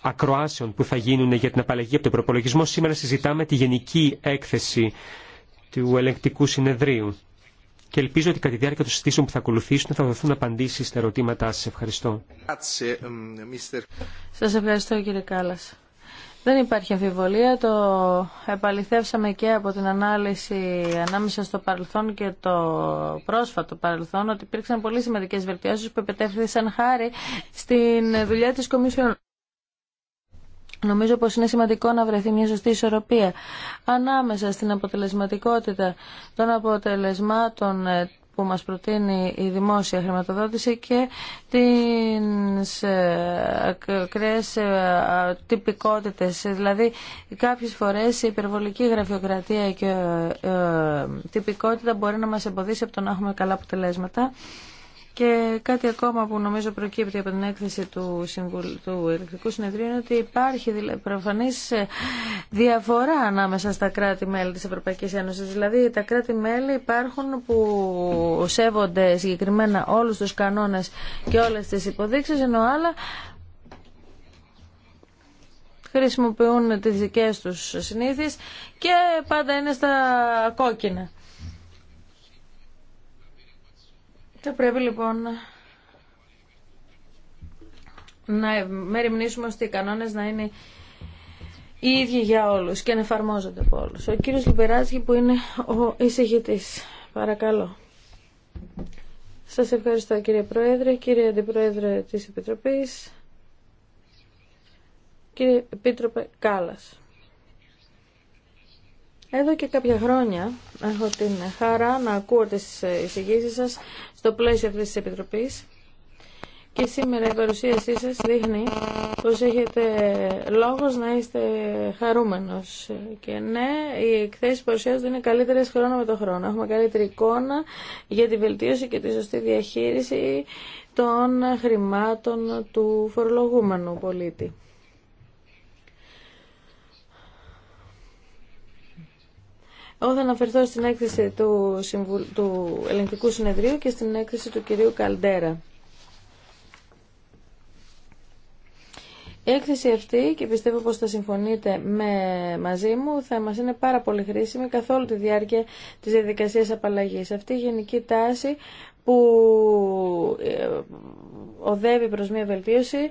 S2: ακροάσεων που θα γίνουν για την απαλλαγή από τον προπολογισμό. Σήμερα συζητάμε τη γενική έκθεση του ελεγκτικού συνεδρίου. Και ελπίζω ότι κατά τη διάρκεια των συζητήσεων που θα ακολουθήσουν θα δοθούν απαντήσεις στα ερωτήματά σας. Ευχαριστώ.
S3: Ε,
S4: σας ευχαριστώ κύριε Κάλλας. Δεν υπάρχει αμφιβολία, το επαληθεύσαμε και από την ανάλυση ανάμεσα στο παρελθόν και το πρόσφατο παρελθόν ότι υπήρξαν πολύ σημαντικές βελτιώσει που επιτεύχθησαν χάρη στην δουλειά τη Κομισιόν. Νομίζω πως είναι σημαντικό να βρεθεί μια σωστή ισορροπία ανάμεσα στην αποτελεσματικότητα των αποτελεσμάτων που μας προτείνει η δημόσια χρηματοδότηση και τις ε, ακραίες ε, τυπικότητες. Δηλαδή κάποιες φορές η υπερβολική γραφειοκρατία και ε, τυπικότητα μπορεί να μας εμποδίσει από το να έχουμε καλά αποτελέσματα. Και κάτι ακόμα που νομίζω προκύπτει από την έκθεση του, του Ελεκτρικού Συνεδρίου είναι ότι υπάρχει προφανή ε, διαφορά ανάμεσα στα κράτη-μέλη της Ευρωπαϊκής Ένωσης. Δηλαδή τα κράτη-μέλη υπάρχουν που σέβονται συγκεκριμένα όλου τους κανόνες και όλες τις υποδείξει, ενώ άλλα χρησιμοποιούν τις δικές τους συνήθειες και πάντα είναι στα κόκκινα. Θα πρέπει λοιπόν να μεριμνήσουμε ώστε οι κανόνες να είναι οι ίδιοι για όλους και να εφαρμόζονται από όλου. Ο κύριος Λιμπεράτσκι που είναι ο εισηγητή. Παρακαλώ. Σας ευχαριστώ κύριε Πρόεδρε, κύριε Αντιπρόεδρε της Επίτροπή, κύριε Επίτροπε Κάλλας. Εδώ και κάποια χρόνια έχω την χαρά να ακούω τις εισηγήσεις σας στο πλαίσιο αυτής της Επιτροπής και σήμερα η παρουσίασή σας δείχνει πως έχετε λόγος να είστε χαρούμενος. Και ναι, οι εκθέσεις παρουσιάζονται είναι καλύτερες χρόνο με το χρόνο. Έχουμε καλύτερη εικόνα για τη βελτίωση και τη σωστή διαχείριση των χρημάτων του φορολογούμενου πολίτη. Όταν θα αναφερθώ στην έκθεση του, Συμβου... του Ελεγκτικού Συνεδρίου και στην έκθεση του κυρίου Καλντέρα. Η έκθεση αυτή, και πιστεύω πως θα συμφωνείτε με, μαζί μου, θα μας είναι πάρα πολύ χρήσιμη καθ' όλη τη διάρκεια της διαδικασίας απαλλαγής. Αυτή η γενική τάση που ε, οδεύει προς μια βελτίωση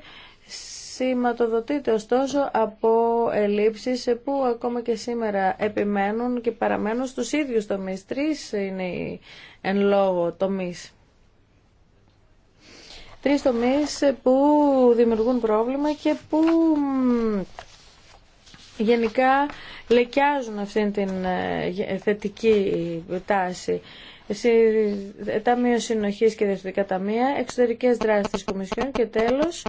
S4: σηματοδοτείται ωστόσο από ελλείψεις που ακόμα και σήμερα επιμένουν και παραμένουν στους ίδιους τομείς. Τρεις είναι οι εν λόγω τομείς. Τρεις τομείς που δημιουργούν πρόβλημα και που γενικά λεκιάζουν αυτήν την ε, θετική τάση. Ταμείο Συνοχής και Διευθυντικά Ταμεία, εξωτερικές δράσεις της Κομισιόν και τέλος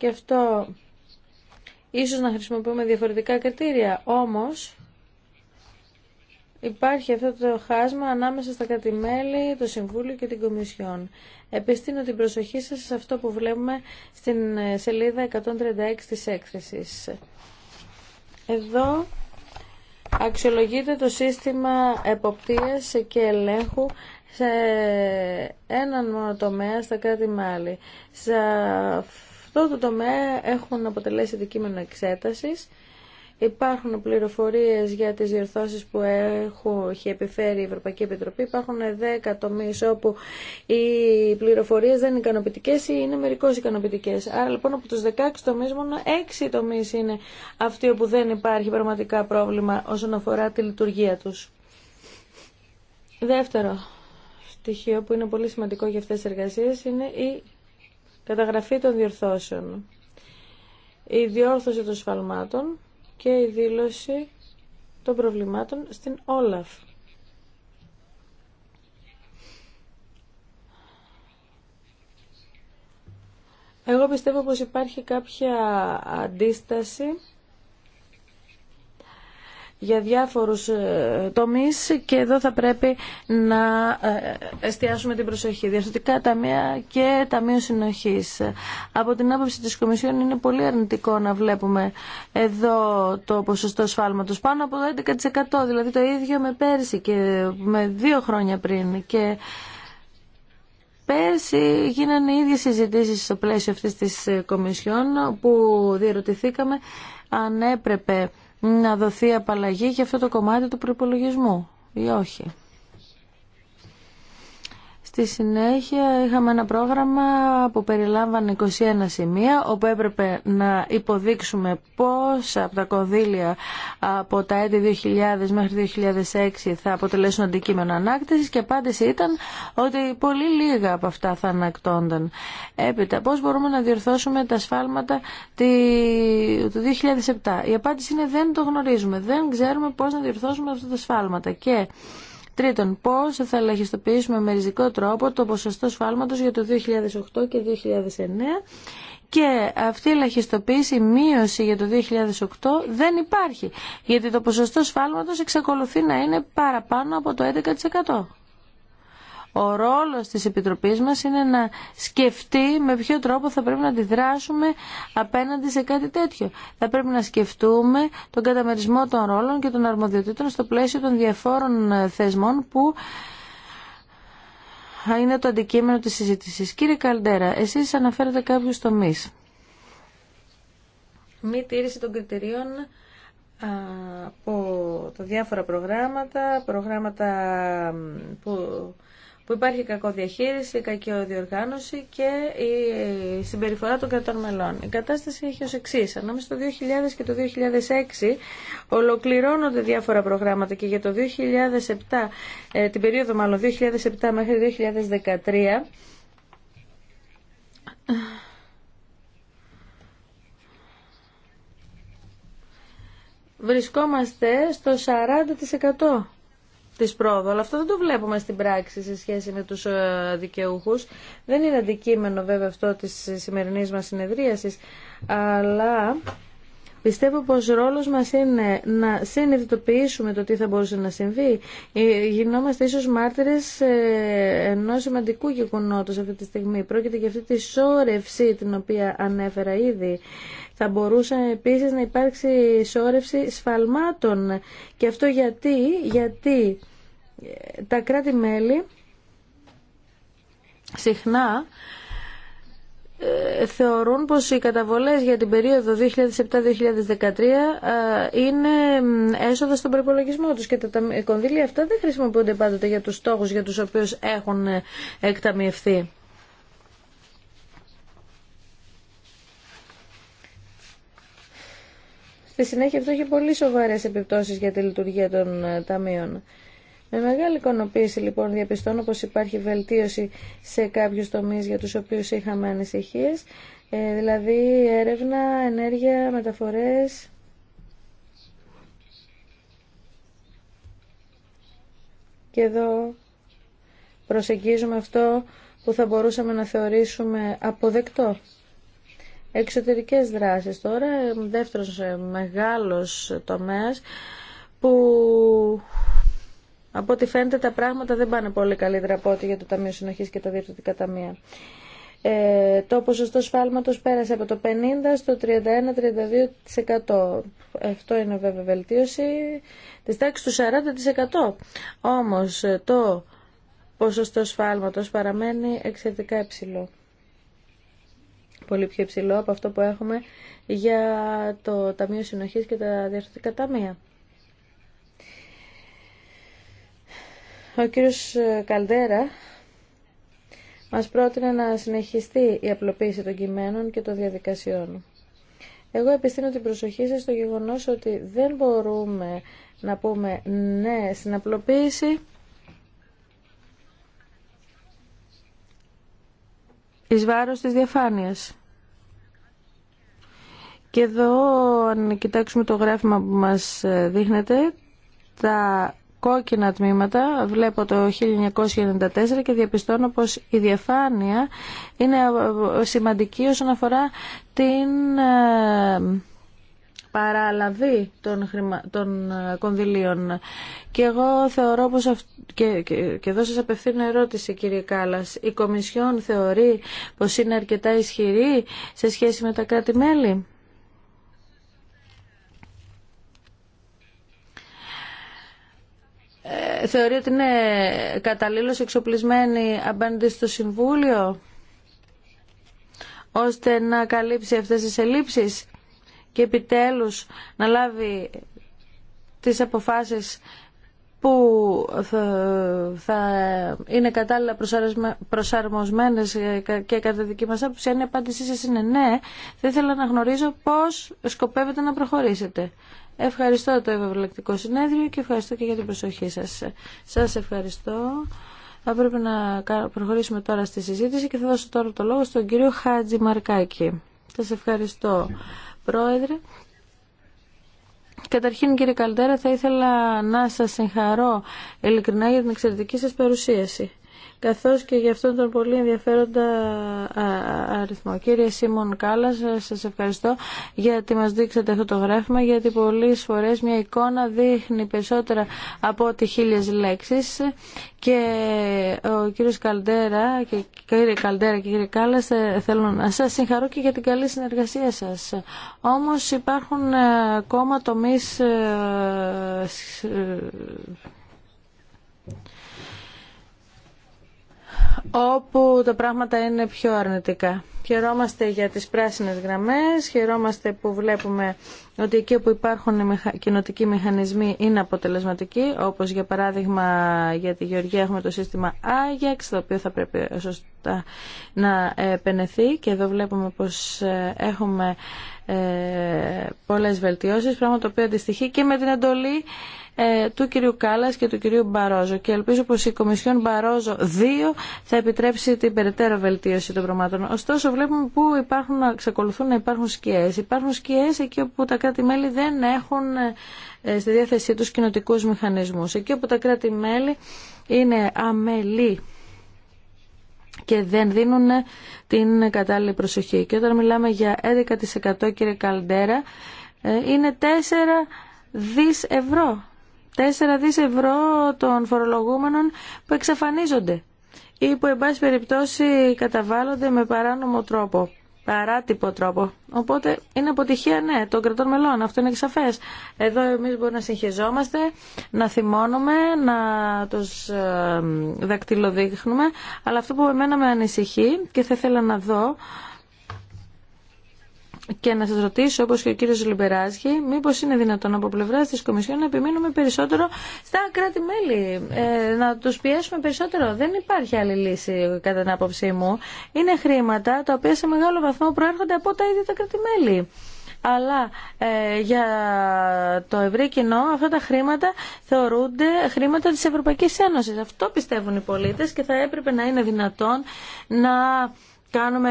S4: και αυτό ίσως να χρησιμοποιούμε διαφορετικά κριτήρια, όμως υπάρχει αυτό το χάσμα ανάμεσα στα κατημέλη, το Συμβούλιο και την Κομισιόν. Επιστήνω την προσοχή σας σε αυτό που βλέπουμε στην ε, σελίδα 136 της έκθεσης. Εδώ αξιολογείται το σύστημα εποπτείας και ελέγχου σε έναν μόνο τομέα στα κρατη Σε αυτό το τομέα έχουν αποτελέσει αντικείμενο εξέτασης. Υπάρχουν πληροφορίες για τις διορθώσεις που έχει επιφέρει η Ευρωπαϊκή Επιτροπή. Υπάρχουν 10 τομείς όπου οι πληροφορίες δεν είναι ικανοποιητικές ή είναι μερικώς ικανοποιητικές. Άρα λοιπόν από τους 16 τομείς μόνο 6 τομείς είναι αυτοί όπου δεν υπάρχει πραγματικά πρόβλημα όσον αφορά τη λειτουργία τους. Δεύτερο στοιχείο που είναι πολύ σημαντικό για αυτές τις εργασίες είναι η καταγραφή των διορθώσεων, η διόρθωση των σφαλμάτων και η δήλωση των προβλημάτων στην Όλαφ. Εγώ πιστεύω πως υπάρχει κάποια αντίσταση για διάφορους ε, τομείς και εδώ θα πρέπει να ε, εστιάσουμε την προσοχή. Διαστοτικά ταμεία και ταμείο συνοχής. Από την άποψη της Κομισιόν είναι πολύ αρνητικό να βλέπουμε εδώ το ποσοστό σφάλματος πάνω από 11% δηλαδή το ίδιο με πέρσι και με δύο χρόνια πριν και Πέρσι γίνανε οι ίδιες συζητήσεις στο πλαίσιο αυτής της ε, Κομισιόν που διερωτηθήκαμε αν έπρεπε να δοθεί απαλλαγή για αυτό το κομμάτι του προπολογισμού ή όχι. Στη συνέχεια είχαμε ένα πρόγραμμα που περιλάμβανε 21 σημεία όπου έπρεπε να υποδείξουμε πώς από τα κονδύλια από τα έτη 2000 μέχρι 2006 θα αποτελέσουν αντικείμενο ανάκτησης και απάντηση ήταν ότι πολύ λίγα από αυτά θα ανακτώνταν. Έπειτα, πώς μπορούμε να διορθώσουμε τα σφάλματα του 2007. Η απάντηση είναι δεν το γνωρίζουμε, δεν ξέρουμε πώς να διορθώσουμε αυτά τα σφάλματα και Τρίτον, πώς θα ελαχιστοποιήσουμε με ριζικό τρόπο το ποσοστό σφάλματος για το 2008 και 2009 και αυτή η ελαχιστοποίηση, η μείωση για το 2008 δεν υπάρχει, γιατί το ποσοστό σφάλματος εξακολουθεί να είναι παραπάνω από το 11%. Ο ρόλος της Επιτροπής μας είναι να σκεφτεί με ποιο τρόπο θα πρέπει να αντιδράσουμε απέναντι σε κάτι τέτοιο. Θα πρέπει να σκεφτούμε τον καταμερισμό των ρόλων και των αρμοδιοτήτων στο πλαίσιο των διαφόρων ε, θεσμών που είναι το αντικείμενο της συζήτησης. Κύριε Καλντέρα, εσείς αναφέρετε κάποιους τομείς. Μη τήρηση των κριτηρίων από τα διάφορα προγράμματα, προγράμματα που που υπάρχει κακοδιαχείριση, κακή και η συμπεριφορά των κρατών μελών. Η κατάσταση έχει ως εξή. Ανάμεσα στο 2000 και το 2006 ολοκληρώνονται διάφορα προγράμματα και για το 2007, ε, την περίοδο μάλλον 2007 μέχρι 2013, βρισκόμαστε στο 40% της αλλά αυτό δεν το βλέπουμε στην πράξη σε σχέση με τους ε, δικαιούχους. Δεν είναι αντικείμενο βέβαια αυτό της σημερινής μας συνεδρίασης, αλλά Πιστεύω πως ρόλος μας είναι να συνειδητοποιήσουμε το τι θα μπορούσε να συμβεί. Ε, γινόμαστε ίσως μάρτυρες ε, ενός σημαντικού γεγονότος αυτή τη στιγμή. Πρόκειται για αυτή τη σώρευση την οποία ανέφερα ήδη. Θα μπορούσε επίσης να υπάρξει σώρευση σφαλμάτων. Και αυτό γιατί, γιατί ε, τα κράτη-μέλη συχνά ε, θεωρούν πως οι καταβολές για την περίοδο 2007-2013 ε, είναι έσοδα στον προπολογισμό τους και τα κονδύλια αυτά δεν χρησιμοποιούνται πάντοτε για τους στόχους για τους οποίους έχουν εκταμιευθεί. Στη συνέχεια αυτό έχει πολύ σοβαρές επιπτώσεις για τη λειτουργία των ε, ταμείων. Με μεγάλη ικανοποίηση λοιπόν διαπιστώνω πως υπάρχει βελτίωση σε κάποιους τομείς για τους οποίους είχαμε ανησυχίες, ε, δηλαδή έρευνα, ενέργεια, μεταφορές. Και εδώ προσεγγίζουμε αυτό που θα μπορούσαμε να θεωρήσουμε αποδεκτό. Εξωτερικές δράσεις τώρα, δεύτερος ε, μεγάλος τομέας που από ό,τι φαίνεται τα πράγματα δεν πάνε πολύ καλύτερα από ό,τι για το Ταμείο Συνοχής και τα Διευθυντικά Ταμεία. Ε, το ποσοστό σφάλματος πέρασε από το 50% στο 31-32%. Αυτό είναι βέβαια βελτίωση της τάξης του 40%. Όμως ε, το ποσοστό σφάλματος παραμένει εξαιρετικά υψηλό πολύ πιο υψηλό από αυτό που έχουμε για το Ταμείο Συνοχής και τα Διευθυντικά Ταμεία. Ο κύριος Καλδέρα μας πρότεινε να συνεχιστεί η απλοποίηση των κειμένων και των διαδικασιών. Εγώ επιστήνω την προσοχή σας στο γεγονός ότι δεν μπορούμε να πούμε ναι στην απλοποίηση εις βάρος της διαφάνειας. Και εδώ, αν κοιτάξουμε το γράφημα που μας ε, δείχνετε, τα κόκκινα τμήματα βλέπω το 1994 και διαπιστώνω πως η διαφάνεια είναι ε, ε, σημαντική όσον αφορά την παραλαβή των, χρημα... των κονδυλίων. Και εγώ θεωρώ πως και, και, και εδώ σας απευθύνω ερώτηση κύριε Κάλλας. Η Κομισιόν θεωρεί πως είναι αρκετά ισχυρή σε σχέση με τα κράτη-μέλη. θεωρεί ότι είναι καταλήλως εξοπλισμένη απέναντι στο Συμβούλιο ώστε να καλύψει αυτές τις ελλείψεις και επιτέλους να λάβει τις αποφάσεις που θα είναι κατάλληλα προσαρμοσμένες και κατά δική μας άποψη. Αν η απάντησή σας είναι ναι, θα ήθελα να γνωρίζω πώς σκοπεύετε να προχωρήσετε. Ευχαριστώ το Ευρωβουλευτικό Συνέδριο και ευχαριστώ και για την προσοχή σας. Σας ευχαριστώ. Θα πρέπει να προχωρήσουμε τώρα στη συζήτηση και θα δώσω τώρα το λόγο στον κύριο Χάτζη Μαρκάκη. Σας ευχαριστώ, Πρόεδρε. Καταρχήν κύριε Καλτέρα θα ήθελα να σας συγχαρώ ειλικρινά για την εξαιρετική σας παρουσίαση καθώς και για αυτόν τον πολύ ενδιαφέροντα αριθμό. Κύριε Σίμων Κάλλας, σας ευχαριστώ γιατί μας δείξατε αυτό το γράφημα, γιατί πολλές φορές μια εικόνα δείχνει περισσότερα από ό,τι χίλιες λέξεις και ο κύριος Καλντέρα και κύριε Καλντέρα και κύριε Κάλλας ε, θέλω να σας συγχαρώ και για την καλή συνεργασία σας. Όμως υπάρχουν ε, ακόμα τομείς ε, όπου τα πράγματα είναι πιο αρνητικά. Χαιρόμαστε για τις πράσινες γραμμές, χαιρόμαστε που βλέπουμε ότι εκεί όπου υπάρχουν κοινοτικοί μηχανισμοί είναι αποτελεσματικοί, όπως για παράδειγμα για τη Γεωργία έχουμε το σύστημα Ajax, το οποίο θα πρέπει σωστά να επενεθεί και εδώ βλέπουμε πως ε, έχουμε ε, πολλές βελτιώσεις, πράγμα το οποίο αντιστοιχεί και με την εντολή ε, του κυρίου Κάλλας και του κυρίου Μπαρόζο και ελπίζω πως η Κομισιόν Μπαρόζο 2 θα επιτρέψει την περαιτέρω βελτίωση των πραγμάτων. Ωστόσο βλέπουμε που υπάρχουν, ξεκολουθούν να υπάρχουν σκιές. Υπάρχουν σκιές εκεί όπου τα κράτη-μέλη δεν έχουν ε, στη διάθεσή τους κοινοτικού μηχανισμούς. Εκεί όπου τα κράτη-μέλη είναι αμελή και δεν δίνουν την κατάλληλη προσοχή. Και όταν μιλάμε για 11% κύριε Καλντέρα, ε, είναι 4 δις ευρώ δις ευρώ των φορολογούμενων που εξαφανίζονται ή που εν πάση περιπτώσει καταβάλλονται με παράνομο τρόπο, παράτυπο τρόπο. Οπότε είναι αποτυχία, ναι, των κρατών μελών, αυτό είναι σαφέ. Εδώ εμείς μπορούμε να συγχεζόμαστε να θυμώνουμε, να τους ε, δακτυλοδείχνουμε, αλλά αυτό που εμένα με ανησυχεί και θα ήθελα να δω και να σας ρωτήσω, όπω και ο κύριος Λιμπεράσχη, μήπως είναι δυνατόν από πλευρά της Κομισιόν να επιμείνουμε περισσότερο στα κράτη-μέλη, ε, να τους πιέσουμε περισσότερο. Δεν υπάρχει άλλη λύση κατά την άποψή μου. Είναι χρήματα τα οποία σε μεγάλο βαθμό προέρχονται από τα ίδια τα κράτη-μέλη. Αλλά ε, για το ευρύ κοινό αυτά τα χρήματα θεωρούνται χρήματα της Ευρωπαϊκής Ένωσης. Αυτό πιστεύουν οι πολίτες και θα έπρεπε να είναι δυνατόν να κάνουμε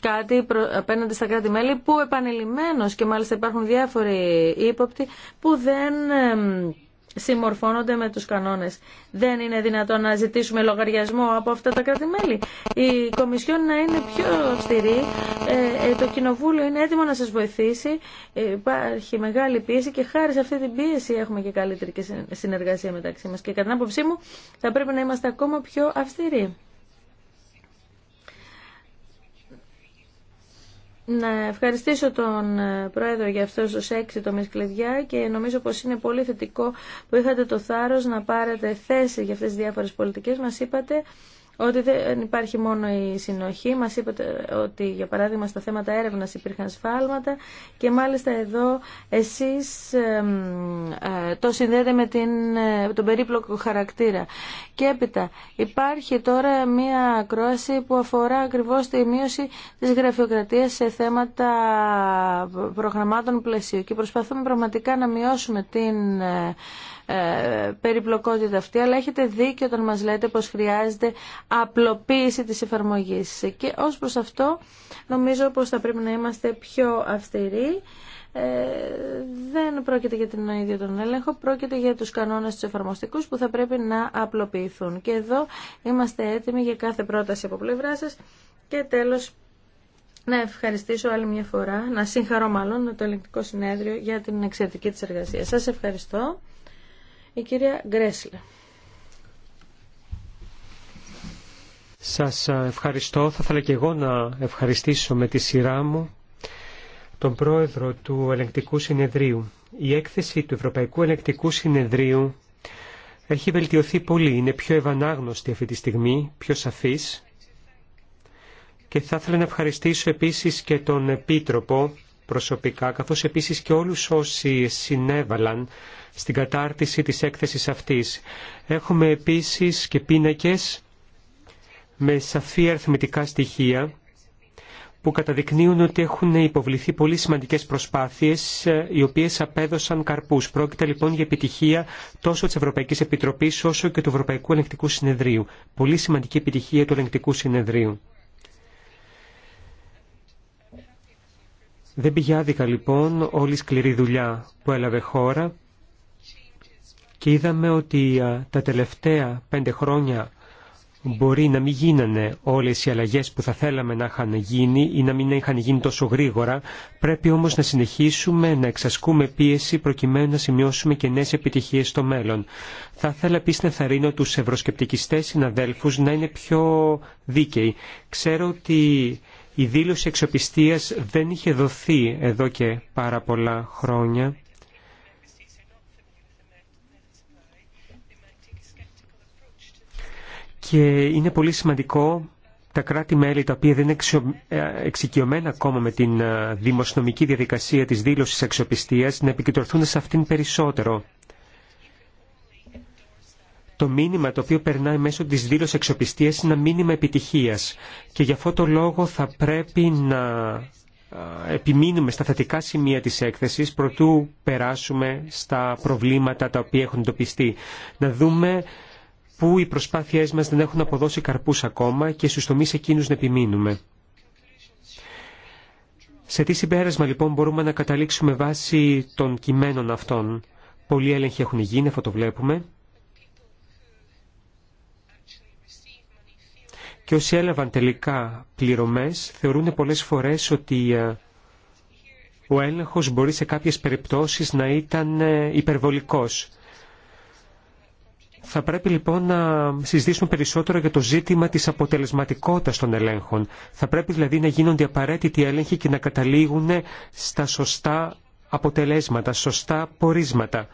S4: κάτι απέναντι στα κράτη-μέλη που επανειλημμένως και μάλιστα υπάρχουν διάφοροι ύποπτοι που δεν συμμορφώνονται με τους κανόνες. Δεν είναι δυνατόν να ζητήσουμε λογαριασμό από αυτά τα κράτη-μέλη. Η Κομισιόν να είναι πιο αυστηρή. Ε, ε, το Κοινοβούλιο είναι έτοιμο να σας βοηθήσει. υπάρχει μεγάλη πίεση και χάρη σε αυτή την πίεση έχουμε και καλύτερη συνεργασία μεταξύ μας. Και κατά την άποψή μου θα πρέπει να είμαστε ακόμα πιο αυστηροί. Να ευχαριστήσω τον ε, Πρόεδρο για αυτό του έξι τομείς κλειδιά και νομίζω πως είναι πολύ θετικό που είχατε το θάρρος να πάρετε θέση για αυτές τις διάφορες πολιτικές. Μας είπατε ότι δεν υπάρχει μόνο η συνοχή. μα είπατε ότι για παράδειγμα στα θέματα έρευνα υπήρχαν σφάλματα και μάλιστα εδώ εσείς ε, το συνδέετε με την, ε, τον περίπλοκο χαρακτήρα. Και έπειτα υπάρχει τώρα μία ακρόαση που αφορά ακριβώς τη μείωση της γραφειοκρατίας σε θέματα προγραμμάτων πλαισίου και προσπαθούμε πραγματικά να μειώσουμε την ε, ε, περιπλοκότητα αυτή, αλλά έχετε δίκιο όταν μας λέτε πως χρειάζεται απλοποίηση της εφαρμογής. Και ως προς αυτό νομίζω πως θα πρέπει να είμαστε πιο αυστηροί. Ε, δεν πρόκειται για την ίδια τον έλεγχο, πρόκειται για τους κανόνες του εφαρμοστικούς που θα πρέπει να απλοποιηθούν. Και εδώ είμαστε έτοιμοι για κάθε πρόταση από πλευρά σας. Και τέλος να ευχαριστήσω άλλη μια φορά, να συγχαρώ μάλλον το ελεγκτικό συνέδριο για την εξαιρετική της εργασία. Σας ευχαριστώ η κυρία Γκρέσλε.
S2: Σας ευχαριστώ. Θα ήθελα και εγώ να ευχαριστήσω με τη σειρά μου τον πρόεδρο του Ελεκτικού Συνεδρίου. Η έκθεση του Ευρωπαϊκού Ελεκτικού Συνεδρίου έχει βελτιωθεί πολύ. Είναι πιο ευανάγνωστη αυτή τη στιγμή, πιο σαφής. Και θα ήθελα να ευχαριστήσω επίσης και τον Επίτροπο προσωπικά, καθώς επίσης και όλους όσοι συνέβαλαν στην κατάρτιση της έκθεσης αυτής. Έχουμε επίσης και πίνακες με σαφή αριθμητικά στοιχεία που καταδεικνύουν ότι έχουν υποβληθεί πολύ σημαντικές προσπάθειες ε, οι οποίες απέδωσαν καρπούς. Πρόκειται λοιπόν για επιτυχία τόσο της Ευρωπαϊκής Επιτροπής όσο και του Ευρωπαϊκού Ελεγκτικού Συνεδρίου. Πολύ σημαντική επιτυχία του Ελεγκτικού Συνεδρίου. Δεν πηγιάδικα λοιπόν όλη η σκληρή δουλειά που έλαβε χώρα και είδαμε ότι τα τελευταία πέντε χρόνια μπορεί να μην γίνανε όλες οι αλλαγές που θα θέλαμε να είχαν γίνει ή να μην είχαν γίνει τόσο γρήγορα. Πρέπει όμως να συνεχίσουμε να εξασκούμε πίεση προκειμένου να σημειώσουμε και νέες επιτυχίες στο μέλλον. Θα ήθελα επίσης να θαρρύνω τους ευρωσκεπτικιστές συναδέλφους να είναι πιο δίκαιοι. Ξέρω ότι η δήλωση εξοπιστίας δεν είχε δοθεί εδώ και πάρα πολλά χρόνια. Και είναι πολύ σημαντικό τα κράτη-μέλη τα οποία δεν είναι ε, εξοικειωμένα ακόμα με την ε, δημοσιονομική διαδικασία της δήλωσης αξιοπιστίας να επικεντρωθούν σε αυτήν περισσότερο. Το μήνυμα το οποίο περνάει μέσω της δήλωσης αξιοπιστίας είναι ένα μήνυμα επιτυχίας και γι' αυτό το λόγο θα πρέπει να ε, επιμείνουμε στα θετικά σημεία της έκθεσης προτού περάσουμε στα προβλήματα τα οποία έχουν εντοπιστεί. Να δούμε που οι προσπάθειές μας δεν έχουν αποδώσει καρπούς ακόμα και στους τομείς εκείνους να επιμείνουμε. Σε τι συμπέρασμα λοιπόν μπορούμε να καταλήξουμε βάσει των κειμένων αυτών. Πολλοί έλεγχοι έχουν γίνει, αυτό το βλέπουμε. Και όσοι έλαβαν τελικά πληρωμές θεωρούν πολλές φορές ότι ε, ο έλεγχος μπορεί σε κάποιες περιπτώσεις να ήταν ε, υπερβολικός. Θα πρέπει λοιπόν να συζητήσουμε περισσότερο για το ζήτημα της αποτελεσματικότητας των ελέγχων. Θα πρέπει δηλαδή να γίνονται απαραίτητοι έλεγχοι και να καταλήγουν στα σωστά αποτελέσματα, σωστά πορίσματα.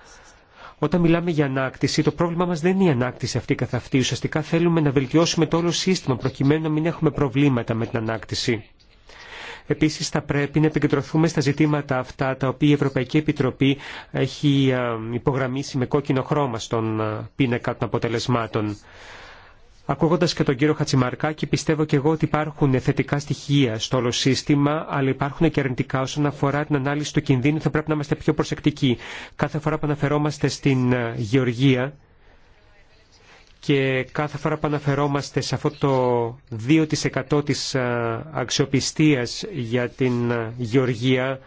S2: Όταν μιλάμε για ανάκτηση, το πρόβλημά μας δεν είναι η ανάκτηση αυτή καθ' αυτή. Ουσιαστικά θέλουμε να βελτιώσουμε το όλο σύστημα προκειμένου να μην έχουμε προβλήματα με την ανάκτηση. Επίσης θα πρέπει να επικεντρωθούμε στα ζητήματα αυτά τα οποία η Ευρωπαϊκή Επιτροπή έχει ε, υπογραμμίσει με κόκκινο χρώμα στον ε, πίνακα των αποτελεσμάτων. Ακούγοντα και τον κύριο Χατσιμαρκάκη, πιστεύω και εγώ ότι υπάρχουν θετικά στοιχεία στο όλο σύστημα, αλλά υπάρχουν και αρνητικά όσον αφορά την ανάλυση του κινδύνου. Θα πρέπει να είμαστε πιο προσεκτικοί. Κάθε φορά που αναφερόμαστε στην ε, γεωργία, και κάθε φορά που αναφερόμαστε σε αυτό το 2% της αξιοπιστίας για την γεωργία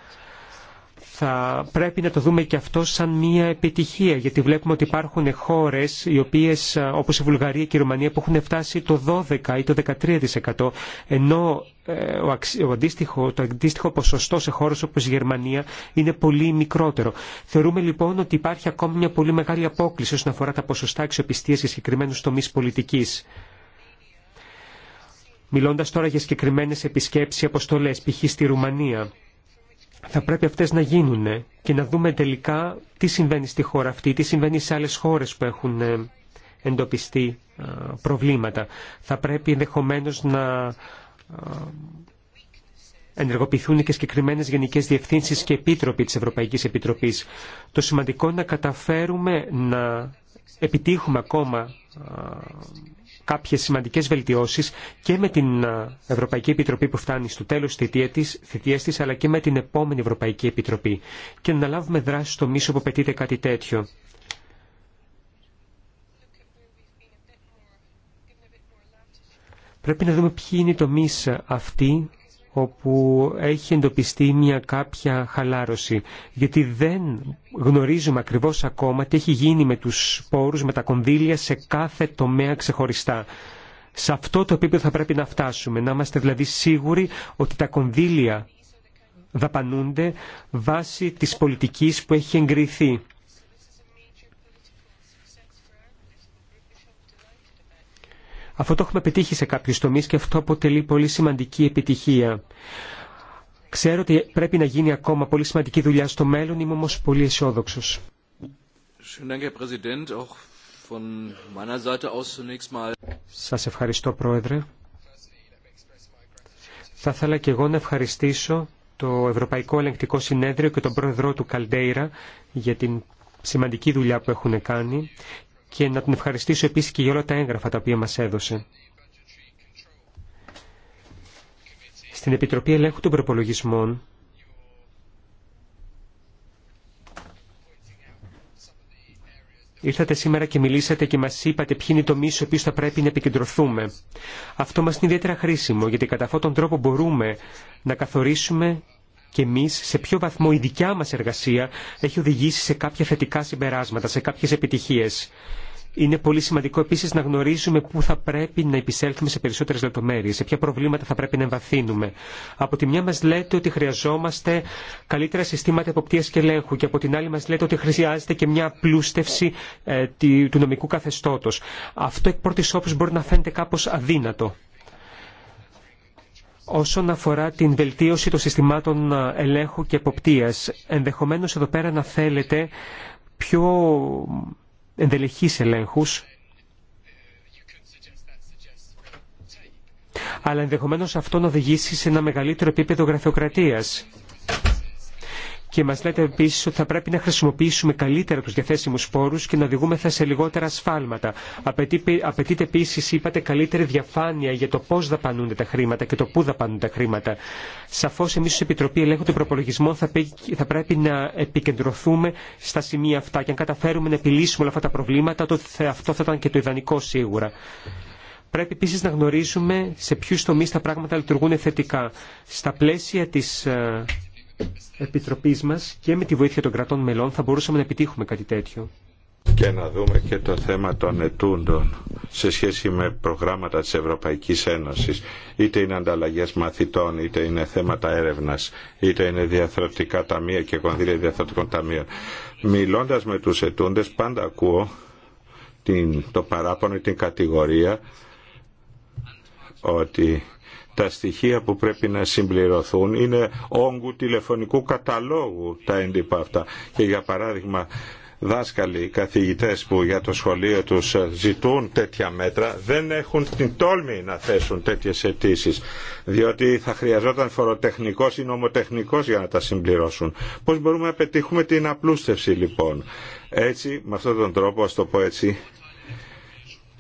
S2: θα πρέπει να το δούμε και αυτό σαν μια επιτυχία, γιατί βλέπουμε ότι υπάρχουν χώρες οι οποίες, ε, όπως η Βουλγαρία και η Ρουμανία, που έχουν φτάσει το 12 ή το 13%, ενώ ε, ο αντίστοιχο, το αντίστοιχο ποσοστό σε χώρες όπως η Γερμανία είναι πολύ μικρότερο. Θεωρούμε λοιπόν ότι υπάρχει ακόμη μια πολύ μεγάλη απόκληση όσον αφορά τα ποσοστά αξιοπιστίας για συγκεκριμένου τομεί πολιτική. Μιλώντας τώρα για συγκεκριμένες επισκέψεις αποστολές, π.χ. στη Ρουμανία, θα πρέπει αυτές να γίνουν και να δούμε τελικά τι συμβαίνει στη χώρα αυτή, τι συμβαίνει σε άλλες χώρες που έχουν ε, εντοπιστεί ε, προβλήματα. Θα πρέπει ενδεχομένως να ε, ενεργοποιηθούν και συγκεκριμένε γενικές διευθύνσει και επίτροποι της Ευρωπαϊκής Επιτροπής. Το σημαντικό είναι να καταφέρουμε να επιτύχουμε ακόμα κάποιες σημαντικές βελτιώσεις και με την Ευρωπαϊκή Επιτροπή που φτάνει στο τέλος της θητείας της, αλλά και με την επόμενη Ευρωπαϊκή Επιτροπή και να λάβουμε δράση στο μίσο που απαιτείται κάτι τέτοιο. Πρέπει να δούμε ποιοι είναι οι τομείς αυτοί όπου έχει εντοπιστεί μια κάποια χαλάρωση. Γιατί δεν γνωρίζουμε ακριβώς ακόμα τι έχει γίνει με τους πόρους, με τα κονδύλια σε κάθε τομέα ξεχωριστά. Σε αυτό το επίπεδο θα πρέπει να φτάσουμε, να είμαστε δηλαδή σίγουροι ότι τα κονδύλια δαπανούνται βάσει της πολιτικής που έχει εγκριθεί Αυτό το έχουμε πετύχει σε κάποιους τομείς και αυτό αποτελεί πολύ σημαντική επιτυχία. Ξέρω ότι πρέπει να γίνει ακόμα πολύ σημαντική δουλειά στο μέλλον, είμαι όμως πολύ αισιόδοξο. Σας ευχαριστώ, Πρόεδρε. Θα ήθελα και εγώ να ευχαριστήσω το Ευρωπαϊκό Ελεγκτικό Συνέδριο και τον Πρόεδρό του Καλντέιρα για την σημαντική δουλειά που έχουν κάνει και να τον ευχαριστήσω επίσης και για όλα τα έγγραφα τα οποία μας έδωσε. Στην Επιτροπή Ελέγχου των Προπολογισμών Ήρθατε σήμερα και μιλήσατε και μας είπατε ποιοι είναι οι τομείς στους οποίους θα πρέπει να επικεντρωθούμε. Αυτό μας είναι ιδιαίτερα χρήσιμο, γιατί κατά αυτόν τον τρόπο μπορούμε να καθορίσουμε και εμείς σε ποιο βαθμό η δικιά μας εργασία έχει οδηγήσει σε κάποια θετικά συμπεράσματα, σε κάποιες επιτυχίες. Είναι πολύ σημαντικό επίση να γνωρίζουμε πού θα πρέπει να επισέλθουμε σε περισσότερε λεπτομέρειε, σε ποια προβλήματα θα πρέπει να εμβαθύνουμε. Από τη μια μα λέτε ότι χρειαζόμαστε καλύτερα συστήματα εποπτεία και ελέγχου και από την άλλη μα λέτε ότι χρειάζεται και μια πλούστευση ε, του νομικού καθεστώτο. Αυτό εκ πρώτη όψη μπορεί να φαίνεται κάπω αδύνατο όσον αφορά την βελτίωση των συστημάτων ε, ελέγχου και εποπτείας. Ενδεχομένως εδώ πέρα να θέλετε πιο εντελεχείς ελέγχους αλλά ενδεχομένως αυτό να οδηγήσει σε ένα μεγαλύτερο επίπεδο γραφειοκρατίας και μα λέτε επίση ότι θα πρέπει να χρησιμοποιήσουμε καλύτερα του διαθέσιμου πόρου και να οδηγούμεθα σε λιγότερα σφάλματα. Απαιτείται επίση, είπατε, καλύτερη διαφάνεια για το πώ δαπανούνται τα χρήματα και το πού δαπανούνται τα χρήματα. Σαφώ εμεί ω Επιτροπή Ελέγχου των Προπολογισμών θα πρέπει να επικεντρωθούμε στα σημεία αυτά και αν καταφέρουμε να επιλύσουμε όλα αυτά τα προβλήματα, τότε αυτό θα ήταν και το ιδανικό σίγουρα. Πρέπει επίση να γνωρίζουμε σε ποιου τομεί τα πράγματα λειτουργούν θετικά. Στα πλαίσια τη ε, Επιτροπής μας και με τη βοήθεια των κρατών μελών θα μπορούσαμε να επιτύχουμε κάτι τέτοιο.
S5: Και να δούμε και το θέμα των ετούντων σε σχέση με προγράμματα της Ευρωπαϊκής Ένωσης. Είτε είναι ανταλλαγές μαθητών, είτε είναι θέματα έρευνας, είτε είναι διαθροτικά ταμεία και κονδύλια διαθροτικών ταμείων. Μιλώντας με τους ετούντες πάντα ακούω την, το παράπονο ή την κατηγορία ότι τα στοιχεία που πρέπει να συμπληρωθούν είναι όγκου τηλεφωνικού καταλόγου τα έντυπα αυτά. Και για παράδειγμα δάσκαλοι, καθηγητές που για το σχολείο τους ζητούν τέτοια μέτρα δεν έχουν την τόλμη να θέσουν τέτοιες αιτήσει, διότι θα χρειαζόταν φοροτεχνικός ή νομοτεχνικός για να τα συμπληρώσουν. Πώς μπορούμε να πετύχουμε την απλούστευση λοιπόν. Έτσι, με αυτόν τον τρόπο, ας το πω έτσι,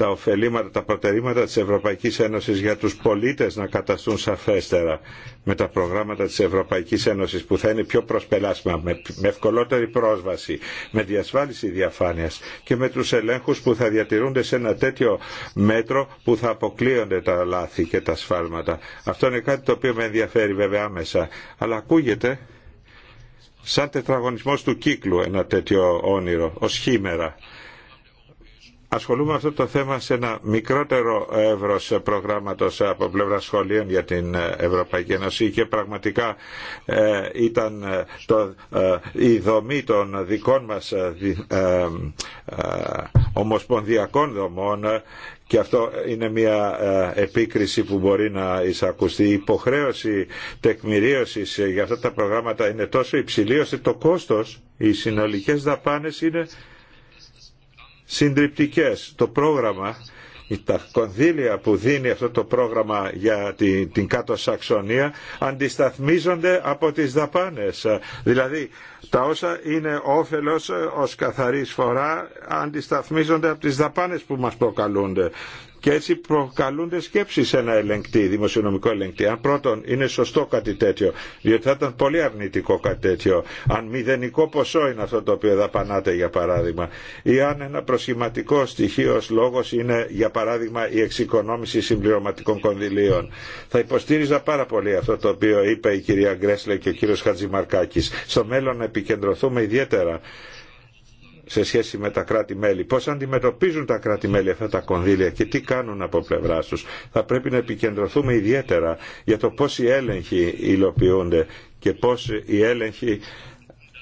S5: τα ωφελήματα, τα προτερήματα της Ευρωπαϊκής Ένωσης για τους πολίτες να καταστούν σαφέστερα με τα προγράμματα της Ευρωπαϊκής Ένωσης που θα είναι πιο προσπελάσιμα, με, ευκολότερη πρόσβαση, με διασφάλιση διαφάνειας και με τους ελέγχους που θα διατηρούνται σε ένα τέτοιο μέτρο που θα αποκλείονται τα λάθη και τα σφάλματα. Αυτό είναι κάτι το οποίο με ενδιαφέρει βέβαια άμεσα, αλλά ακούγεται σαν τετραγωνισμός του κύκλου ένα τέτοιο όνειρο, ως χήμερα ασχολούμαι αυτό το θέμα σε ένα μικρότερο εύρος προγράμματος από πλευρά σχολείων για την Ευρωπαϊκή Ένωση και πραγματικά ε, ήταν ε, το, ε, η δομή των δικών μας ομοσπονδιακών δομών και αυτό είναι μια επίκριση που μπορεί να εισακουστεί. Η υποχρέωση τεκμηρίωσης για αυτά τα προγράμματα είναι τόσο υψηλή ώστε το κόστος, οι συνολικές δαπάνες είναι συντριπτικές. Το πρόγραμμα, τα κονδύλια που δίνει αυτό το πρόγραμμα για την, την κάτω Σαξονία αντισταθμίζονται από τις δαπάνες. Δηλαδή τα όσα είναι όφελος ως καθαρή φορά αντισταθμίζονται από τις δαπάνες που μας προκαλούνται και έτσι προκαλούνται σκέψεις σε ένα ελεγκτή, δημοσιονομικό ελεγκτή. Αν πρώτον είναι σωστό κάτι τέτοιο, διότι θα ήταν πολύ αρνητικό κάτι τέτοιο, αν μηδενικό ποσό είναι αυτό το οποίο δαπανάτε για παράδειγμα, ή αν ένα προσχηματικό στοιχείο ως λόγος είναι για παράδειγμα η εξοικονόμηση συμπληρωματικών κονδυλίων. Θα λόγο αυτό το οποίο είπε η κυρία Γκρέσλε και ο κύριο Χατζημαρκάκης. Στο μέλλον να επικεντρωθούμε ιδιαίτερα σε σχέση με τα κράτη-μέλη. Πώς αντιμετωπίζουν τα κράτη-μέλη αυτά τα κονδύλια και τι κάνουν από πλευρά του, Θα πρέπει να επικεντρωθούμε ιδιαίτερα για το πώς οι έλεγχοι υλοποιούνται και πώς οι έλεγχοι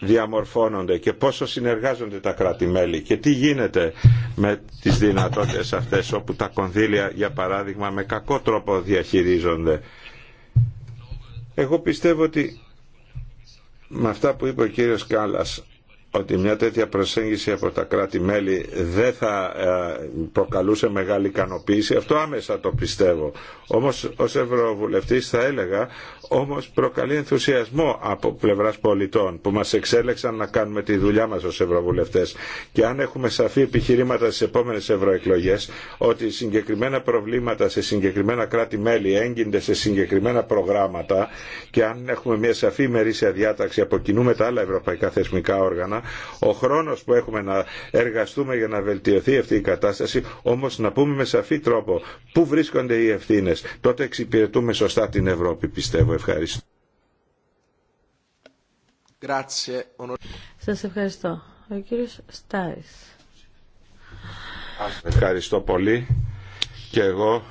S5: διαμορφώνονται και πόσο συνεργάζονται τα κράτη-μέλη και τι γίνεται με τις δυνατότητες αυτές όπου τα κονδύλια για παράδειγμα με κακό τρόπο διαχειρίζονται. Εγώ πιστεύω ότι με αυτά που είπε ο κύριος Κάλλας ότι μια τέτοια προσέγγιση από τα κράτη-μέλη δεν θα ε, προκαλούσε μεγάλη ικανοποίηση. Αυτό άμεσα το πιστεύω. Όμως ως Ευρωβουλευτής θα έλεγα, όμως προκαλεί ενθουσιασμό από πλευράς πολιτών που μας εξέλεξαν να κάνουμε τη δουλειά μας ως Ευρωβουλευτές. Και αν έχουμε σαφή επιχειρήματα στις επόμενες ευρωεκλογές ότι συγκεκριμένα προβλήματα σε συγκεκριμένα κράτη-μέλη έγκυνται σε συγκεκριμένα προγράμματα και αν έχουμε μια σαφή ημερήσια διάταξη από κοινού με τα άλλα ευρωπαϊκά θεσμικά όργανα, ο χρόνος που έχουμε να εργαστούμε για να βελτιωθεί αυτή η κατάσταση, όμως να πούμε με σαφή τρόπο πού βρίσκονται οι ευθύνε. Τότε εξυπηρετούμε σωστά την Ευρώπη, πιστεύω. Ευχαριστώ.
S4: Σας ευχαριστώ. Ο κύριος Στάρης.
S5: Ευχαριστώ πολύ και εγώ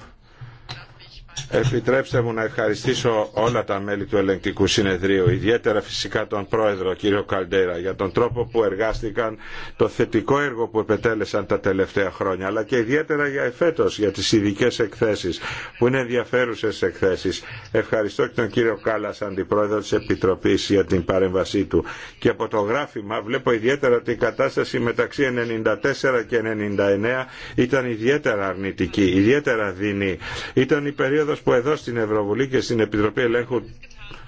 S5: Επιτρέψτε μου να ευχαριστήσω όλα τα μέλη του ελεγκτικού συνεδρίου, ιδιαίτερα φυσικά τον πρόεδρο κύριο Καλντέρα για τον τρόπο που εργάστηκαν, το θετικό έργο που επετέλεσαν τα τελευταία χρόνια, αλλά και ιδιαίτερα για εφέτο για τι ειδικέ εκθέσει, που είναι ενδιαφέρουσε εκθέσει. Ευχαριστώ και τον κύριο Κάλλα, αντιπρόεδρο τη Επιτροπή, για την παρέμβασή του. Και από το γράφημα βλέπω ιδιαίτερα ότι η κατάσταση μεταξύ 94 και 99 ήταν ιδιαίτερα αρνητική, ιδιαίτερα δεινή. Ήταν η περίοδο που εδώ στην Ευρωβουλή και στην Επιτροπή Ελέγχου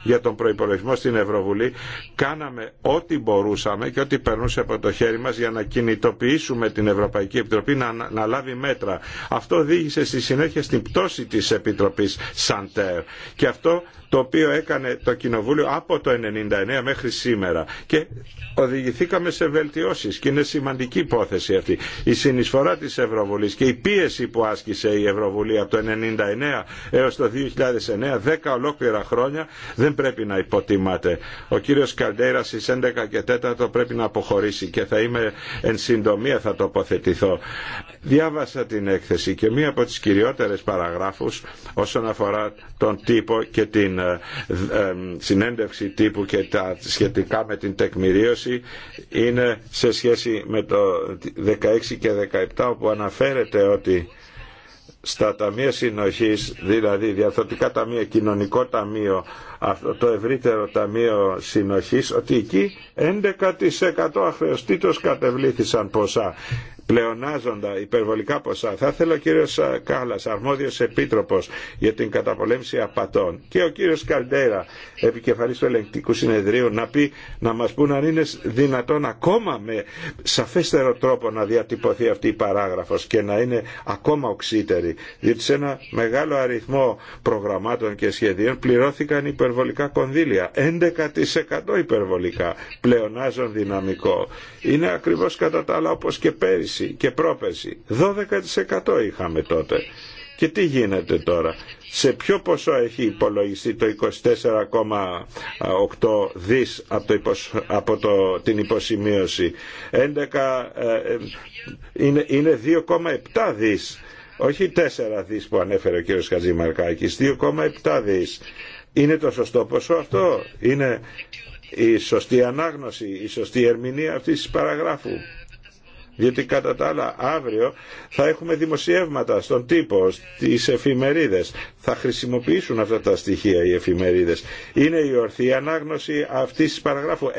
S5: για τον προϋπολογισμό στην Ευρωβουλή κάναμε ό,τι μπορούσαμε και ό,τι περνούσε από το χέρι μας για να κινητοποιήσουμε την Ευρωπαϊκή Επιτροπή να, να λάβει μέτρα. Αυτό οδήγησε στη συνέχεια στην πτώση της Επιτροπής Σαντέρ και αυτό το οποίο έκανε το Κοινοβούλιο από το 1999 μέχρι σήμερα και οδηγηθήκαμε σε βελτιώσεις και είναι σημαντική υπόθεση αυτή. Η συνεισφορά της Ευρωβουλής και η πίεση που άσκησε η Ευρωβουλή από το 1999 έως το 2009, 10 ολόκληρα χρόνια, δεν πρέπει να υποτιμάται. Ο κύριος Καλτέρα στις 11 και 4 πρέπει να αποχωρήσει και θα είμαι εν συντομία θα τοποθετηθώ. Διάβασα την έκθεση και μία από τις κυριότερες παραγράφους όσον αφορά τον τύπο και την ε, ε, συνέντευξη τύπου και τα σχετικά με την τεκμηρίωση είναι σε σχέση με το 16 και 17 όπου αναφέρεται ότι στα ταμεία συνοχής, δηλαδή διαρθωτικά ταμεία, κοινωνικό ταμείο, αυτό το ευρύτερο ταμείο συνοχής, ότι εκεί 11% αχρεωστήτως κατεβλήθησαν ποσά πλεονάζοντα υπερβολικά ποσά. Θα θέλω ο κύριο ε, Κάλλα, αρμόδιο επίτροπο για την καταπολέμηση απατών και ο κύριο Καλντέρα, επικεφαλή του ελεγκτικού συνεδρίου, να, πει, να μας πούν αν είναι δυνατόν ακόμα με σαφέστερο τρόπο να διατυπωθεί αυτή η παράγραφο και να είναι ακόμα οξύτερη. Διότι σε ένα μεγάλο αριθμό προγραμμάτων και σχεδίων πληρώθηκαν υπερβολικά κονδύλια. 11% υπερβολικά πλεονάζον δυναμικό. Είναι ακριβώ κατά τα άλλα όπω και πέρυσι και πρόπεση 12% είχαμε τότε. Και τι γίνεται τώρα, σε ποιο ποσό έχει υπολογιστεί το 24,8 δις από, το από το... την υποσημείωση. 11 ε, είναι, 2,7 δις, όχι 4 δις που ανέφερε ο κ. Χατζημαρκάκης, 2,7 δις. Είναι το σωστό ποσό αυτό, είναι η σωστή ανάγνωση, η σωστή ερμηνεία αυτής της παραγράφου. Διότι κατά τα άλλα αύριο θα έχουμε δημοσιεύματα στον τύπο, στις εφημερίδες. Θα χρησιμοποιήσουν αυτά τα στοιχεία οι εφημερίδες. Είναι η ορθή ανάγνωση αυτής της παραγράφου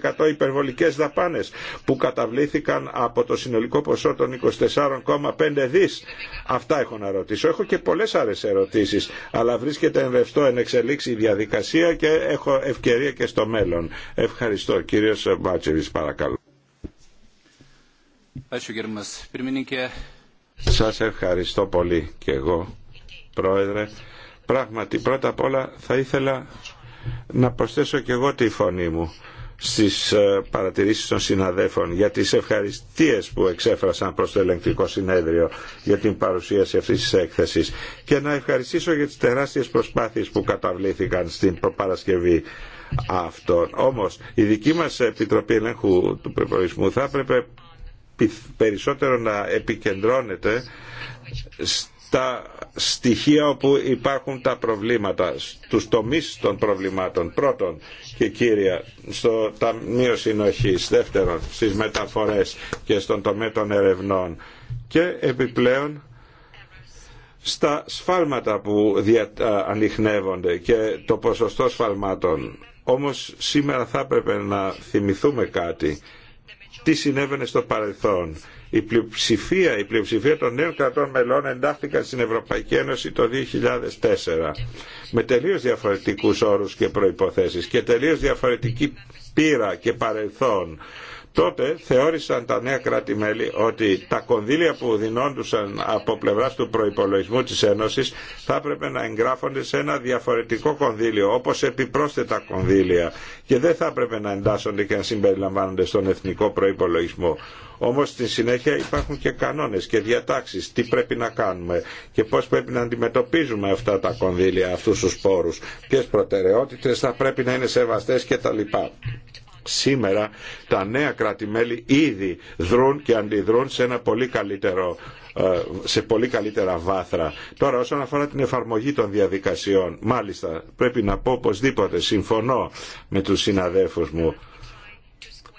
S5: 11% υπερβολικές δαπάνες που καταβλήθηκαν από το συνολικό ποσό των 24,5 δις. Αυτά έχω να ρωτήσω. Έχω και πολλές άλλες ερωτήσεις, αλλά βρίσκεται ενρευστό εν εξελίξει η διαδικασία και έχω ευκαιρία και στο μέλλον. Ευχαριστώ. Κύριος Μπάτσεβης παρακαλώ. Σας ευχαριστώ πολύ και εγώ, Πρόεδρε. Πράγματι, πρώτα απ' όλα θα ήθελα να προσθέσω και εγώ τη φωνή μου στις ε, παρατηρήσεις των συναδέφων για τις ευχαριστίες που εξέφρασαν προς το ελεγκτικό συνέδριο για την παρουσίαση αυτής της έκθεσης και να ευχαριστήσω για τις τεράστιες προσπάθειες που καταβλήθηκαν στην προπαρασκευή αυτών. Όμως η δική μας Επιτροπή Ελέγχου του Προπορισμού θα έπρεπε περισσότερο να επικεντρώνεται στα στοιχεία όπου υπάρχουν τα προβλήματα, στους τομείς των προβλημάτων. Πρώτον και κύρια, στο Ταμείο Συνοχής. Δεύτερον, στις μεταφορές και στον τομέα των ερευνών. Και επιπλέον, στα σφάλματα που δια, ανοιχνεύονται και το ποσοστό σφαλμάτων. Όμως σήμερα θα έπρεπε να θυμηθούμε κάτι τι συνέβαινε στο παρελθόν. Η πλειοψηφία, η πλειοψηφία των νέων κρατών μελών εντάχθηκαν στην Ευρωπαϊκή Ένωση το 2004 με τελείως διαφορετικούς όρους και προϋποθέσεις και τελείως διαφορετική πείρα και παρελθόν Τότε θεώρησαν τα νέα κράτη-μέλη ότι τα κονδύλια που δινόντουσαν από πλευρά του προπολογισμού τη Ένωση θα έπρεπε να εγγράφονται σε ένα διαφορετικό κονδύλιο, όπω επιπρόσθετα κονδύλια, και δεν θα έπρεπε να εντάσσονται και να συμπεριλαμβάνονται στον εθνικό προπολογισμό. Όμω στη συνέχεια υπάρχουν και κανόνε και διατάξει, τι πρέπει να κάνουμε και πώ πρέπει να αντιμετωπίζουμε αυτά τα κονδύλια, αυτού τους πόρους, ποιε προτεραιότητε θα πρέπει να είναι σεβαστέ κτλ. Σήμερα τα νέα κράτη-μέλη ήδη δρούν και αντιδρούν σε ένα πολύ καλύτερο ε, σε πολύ καλύτερα βάθρα. Τώρα όσον αφορά την εφαρμογή των διαδικασιών, μάλιστα πρέπει να πω οπωσδήποτε συμφωνώ με τους συναδέφους μου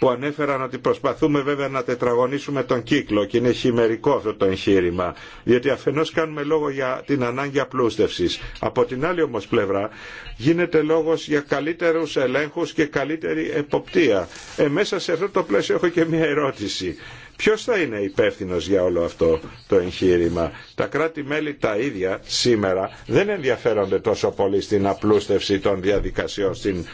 S5: που ανέφεραν ότι προσπαθούμε βέβαια να τετραγωνίσουμε τον κύκλο και είναι χειμερικό αυτό το εγχείρημα. Διότι αφενός κάνουμε λόγο για την ανάγκη απλούστευσης. Από την άλλη όμως πλευρά γίνεται λόγος για καλύτερους ελέγχους και καλύτερη εποπτεία. Ε, μέσα σε αυτό το πλαίσιο έχω και μια ερώτηση. Ποιος θα είναι υπεύθυνο για όλο αυτό το εγχείρημα. Τα κράτη-μέλη τα ίδια σήμερα δεν ενδιαφέρονται τόσο πολύ στην απλούστευση των διαδικασιών, στην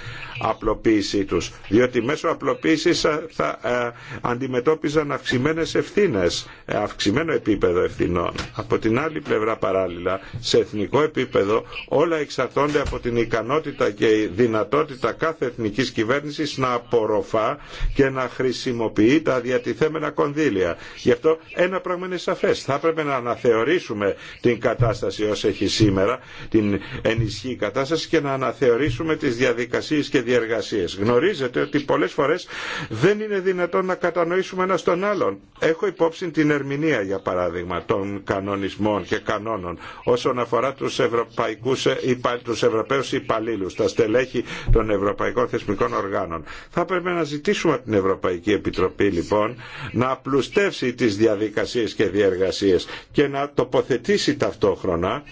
S5: απλοποίησή τους. Διότι μέσω απλοποίησης θα ε, αντιμετώπιζαν αυξημένες ευθύνες, ε, αυξημένο επίπεδο ευθυνών. Από την άλλη πλευρά παράλληλα, σε εθνικό επίπεδο όλα εξαρτώνται από την ικανότητα και η δυνατότητα κάθε εθνικής κυβέρνησης να απορροφά και να χρησιμοποιεί τα διατηθέμενα κονδύλια κονδύλια. Γι' αυτό ένα πράγμα είναι σαφέ. Θα έπρεπε να αναθεωρήσουμε την κατάσταση ω έχει σήμερα, την ενισχύει κατάσταση και να αναθεωρήσουμε τι διαδικασίε και διεργασίε. Γνωρίζετε ότι πολλέ φορέ δεν είναι δυνατόν να κατανοήσουμε ένα τον άλλον. Έχω υπόψη την ερμηνεία, για παράδειγμα, των κανονισμών και κανόνων όσον αφορά του τους Ευρωπαίου υπαλλήλου, τα στελέχη των Ευρωπαϊκών Θεσμικών Οργάνων. Θα πρέπει να ζητήσουμε από την Ευρωπαϊκή Επιτροπή, λοιπόν, να απλουστεύσει τις διαδικασίες και διεργασίες και να τοποθετήσει ταυτόχρονα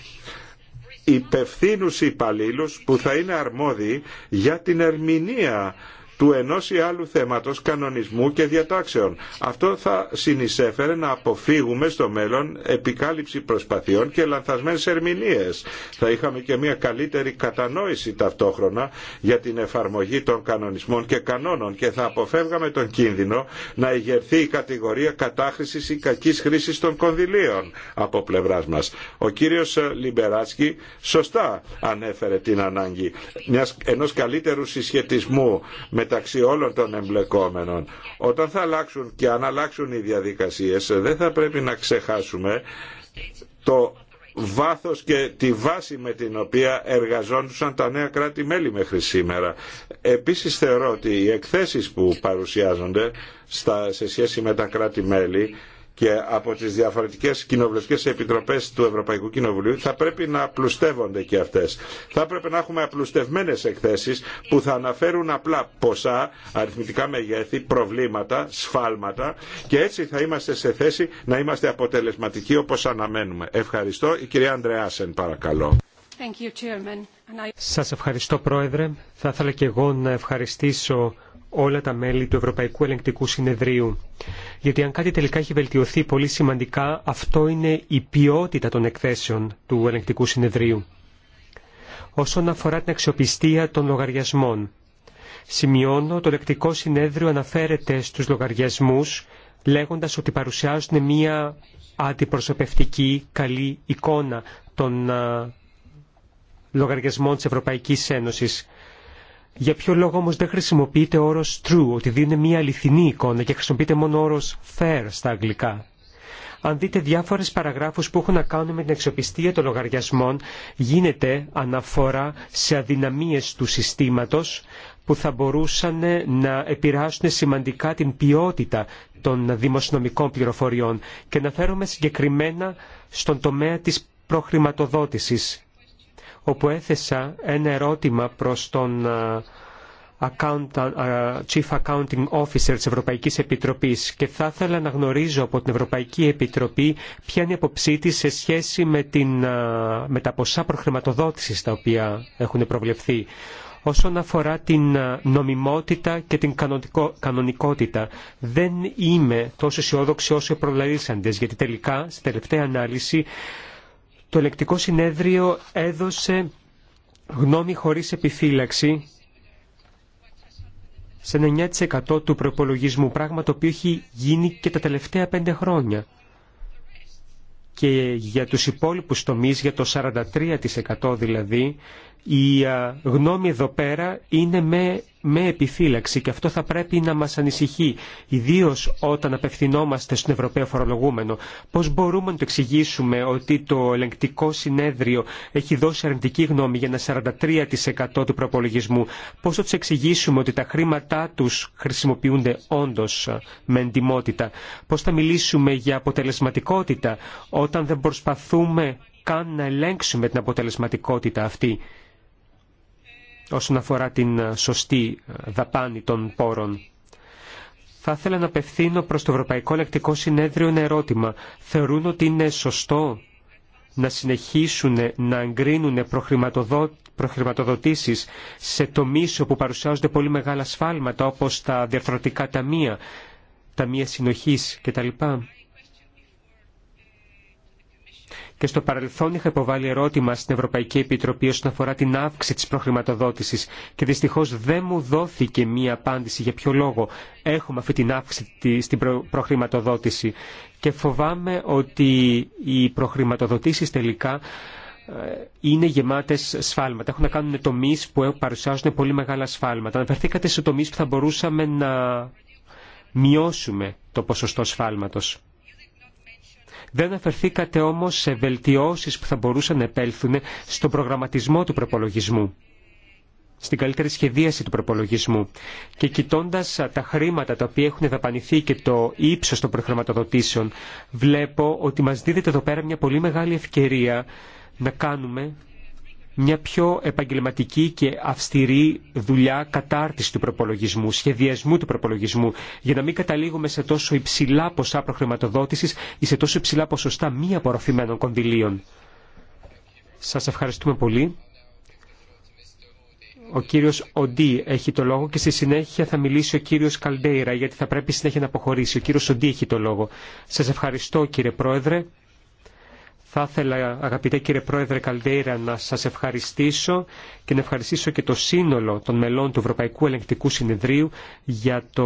S5: υπευθύνους υπαλλήλους που θα είναι αρμόδιοι για την ερμηνεία του ενός ή άλλου θέματος κανονισμού και διατάξεων. Αυτό θα συνεισέφερε να αποφύγουμε στο μέλλον επικάλυψη προσπαθειών και λανθασμένες ερμηνείες. Θα είχαμε και μια καλύτερη κατανόηση ταυτόχρονα για την εφαρμογή των κανονισμών και κανόνων και θα αποφεύγαμε τον κίνδυνο να ηγερθεί η κατηγορία κατάχρησης ή κακής χρήσης των κονδυλίων από πλευράς μας. Ο κύριος Λιμπεράσκι σωστά ανέφερε την ανάγκη μιας, ενός καλύτερου συσχετισμού με μεταξύ όλων των εμπλεκόμενων. Όταν θα αλλάξουν και αν αλλάξουν οι διαδικασίες δεν θα πρέπει να ξεχάσουμε το βάθος και τη βάση με την οποία εργαζόντουσαν τα νέα κράτη-μέλη μέχρι σήμερα. Επίσης θεωρώ ότι οι εκθέσεις που παρουσιάζονται στα, σε σχέση με τα κράτη-μέλη και από τις διαφορετικές κοινοβουλευτικές επιτροπές του Ευρωπαϊκού Κοινοβουλίου θα πρέπει να απλουστεύονται και αυτές. Θα πρέπει να έχουμε απλουστευμένες εκθέσεις που θα αναφέρουν απλά ποσά, αριθμητικά μεγέθη, προβλήματα, σφάλματα και έτσι θα είμαστε σε θέση να είμαστε αποτελεσματικοί όπως αναμένουμε. Ευχαριστώ. Η κυρία Ανδρεάσεν παρακαλώ.
S2: Σας ευχαριστώ Πρόεδρε. Θα ήθελα και εγώ να ευχαριστήσω όλα τα μέλη του Ευρωπαϊκού Ελεγκτικού Συνεδρίου. Γιατί αν κάτι τελικά έχει βελτιωθεί πολύ σημαντικά, αυτό είναι η ποιότητα των εκθέσεων του Ελεγκτικού Συνεδρίου. Όσον αφορά την αξιοπιστία των λογαριασμών, σημειώνω το Ελεγκτικό Συνέδριο αναφέρεται στους λογαριασμούς, λέγοντας ότι παρουσιάζουν μία αντιπροσωπευτική καλή εικόνα των λογαριασμών της Ευρωπαϊκής Ένωσης. Για ποιο λόγο όμως δεν χρησιμοποιείται όρο όρος true, ότι δίνει μια αληθινή εικόνα και χρησιμοποιείται μόνο ο όρος fair στα αγγλικά. Αν δείτε διάφορες παραγράφους που έχουν να κάνουν με την αξιοπιστία των λογαριασμών, γίνεται αναφορά σε αδυναμίες του συστήματος που θα μπορούσαν να επηρεάσουν σημαντικά την ποιότητα των δημοσιονομικών πληροφοριών και να συγκεκριμένα στον τομέα της προχρηματοδότησης όπου έθεσα ένα ερώτημα προς τον ε, ε, Chief Accounting Officer της Ευρωπαϊκής Επιτροπής και θα ήθελα να γνωρίζω από την Ευρωπαϊκή Επιτροπή ποια είναι η αποψή της σε σχέση με, την, ε, με τα ποσά προχρηματοδότησης τα οποία έχουν προβλεφθεί όσον αφορά την νομιμότητα και την κανονικότητα. Δεν είμαι τόσο αισιόδοξη όσο οι προλαλήσαντες, γιατί τελικά, στη τελευταία ανάλυση, το ελεκτικό συνέδριο έδωσε γνώμη χωρίς επιφύλαξη σε 9% του προπολογισμού, πράγμα το οποίο έχει γίνει και τα τελευταία πέντε χρόνια. Και για τους υπόλοιπους τομείς, για το 43% δηλαδή, η γνώμη εδώ πέρα είναι με, με επιφύλαξη και αυτό θα πρέπει να μας ανησυχεί, ιδίως όταν απευθυνόμαστε στον Ευρωπαίο Φορολογούμενο. Πώς μπορούμε να το εξηγήσουμε ότι το ελεγκτικό συνέδριο έχει δώσει αρνητική γνώμη για ένα 43% του προπολογισμού. Πώς θα τους εξηγήσουμε ότι τα χρήματά τους χρησιμοποιούνται όντως με εντιμότητα. Πώς θα μιλήσουμε για αποτελεσματικότητα όταν δεν προσπαθούμε καν να ελέγξουμε την αποτελεσματικότητα αυτή όσον αφορά την ε, σωστή ε, δαπάνη των πόρων. Θα ήθελα να απευθύνω προς το Ευρωπαϊκό Λεκτικό Συνέδριο ένα ερώτημα. Θεωρούν ότι είναι σωστό να συνεχίσουν να εγκρίνουν προχρηματοδο... προχρηματοδοτήσεις σε τομείς όπου παρουσιάζονται πολύ μεγάλα σφάλματα όπως τα διαρθρωτικά ταμεία, ταμεία συνοχής κτλ και στο παρελθόν είχα υποβάλει ερώτημα στην Ευρωπαϊκή Επιτροπή όσον αφορά την αύξηση της προχρηματοδότησης και δυστυχώς δεν μου δόθηκε μία απάντηση για ποιο λόγο έχουμε αυτή την αύξηση στην προχρηματοδότηση και φοβάμαι ότι οι προχρηματοδοτήσεις τελικά ε, είναι γεμάτε σφάλματα. Έχουν να κάνουν τομεί που ε, παρουσιάζουν πολύ μεγάλα σφάλματα. Αναφερθήκατε σε τομεί που θα μπορούσαμε να μειώσουμε το ποσοστό σφάλματος. Δεν αφαιρθήκατε όμως σε βελτιώσεις που θα μπορούσαν να επέλθουν στον προγραμματισμό του προπολογισμού στην καλύτερη σχεδίαση του προπολογισμού. Και κοιτώντας τα χρήματα τα οποία έχουν δαπανηθεί και το ύψος των προχρηματοδοτήσεων, βλέπω ότι μας δίδεται εδώ πέρα μια πολύ μεγάλη ευκαιρία να κάνουμε μια πιο επαγγελματική και αυστηρή δουλειά κατάρτιση του προπολογισμού, σχεδιασμού του προπολογισμού, για να μην καταλήγουμε σε τόσο υψηλά ποσά προχρηματοδότηση ή σε τόσο υψηλά ποσοστά μη απορροφημένων κονδυλίων. Σα ευχαριστούμε πολύ. Ο κύριος Οντί έχει το λόγο και στη συνέχεια θα μιλήσει ο κύριος Καλντέιρα γιατί θα πρέπει συνέχεια να αποχωρήσει. Ο κύριος Οντί έχει το λόγο. Σας ευχαριστώ κύριε Πρόεδρε. Θα ήθελα αγαπητέ κύριε Πρόεδρε Καλδέιρα να σας ευχαριστήσω και να ευχαριστήσω και το σύνολο των μελών του Ευρωπαϊκού Ελεγκτικού Συνεδρίου για το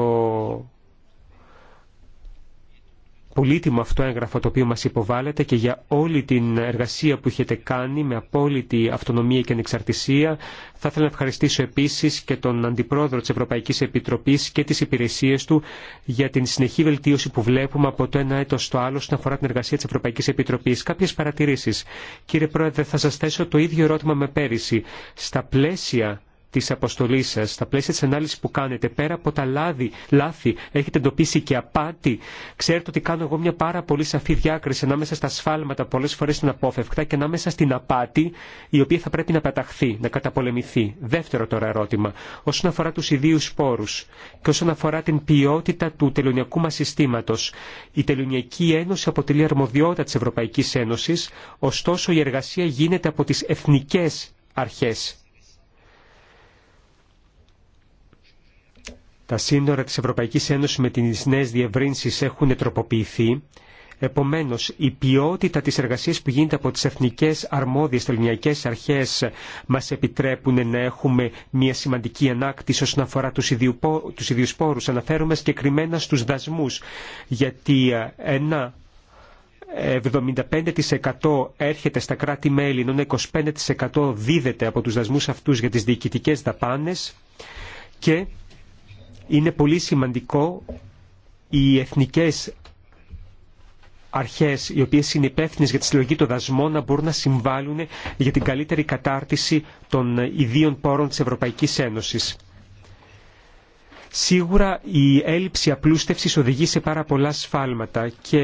S2: πολύτιμο αυτό έγγραφο το οποίο μας υποβάλλεται και για όλη την εργασία που έχετε κάνει με απόλυτη αυτονομία και ανεξαρτησία. Θα ήθελα να ευχαριστήσω επίσης και τον Αντιπρόεδρο της Ευρωπαϊκής Επιτροπής και τις υπηρεσίες του για την συνεχή βελτίωση που βλέπουμε από το ένα έτος στο άλλο στον αφορά την εργασία της Ευρωπαϊκής Επιτροπής. Κάποιες παρατηρήσεις. Κύριε Πρόεδρε, θα σας θέσω το ίδιο ερώτημα με πέρυσι. Στα πλαίσια της αποστολής σας, στα πλαίσια της ανάλυσης που κάνετε, πέρα από τα λάθη, έχετε εντοπίσει και απάτη. Ξέρετε ότι κάνω εγώ μια πάρα πολύ σαφή διάκριση ανάμεσα στα σφάλματα, πολλές φορές στην απόφευκτα, και ανάμεσα στην απάτη, η οποία θα πρέπει να πεταχθεί, να καταπολεμηθεί. Δεύτερο τώρα ερώτημα, όσον αφορά του ιδίους σπόρους και όσον αφορά την ποιότητα του τελωνιακού μα συστήματος. Η Τελωνιακή Ένωση αποτελεί αρμοδιότητα της Ευρωπαϊκής Ένωσης, ωστόσο η εργασία γίνεται από τις εθνικές αρχές. Τα σύνορα της Ευρωπαϊκής Ένωσης με τις νέες διευρύνσεις έχουν τροποποιηθεί. Επομένως, η ποιότητα της εργασίας που γίνεται από τις εθνικές αρμόδιες τελωνιακές αρχές μας επιτρέπουν να έχουμε μια σημαντική ανάκτηση όσον αφορά τους, ιδιουπο... τους ίδιους Αναφέρομαι συγκεκριμένα στους δασμούς, γιατί ε, ένα 75% έρχεται στα κράτη-μέλη, ενώ 25% δίδεται από τους δασμούς αυτούς για τις διοικητικές δαπάνες και είναι πολύ σημαντικό οι εθνικές αρχές οι οποίες είναι υπεύθυνε για τη συλλογή των δασμών να μπορούν να συμβάλλουν για την καλύτερη κατάρτιση των ιδίων πόρων της Ευρωπαϊκής Ένωσης. Σίγουρα η έλλειψη απλούστευσης οδηγεί σε πάρα πολλά σφάλματα και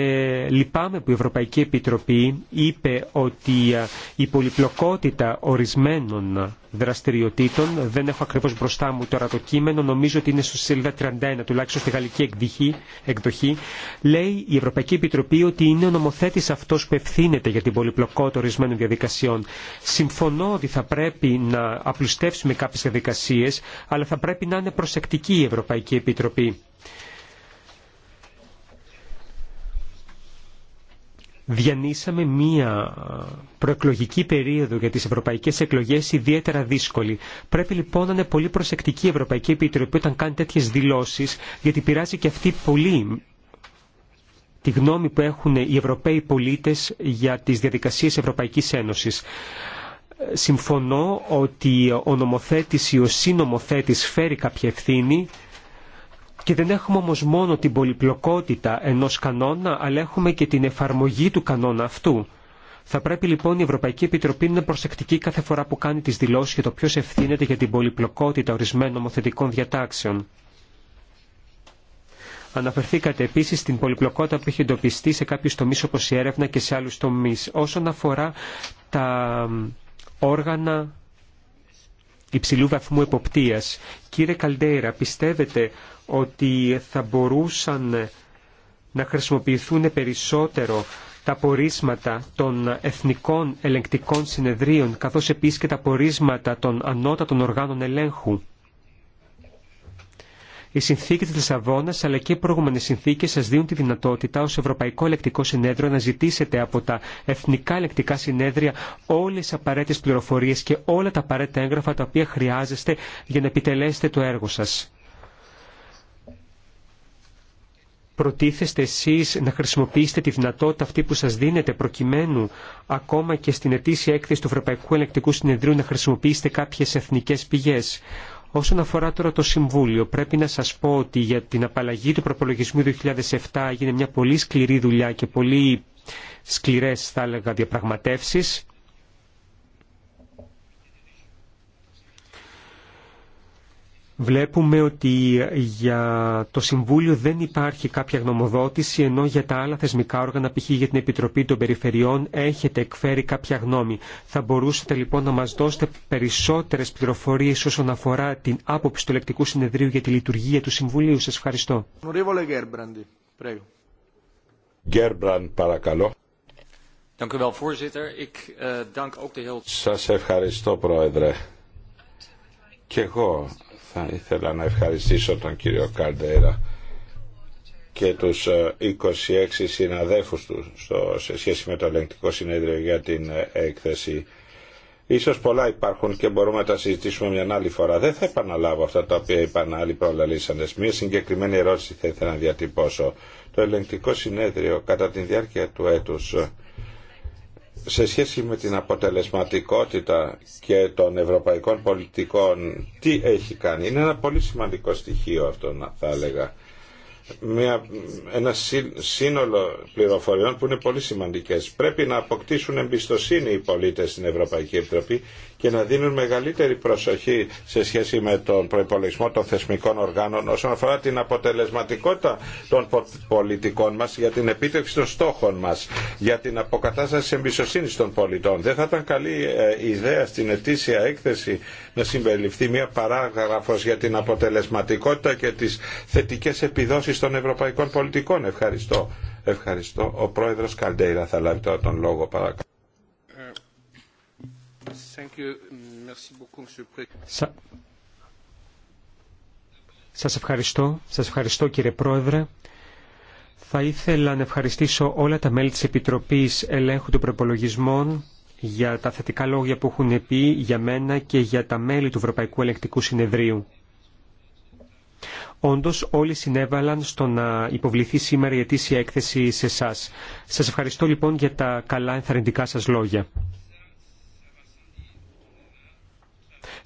S2: λυπάμαι που η Ευρωπαϊκή Επιτροπή είπε ότι η πολυπλοκότητα ορισμένων δραστηριοτήτων. Δεν έχω ακριβώς μπροστά μου τώρα το κείμενο, νομίζω ότι είναι στο σελίδα 31, τουλάχιστον στη γαλλική εκδοχή, εκδοχή. Λέει η Ευρωπαϊκή Επιτροπή ότι είναι ο νομοθέτης αυτός που ευθύνεται για την πολυπλοκότητα ορισμένων διαδικασιών. Συμφωνώ ότι θα πρέπει να απλουστεύσουμε κάποιες διαδικασίες, αλλά θα πρέπει να είναι προσεκτική η Ευρωπαϊκή Επιτροπή. διανύσαμε μία προεκλογική περίοδο για τις ευρωπαϊκές εκλογές ιδιαίτερα δύσκολη. Πρέπει λοιπόν να είναι πολύ προσεκτική η Ευρωπαϊκή Επιτροπή όταν κάνει τέτοιες δηλώσεις, γιατί πειράζει και αυτή πολύ τη γνώμη που έχουν οι Ευρωπαίοι πολίτες για τις διαδικασίες Ευρωπαϊκής Ένωσης. Συμφωνώ ότι ο νομοθέτης ή ο συνομοθέτης φέρει κάποια ευθύνη και δεν έχουμε όμως μόνο την πολυπλοκότητα ενός κανόνα, αλλά έχουμε και την εφαρμογή του κανόνα αυτού. Θα πρέπει λοιπόν η Ευρωπαϊκή Επιτροπή να είναι προσεκτική κάθε φορά που κάνει τις δηλώσεις για το ποιος ευθύνεται για την πολυπλοκότητα ορισμένων νομοθετικών διατάξεων. Αναφερθήκατε επίση στην πολυπλοκότητα που έχει εντοπιστεί σε κάποιου τομεί όπω η έρευνα και σε άλλου τομεί. Όσον αφορά τα όργανα υψηλού βαθμού εποπτείας. Κύριε Καλτέρα, πιστεύετε ότι θα μπορούσαν να χρησιμοποιηθούν περισσότερο τα πορίσματα των εθνικών ελεγκτικών συνεδρίων καθώς επίσης και τα πορίσματα των ανώτατων οργάνων ελέγχου. Οι συνθήκε τη Λισαβόνα αλλά και οι προηγούμενε συνθήκε σα δίνουν τη δυνατότητα ω Ευρωπαϊκό Ελεκτικό Συνέδριο να ζητήσετε από τα εθνικά ελεκτικά συνέδρια όλε τι απαραίτητε πληροφορίε και όλα τα απαραίτητα έγγραφα τα οποία χρειάζεστε για να επιτελέσετε το έργο σα. προτίθεστε εσείς να χρησιμοποιήσετε τη δυνατότητα αυτή που σας δίνεται προκειμένου ακόμα και στην ετήσια έκθεση του Ευρωπαϊκού Ελεκτικού Συνεδρίου να χρησιμοποιήσετε κάποιες εθνικές πηγές. Όσον αφορά τώρα το Συμβούλιο, πρέπει να σας πω ότι για την απαλλαγή του προπολογισμού 2007 έγινε μια πολύ σκληρή δουλειά και πολύ σκληρές θα έλεγα διαπραγματεύσεις. Βλέπουμε ότι για το Συμβούλιο δεν υπάρχει κάποια γνωμοδότηση, ενώ για τα άλλα θεσμικά όργανα, π.χ. για την Επιτροπή των Περιφερειών, έχετε εκφέρει κάποια γνώμη. Θα μπορούσατε λοιπόν να μας δώσετε περισσότερες πληροφορίες όσον αφορά την άποψη του Ελεκτικού Συνεδρίου για τη λειτουργία του Συμβουλίου. Σας ευχαριστώ.
S3: Eh,
S5: ευχαριστώ, Πρόεδρε. Και εγώ θα ήθελα να ευχαριστήσω τον κύριο Καρντέρα και τους 26 ε, συναδέφους του στο, σε σχέση με το ελεγκτικό συνέδριο για την ε, έκθεση. Ίσως πολλά υπάρχουν και μπορούμε να τα συζητήσουμε μια άλλη φορά. Δεν θα επαναλάβω αυτά τα οποία είπαν άλλοι προλαλήσαντες. Μια συγκεκριμένη ερώτηση θα ήθελα να διατυπώσω. Το ελεγκτικό συνέδριο κατά τη διάρκεια του έτους σε σχέση με την αποτελεσματικότητα και των ευρωπαϊκών πολιτικών, τι έχει κάνει. Είναι ένα πολύ σημαντικό στοιχείο αυτό, θα έλεγα. Μια, ένα σύνολο πληροφοριών που είναι πολύ σημαντικές. Πρέπει να αποκτήσουν εμπιστοσύνη οι πολίτες στην Ευρωπαϊκή Επιτροπή και να δίνουν μεγαλύτερη προσοχή σε σχέση με τον προπολογισμό των θεσμικών οργάνων όσον αφορά την αποτελεσματικότητα των πολιτικών μα, για την επίτευξη των στόχων μα, για την αποκατάσταση εμπιστοσύνη των πολιτών. Δεν θα ήταν καλή ε, ιδέα στην ετήσια έκθεση να συμπεριληφθεί μια παράγραφο για την αποτελεσματικότητα και τι θετικέ επιδόσει των ευρωπαϊκών πολιτικών. Ευχαριστώ. Ευχαριστώ. Ο πρόεδρος Καλτέιρα θα λάβει τώρα τον λόγο παρακαλώ.
S3: Σα...
S2: Σας ευχαριστώ. Σας ευχαριστώ κύριε Πρόεδρε. Θα ήθελα να ευχαριστήσω όλα τα μέλη της Επιτροπής Ελέγχου των Προπολογισμών για τα θετικά λόγια που έχουν πει για μένα και για τα μέλη του Ευρωπαϊκού Ελεκτικού Συνεδρίου. Όντως όλοι συνέβαλαν στο να υποβληθεί σήμερα η ετήσια έκθεση σε εσά. Σα ευχαριστώ λοιπόν για τα καλά ενθαρρυντικά σας λόγια.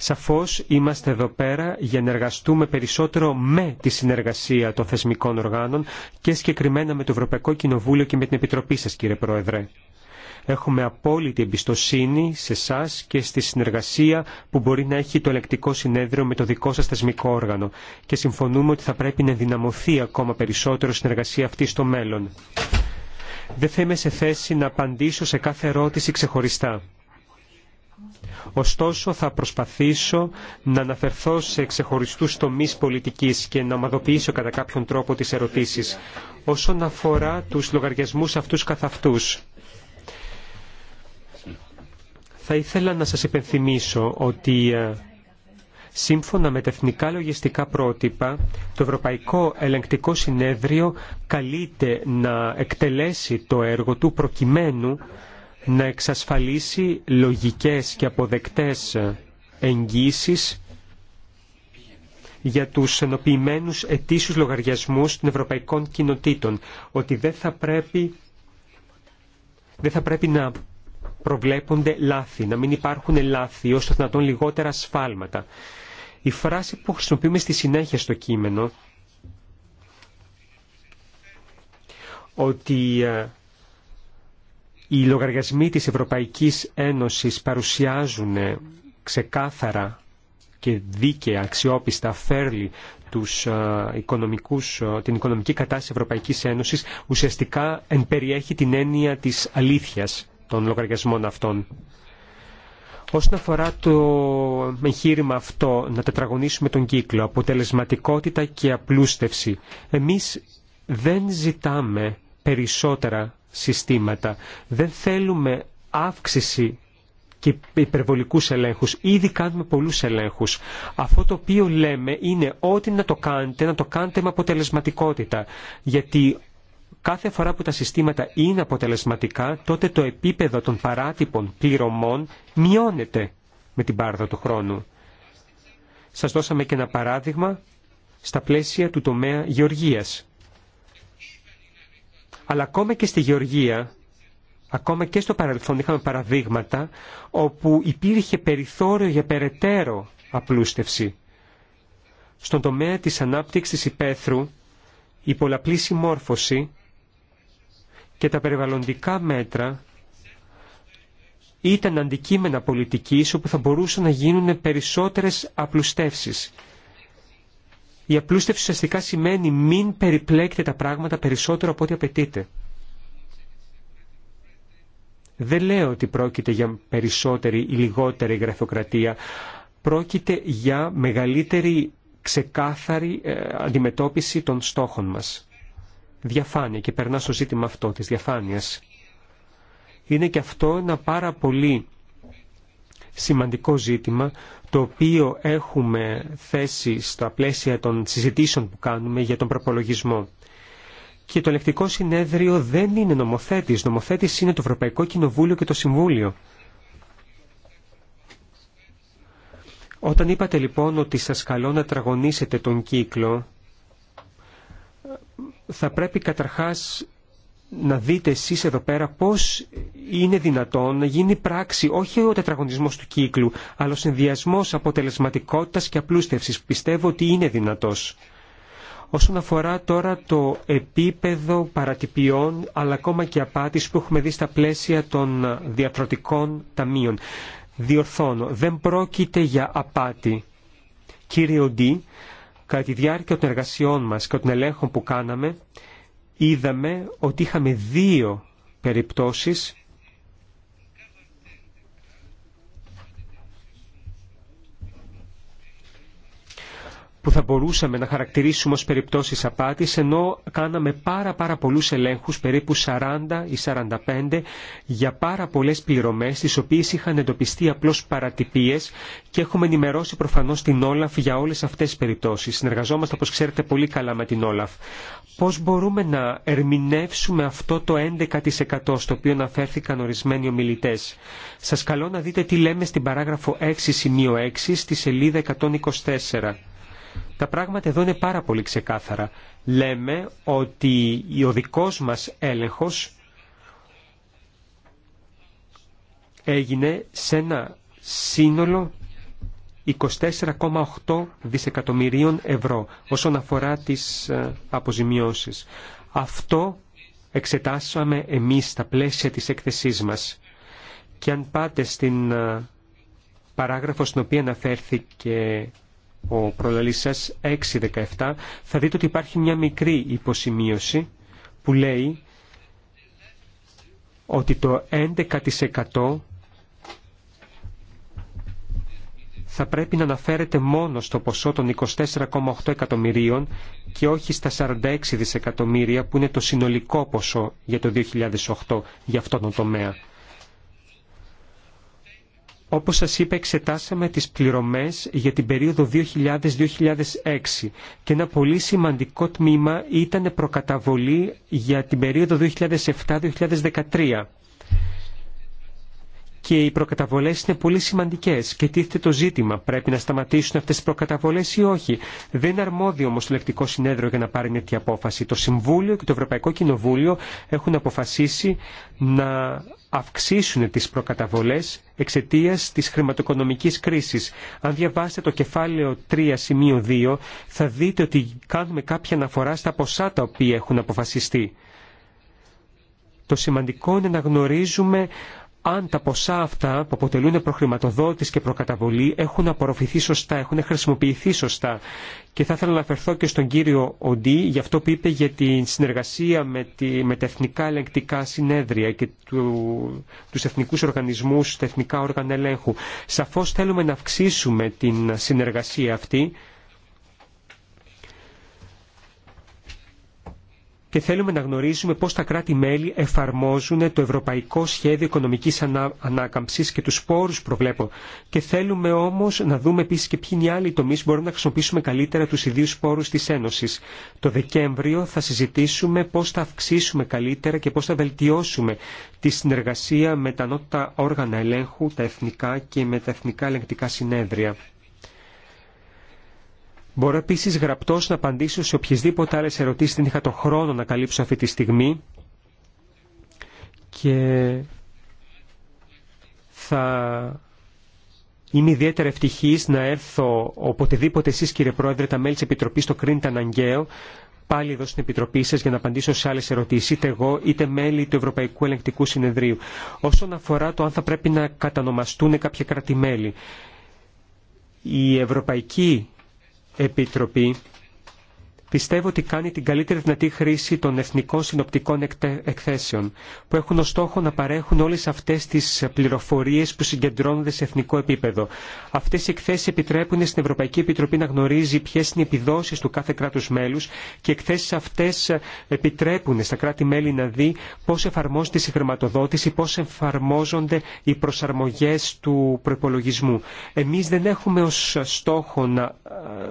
S2: Σαφώς είμαστε εδώ πέρα για να εργαστούμε περισσότερο με τη συνεργασία των θεσμικών οργάνων και συγκεκριμένα με το Ευρωπαϊκό Κοινοβούλιο και με την Επιτροπή σας κύριε Πρόεδρε. Έχουμε απόλυτη εμπιστοσύνη σε εσά και στη συνεργασία που μπορεί να έχει το ελεκτικό συνέδριο με το δικό σας θεσμικό όργανο και συμφωνούμε ότι θα πρέπει να ενδυναμωθεί ακόμα περισσότερο η συνεργασία αυτή στο μέλλον. Δεν θα είμαι σε θέση να απαντήσω σε κάθε ερώτηση ξεχωριστά. Ωστόσο, θα προσπαθήσω να αναφερθώ σε ξεχωριστού τομεί πολιτική και να ομαδοποιήσω κατά κάποιον τρόπο τι ερωτήσει. Όσον αφορά τους λογαριασμού αυτού καθ' αυτού, θα ήθελα να σας υπενθυμίσω ότι ε, σύμφωνα με τα εθνικά λογιστικά πρότυπα, το Ευρωπαϊκό Ελεγκτικό Συνέδριο καλείται να εκτελέσει το έργο του προκειμένου να εξασφαλίσει λογικές και αποδεκτές εγγύσεις για τους ενοποιημένους ετήσιους λογαριασμούς των ευρωπαϊκών κοινοτήτων, ότι δεν θα πρέπει, δεν θα πρέπει να προβλέπονται λάθη, να μην υπάρχουν λάθη, ώστε να τον λιγότερα σφάλματα. Η φράση που χρησιμοποιούμε στη συνέχεια στο κείμενο, ότι ε, οι λογαριασμοί της Ευρωπαϊκής Ένωσης παρουσιάζουν ξεκάθαρα και δίκαια, αξιόπιστα, φέρλει τους ε, οικονομικούς, ε, την οικονομική κατάσταση της Ευρωπαϊκής Ένωσης, ουσιαστικά περιέχει την έννοια της αλήθειας των λογαριασμών αυτών. Όσον αφορά το εγχείρημα αυτό, να τετραγωνίσουμε τον κύκλο, αποτελεσματικότητα και απλούστευση, εμείς δεν ζητάμε περισσότερα συστήματα. Δεν θέλουμε αύξηση και υπερβολικούς ελέγχους. Ήδη κάνουμε πολλούς ελέγχους. Αυτό το οποίο λέμε είναι ότι να το κάνετε, να το κάνετε με αποτελεσματικότητα. Γιατί κάθε φορά που τα συστήματα είναι αποτελεσματικά, τότε το επίπεδο των παράτυπων πληρωμών μειώνεται με την πάρδα του χρόνου. Σας δώσαμε και ένα παράδειγμα στα πλαίσια του τομέα γεωργίας. Αλλά ακόμα και στη Γεωργία, ακόμα και στο παρελθόν είχαμε παραδείγματα όπου υπήρχε περιθώριο για περαιτέρω απλούστευση. Στον τομέα της ανάπτυξης υπαίθρου, η πολλαπλή συμμόρφωση και τα περιβαλλοντικά μέτρα ήταν αντικείμενα πολιτικής όπου θα μπορούσαν να γίνουν περισσότερες απλουστεύσεις η απλούστευση ουσιαστικά σημαίνει μην περιπλέκετε τα πράγματα περισσότερο από ό,τι απαιτείτε. Δεν λέω ότι πρόκειται για περισσότερη ή λιγότερη γραφειοκρατία. Πρόκειται για μεγαλύτερη ξεκάθαρη ε, αντιμετώπιση των στόχων μας. Διαφάνεια και περνά στο ζήτημα αυτό της διαφάνειας. Είναι και αυτό ένα πάρα πολύ σημαντικό ζήτημα το οποίο έχουμε θέσει στα πλαίσια των συζητήσεων που κάνουμε για τον προπολογισμό. Και το ελεκτικό συνέδριο δεν είναι νομοθέτης. Νομοθέτης είναι το Ευρωπαϊκό Κοινοβούλιο και το Συμβούλιο. Όταν είπατε λοιπόν ότι σας καλώ να τραγωνίσετε τον κύκλο, θα πρέπει καταρχάς να δείτε εσείς εδώ πέρα πώς είναι δυνατόν να γίνει πράξη όχι ο τετραγωνισμός του κύκλου, αλλά ο συνδυασμός αποτελεσματικότητας και απλούστευσης πιστεύω ότι είναι δυνατός. Όσον αφορά τώρα το επίπεδο παρατυπιών αλλά ακόμα και απάτης που έχουμε δει στα πλαίσια των διατροτικών ταμείων. Διορθώνω, δεν πρόκειται για απάτη. Κύριε Οντή, κατά τη διάρκεια των εργασιών μας και των ελέγχων που κάναμε, είδαμε ότι είχαμε δύο περιπτώσεις που θα μπορούσαμε να χαρακτηρίσουμε ως περιπτώσεις απάτης, ενώ κάναμε πάρα πάρα πολλούς ελέγχους, περίπου 40 ή 45, για πάρα πολλές πληρωμές, τις οποίες είχαν εντοπιστεί απλώς παρατυπίες και έχουμε ενημερώσει προφανώς την Όλαφ για όλες αυτές τις περιπτώσεις. Συνεργαζόμαστε, όπως ξέρετε, πολύ καλά με την Όλαφ. Πώς μπορούμε να ερμηνεύσουμε αυτό το 11% στο οποίο αναφέρθηκαν ορισμένοι ομιλητέ. Σας καλώ να δείτε τι λέμε στην παράγραφο 6 σημείο 6 στη σελίδα 124. Τα πράγματα εδώ είναι πάρα πολύ ξεκάθαρα. Λέμε ότι ο δικός μας έλεγχος έγινε σε ένα σύνολο 24,8 δισεκατομμυρίων ευρώ όσον αφορά τις ε, αποζημιώσεις. Αυτό εξετάσαμε εμείς στα πλαίσια της έκθεσής μας. Και αν πάτε στην ε, παράγραφο στην οποία αναφέρθηκε ο προλαλής σας 6.17 θα δείτε ότι υπάρχει μια μικρή υποσημείωση που λέει ότι το 11% θα πρέπει να αναφέρεται μόνο στο ποσό των 24,8 εκατομμυρίων και όχι στα 46 δισεκατομμύρια που είναι το συνολικό ποσό για το 2008 για αυτόν τον τομέα. Όπως σας είπα, εξετάσαμε τις πληρωμές για την περίοδο 2000-2006 και ένα πολύ σημαντικό τμήμα ήταν προκαταβολή για την περίοδο 2007-2013 και οι προκαταβολές είναι πολύ σημαντικές και τίθεται το ζήτημα πρέπει να σταματήσουν αυτές οι προκαταβολές ή όχι. Δεν είναι αρμόδιο όμως το λεκτικό συνέδριο για να πάρει μια τέτοια απόφαση. Το Συμβούλιο και το Ευρωπαϊκό Κοινοβούλιο έχουν αποφασίσει να αυξήσουν τις προκαταβολές εξαιτίας της χρηματοοικονομικής κρίσης. Αν διαβάσετε το κεφάλαιο 3 σημείο 2 θα δείτε ότι κάνουμε κάποια αναφορά στα ποσά τα οποία έχουν αποφασιστεί. Το σημαντικό είναι να γνωρίζουμε αν τα ποσά αυτά που αποτελούν προχρηματοδότηση και προκαταβολή έχουν απορροφηθεί σωστά, έχουν χρησιμοποιηθεί σωστά. Και θα ήθελα να αναφερθώ και στον κύριο Οντί για αυτό που είπε για τη συνεργασία με, τη, με τα εθνικά ελεγκτικά συνέδρια και του, τους εθνικούς οργανισμούς, τα εθνικά όργανα ελέγχου. Σαφώς θέλουμε να αυξήσουμε την συνεργασία αυτή και θέλουμε να γνωρίζουμε πώς τα κράτη-μέλη εφαρμόζουν το Ευρωπαϊκό Σχέδιο Οικονομικής Ανά... Ανάκαμψης και τους πόρους προβλέπω. Και θέλουμε όμως να δούμε επίσης και ποιοι είναι οι άλλοι τομείς μπορούμε να χρησιμοποιήσουμε καλύτερα τους ιδίους πόρους της Ένωσης. Το Δεκέμβριο θα συζητήσουμε πώς θα αυξήσουμε καλύτερα και πώς θα βελτιώσουμε τη συνεργασία με τα νότα όργανα ελέγχου, τα εθνικά και με τα εθνικά ελεγκτικά συνέδρια. Μπορώ επίση γραπτό να απαντήσω σε οποιασδήποτε άλλε ερωτήσει δεν είχα το χρόνο να καλύψω αυτή τη στιγμή. Και θα είμαι ιδιαίτερα ευτυχή να έρθω οποτεδήποτε εσεί, κύριε Πρόεδρε, τα μέλη τη Επιτροπή στο Κρίντα Αναγκαίο, πάλι εδώ στην Επιτροπή σα για να απαντήσω σε άλλε ερωτήσει, είτε εγώ είτε μέλη του Ευρωπαϊκού Ελεγκτικού Συνεδρίου. Όσον αφορά το αν θα πρέπει να κατανομαστούν κάποια κράτη-μέλη, η Ευρωπαϊκή Επιτροπή πιστεύω ότι κάνει την καλύτερη δυνατή χρήση των εθνικών συνοπτικών εκθέσεων, που έχουν ως στόχο να παρέχουν όλες αυτές τις πληροφορίες που συγκεντρώνονται σε εθνικό επίπεδο. Αυτές οι εκθέσεις επιτρέπουν στην Ευρωπαϊκή Επιτροπή να γνωρίζει ποιες είναι οι επιδόσεις του κάθε κράτους μέλους και οι εκθέσεις αυτές επιτρέπουν στα κράτη-μέλη να δει πώς εφαρμόζεται η συγχρηματοδότηση, πώς εφαρμόζονται οι προσαρμογές του προπολογισμού. Εμείς δεν έχουμε ως στόχο να ε,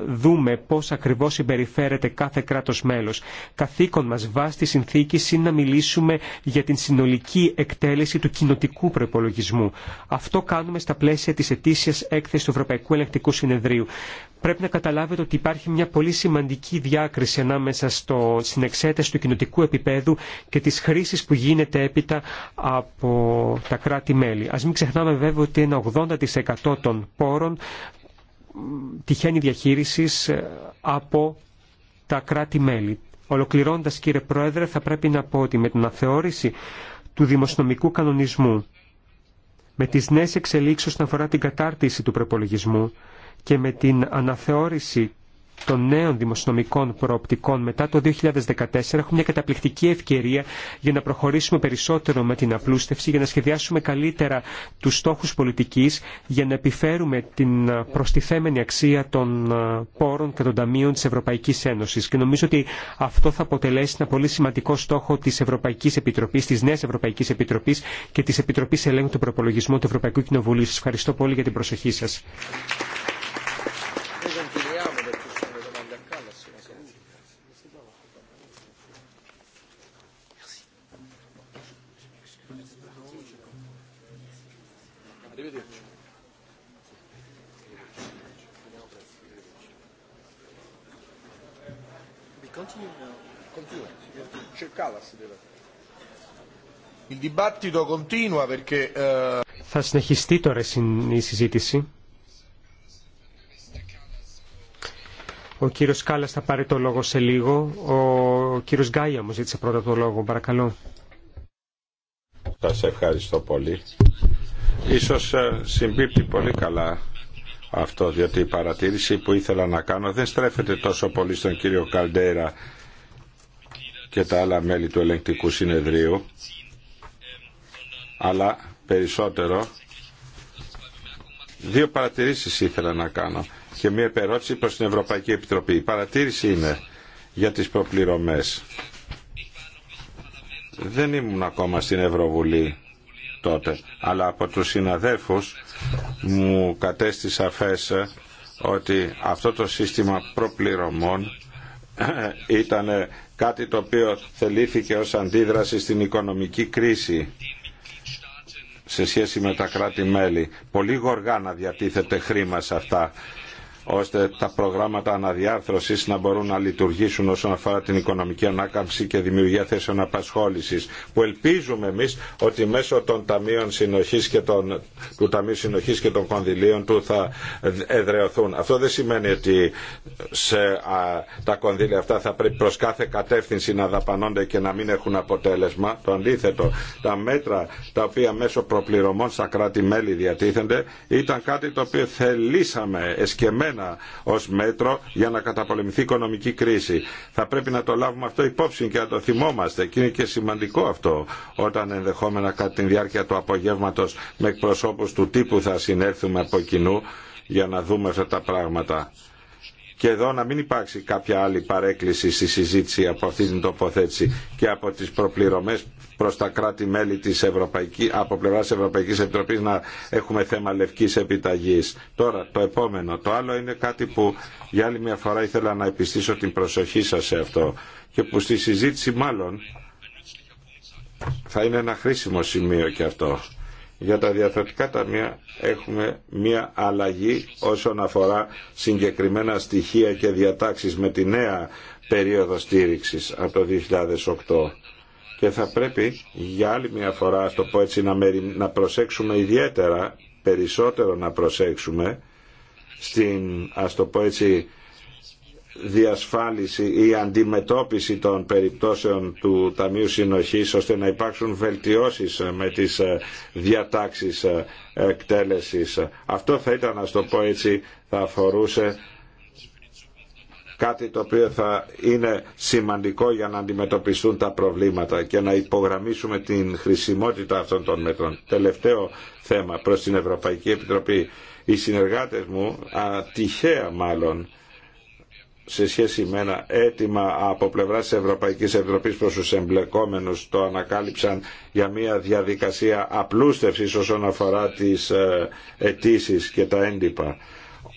S2: δούμε πώς ακριβώς συμπεριφέρεται κάθε κράτος μέλος. Καθήκον μας βάσει τη συνθήκη είναι να μιλήσουμε για την συνολική εκτέλεση του κοινοτικού προπολογισμού. Αυτό κάνουμε στα πλαίσια της ετήσιας έκθεσης του Ευρωπαϊκού Ελεκτικού Συνεδρίου. Πρέπει να καταλάβετε ότι υπάρχει μια πολύ σημαντική διάκριση ανάμεσα στο, στην εξέταση του κοινοτικού επίπεδου και τη χρήση που γίνεται έπειτα από τα κράτη-μέλη. Ας μην ξεχνάμε βέβαια ότι ένα 80% των πόρων τυχαίνει διαχείρισης ε, από τα κράτη-μέλη. Ολοκληρώνοντας κύριε Πρόεδρε θα πρέπει να πω ότι με την αθεώρηση του δημοσιονομικού κανονισμού με τις νέες εξελίξεις όσον αφορά την κατάρτιση του προπολογισμού και με την αναθεώρηση των νέων δημοσιονομικών προοπτικών μετά το 2014 έχουμε μια καταπληκτική ευκαιρία για να προχωρήσουμε περισσότερο με την απλούστευση, για να σχεδιάσουμε καλύτερα τους στόχους πολιτικής, για να επιφέρουμε την προστιθέμενη αξία των ε, πόρων και των ταμείων της Ευρωπαϊκής Ένωσης. Και νομίζω ότι αυτό θα αποτελέσει ένα πολύ σημαντικό στόχο της Ευρωπαϊκής Επιτροπής, της Νέας Ευρωπαϊκής Επιτροπής και της Επιτροπής Ελέγχου του Προπολογισμού του Ευρωπαϊκού Κοινοβουλίου. Σας ευχαριστώ πολύ για την προσοχή σας.
S3: Eh,
S2: θα συνεχιστεί τώρα η συζήτηση. Ο κύριος Κάλλας θα πάρει το λόγο σε λίγο. Ο κύριος Γκάια μου ζήτησε πρώτα το λόγο. Παρακαλώ.
S5: Σας ευχαριστώ πολύ. Ίσως ε, συμπίπτει πολύ καλά αυτό, διότι η παρατήρηση που ήθελα να κάνω δεν στρέφεται τόσο πολύ στον κύριο Καλντέρα και τα άλλα μέλη του ελεγκτικού συνεδρίου αλλά περισσότερο δύο παρατηρήσεις ήθελα να κάνω και μία επερώτηση προς την Ευρωπαϊκή Επιτροπή. Η παρατήρηση είναι για τις προπληρωμές. Δεν ήμουν ακόμα στην Ευρωβουλή τότε, αλλά από τους συναδέλφους μου κατέστησε σαφές ότι αυτό το σύστημα προπληρωμών ήταν κάτι το οποίο θελήθηκε ως αντίδραση στην οικονομική κρίση σε σχέση με τα κράτη-μέλη. Πολύ γοργά να διατίθεται χρήμα σε αυτά ώστε τα προγράμματα αναδιάρθρωσης να μπορούν να λειτουργήσουν όσον αφορά την οικονομική ανάκαμψη και δημιουργία θέσεων απασχόλησης που ελπίζουμε εμείς ότι μέσω των ταμείων συνοχής και των, του Ταμείου Συνοχής και των κονδυλίων του θα εδρεωθούν. Αυτό δεν σημαίνει ότι σε, τα κονδύλια αυτά θα πρέπει προς κάθε κατεύθυνση να δαπανώνται και να μην έχουν αποτέλεσμα. Το αντίθετο, τα μέτρα τα οποία μέσω προπληρωμών στα κράτη-μέλη διατίθενται ήταν κάτι το οποίο θελήσαμε εσκεμμένα ένα ως μέτρο για να καταπολεμηθεί η οικονομική κρίση. Θα πρέπει να το λάβουμε αυτό υπόψη και να το θυμόμαστε και είναι και σημαντικό αυτό όταν ενδεχόμενα κατά τη διάρκεια του απογεύματος με εκπροσώπους του τύπου θα συνέλθουμε από κοινού για να δούμε αυτά τα πράγματα. Και εδώ να μην υπάρξει κάποια άλλη παρέκκληση στη συζήτηση από αυτή την τοποθέτηση και από τις προπληρωμές προς τα κράτη-μέλη της Ευρωπαϊκής, από πλευράς Ευρωπαϊκής Επιτροπής να έχουμε θέμα λευκής επιταγής. Τώρα το επόμενο. Το άλλο είναι κάτι που για άλλη μια φορά ήθελα να επιστήσω την προσοχή σας σε αυτό και που στη συζήτηση μάλλον θα είναι ένα χρήσιμο σημείο και αυτό. Για τα διαθετικά ταμεία έχουμε μία αλλαγή όσον αφορά συγκεκριμένα στοιχεία και διατάξεις με τη νέα περίοδο στήριξης από το 2008 και θα πρέπει για άλλη μια φορά, το πω να, να προσέξουμε ιδιαίτερα, περισσότερο να προσέξουμε στην, ας το πω διασφάλιση ή αντιμετώπιση των περιπτώσεων του Ταμείου Συνοχής ώστε να υπάρξουν βελτιώσεις με τις ε, διατάξεις ε, εκτέλεσης. Αυτό θα ήταν, να το πω έτσι, θα αφορούσε κάτι το οποίο θα είναι σημαντικό για να αντιμετωπιστούν τα προβλήματα και να υπογραμμίσουμε την χρησιμότητα αυτών των μέτρων. Τελευταίο θέμα προς την Ευρωπαϊκή Επιτροπή. Οι συνεργάτες μου, α, τυχαία μάλλον, σε σχέση με ένα αίτημα από πλευρά της Ευρωπαϊκής Επιτροπής προς τους εμπλεκόμενους το ανακάλυψαν για μια διαδικασία απλούστευσης όσον αφορά τις ε, αιτήσει και τα έντυπα.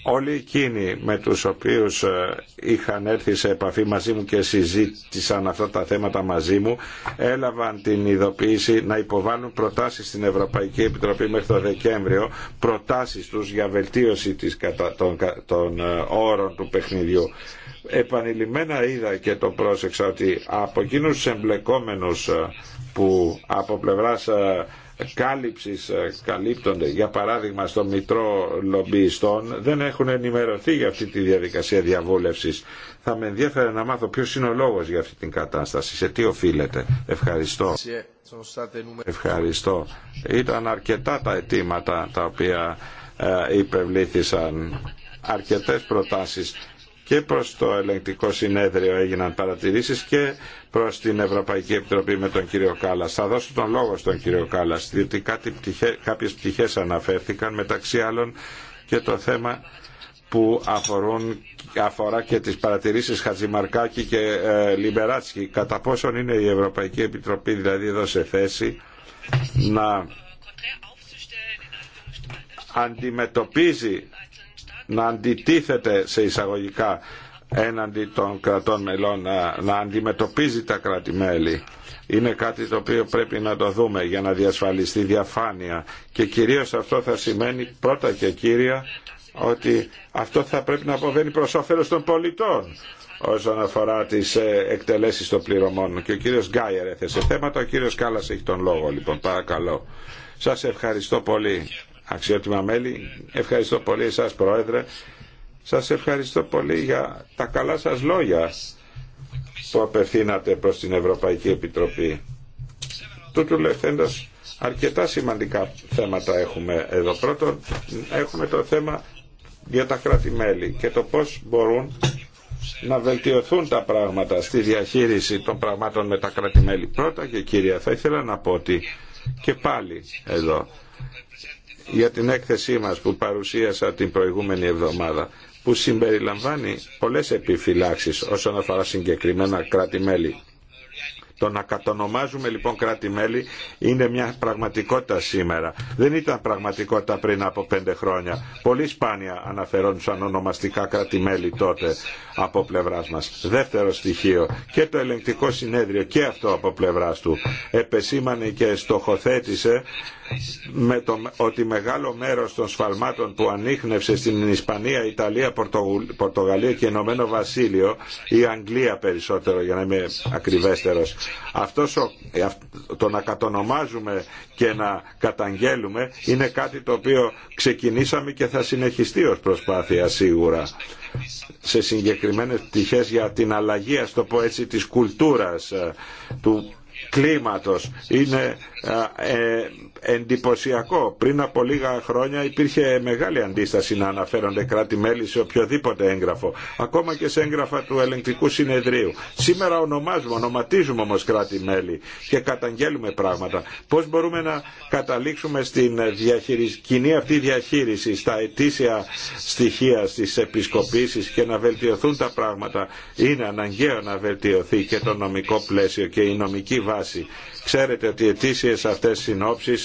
S5: Όλοι εκείνοι με τους οποίους ε, είχαν έρθει σε επαφή μαζί μου και συζήτησαν αυτά τα θέματα μαζί μου έλαβαν την ειδοποίηση να υποβάλουν προτάσεις στην Ευρωπαϊκή Επιτροπή μέχρι το Δεκέμβριο προτάσεις τους για βελτίωση της, των, των ε, όρων του παιχνιδιού. Επανειλημμένα είδα και το πρόσεξα ότι από εκείνους τους ε, που από πλευράς κάλυψης ε, καλύπτονται για παράδειγμα στο Μητρό Λομπίστων δεν έχουν ενημερωθεί για αυτή τη διαδικασία διαβούλευσης. Θα με ενδιαφέρε να μάθω ποιος είναι ο λόγος για αυτή την κατάσταση, σε τι οφείλεται. Ευχαριστώ. Ευχαριστώ. Ήταν αρκετά τα αιτήματα τα οποία ε, υπευλήθησαν αρκετές προτάσεις και προς το ελεγκτικό συνέδριο έγιναν παρατηρήσεις και προς την Ευρωπαϊκή Επιτροπή με τον κύριο Κάλλας. Θα δώσω τον λόγο στον κύριο Κάλλας, διότι κάτι πτυχέ, κάποιες πτυχές αναφέρθηκαν, μεταξύ άλλων και το θέμα που αφορούν, αφορά και τις παρατηρήσεις Χατζημαρκάκη και ε, Λιμπεράτσκι. Κατά πόσον είναι η Ευρωπαϊκή Επιτροπή δηλαδή εδώ σε θέση να αντιμετωπίζει να αντιτίθεται σε εισαγωγικά έναντι των κρατών μελών, να, αντιμετωπίζει τα κράτη-μέλη. Είναι κάτι το οποίο πρέπει να το δούμε για να διασφαλιστεί διαφάνεια και κυρίως αυτό θα σημαίνει πρώτα και κύρια ότι αυτό θα πρέπει να αποβαίνει προς όφελος των πολιτών όσον αφορά τις ε, εκτελέσεις των πληρωμών. Και ο κύριος Γκάιερ έθεσε θέματα, ο κύριος Κάλλας έχει τον λόγο λοιπόν, παρακαλώ. Σας ευχαριστώ πολύ αξιότιμα μέλη. Ευχαριστώ πολύ εσάς Πρόεδρε. Σας ευχαριστώ πολύ για τα καλά σας λόγια που απευθύνατε προς την Ευρωπαϊκή Επιτροπή. Τούτου λεφθέντας αρκετά σημαντικά θέματα έχουμε εδώ. Πρώτον έχουμε το θέμα για τα κράτη-μέλη και το πώς μπορούν να βελτιωθούν τα πράγματα στη διαχείριση των πραγμάτων με τα κράτη-μέλη. Πρώτα και κύρια θα ήθελα να πω ότι και πάλι εδώ για την έκθεσή μας που παρουσίασα την προηγούμενη εβδομάδα που συμπεριλαμβάνει πολλές επιφυλάξεις όσον αφορά συγκεκριμένα κράτη-μέλη. Το να κατονομάζουμε λοιπόν κράτη-μέλη είναι μια πραγματικότητα σήμερα. Δεν ήταν πραγματικότητα πριν από πέντε χρόνια. Πολύ σπάνια αναφερόντουσαν ονομαστικά κράτη-μέλη τότε από πλευρά μα. Δεύτερο στοιχείο. Και το ελεγκτικό συνέδριο και αυτό από πλευρά του επεσήμανε και στοχοθέτησε με ότι μεγάλο μέρος των σφαλμάτων που ανείχνευσε στην Ισπανία, Ιταλία, Πορτογαλία και Ηνωμένο Βασίλειο ή Αγγλία περισσότερο για να είμαι ακριβέστερος αυτός ο, το να κατονομάζουμε και να καταγγέλουμε είναι κάτι το οποίο ξεκινήσαμε και θα συνεχιστεί ως προσπάθεια σίγουρα σε συγκεκριμένες πτυχές για την αλλαγή ας το πω έτσι της κουλτούρας ε, του κλίματος είναι ε, ε, εντυπωσιακό. Πριν από λίγα χρόνια υπήρχε μεγάλη αντίσταση να αναφέρονται κράτη-μέλη σε οποιοδήποτε έγγραφο, ακόμα και σε έγγραφα του ελεγκτικού συνεδρίου. Σήμερα ονομάζουμε, ονοματίζουμε όμω κράτη-μέλη και καταγγέλουμε πράγματα. Πώ μπορούμε να καταλήξουμε στην κοινή αυτή διαχείριση, στα ετήσια στοιχεία, στι επισκοπήσει και να βελτιωθούν τα πράγματα. Είναι αναγκαίο να βελτιωθεί και το νομικό πλαίσιο και η νομική βάση. Ξέρετε ότι οι αιτήσιε αυτέ συνόψει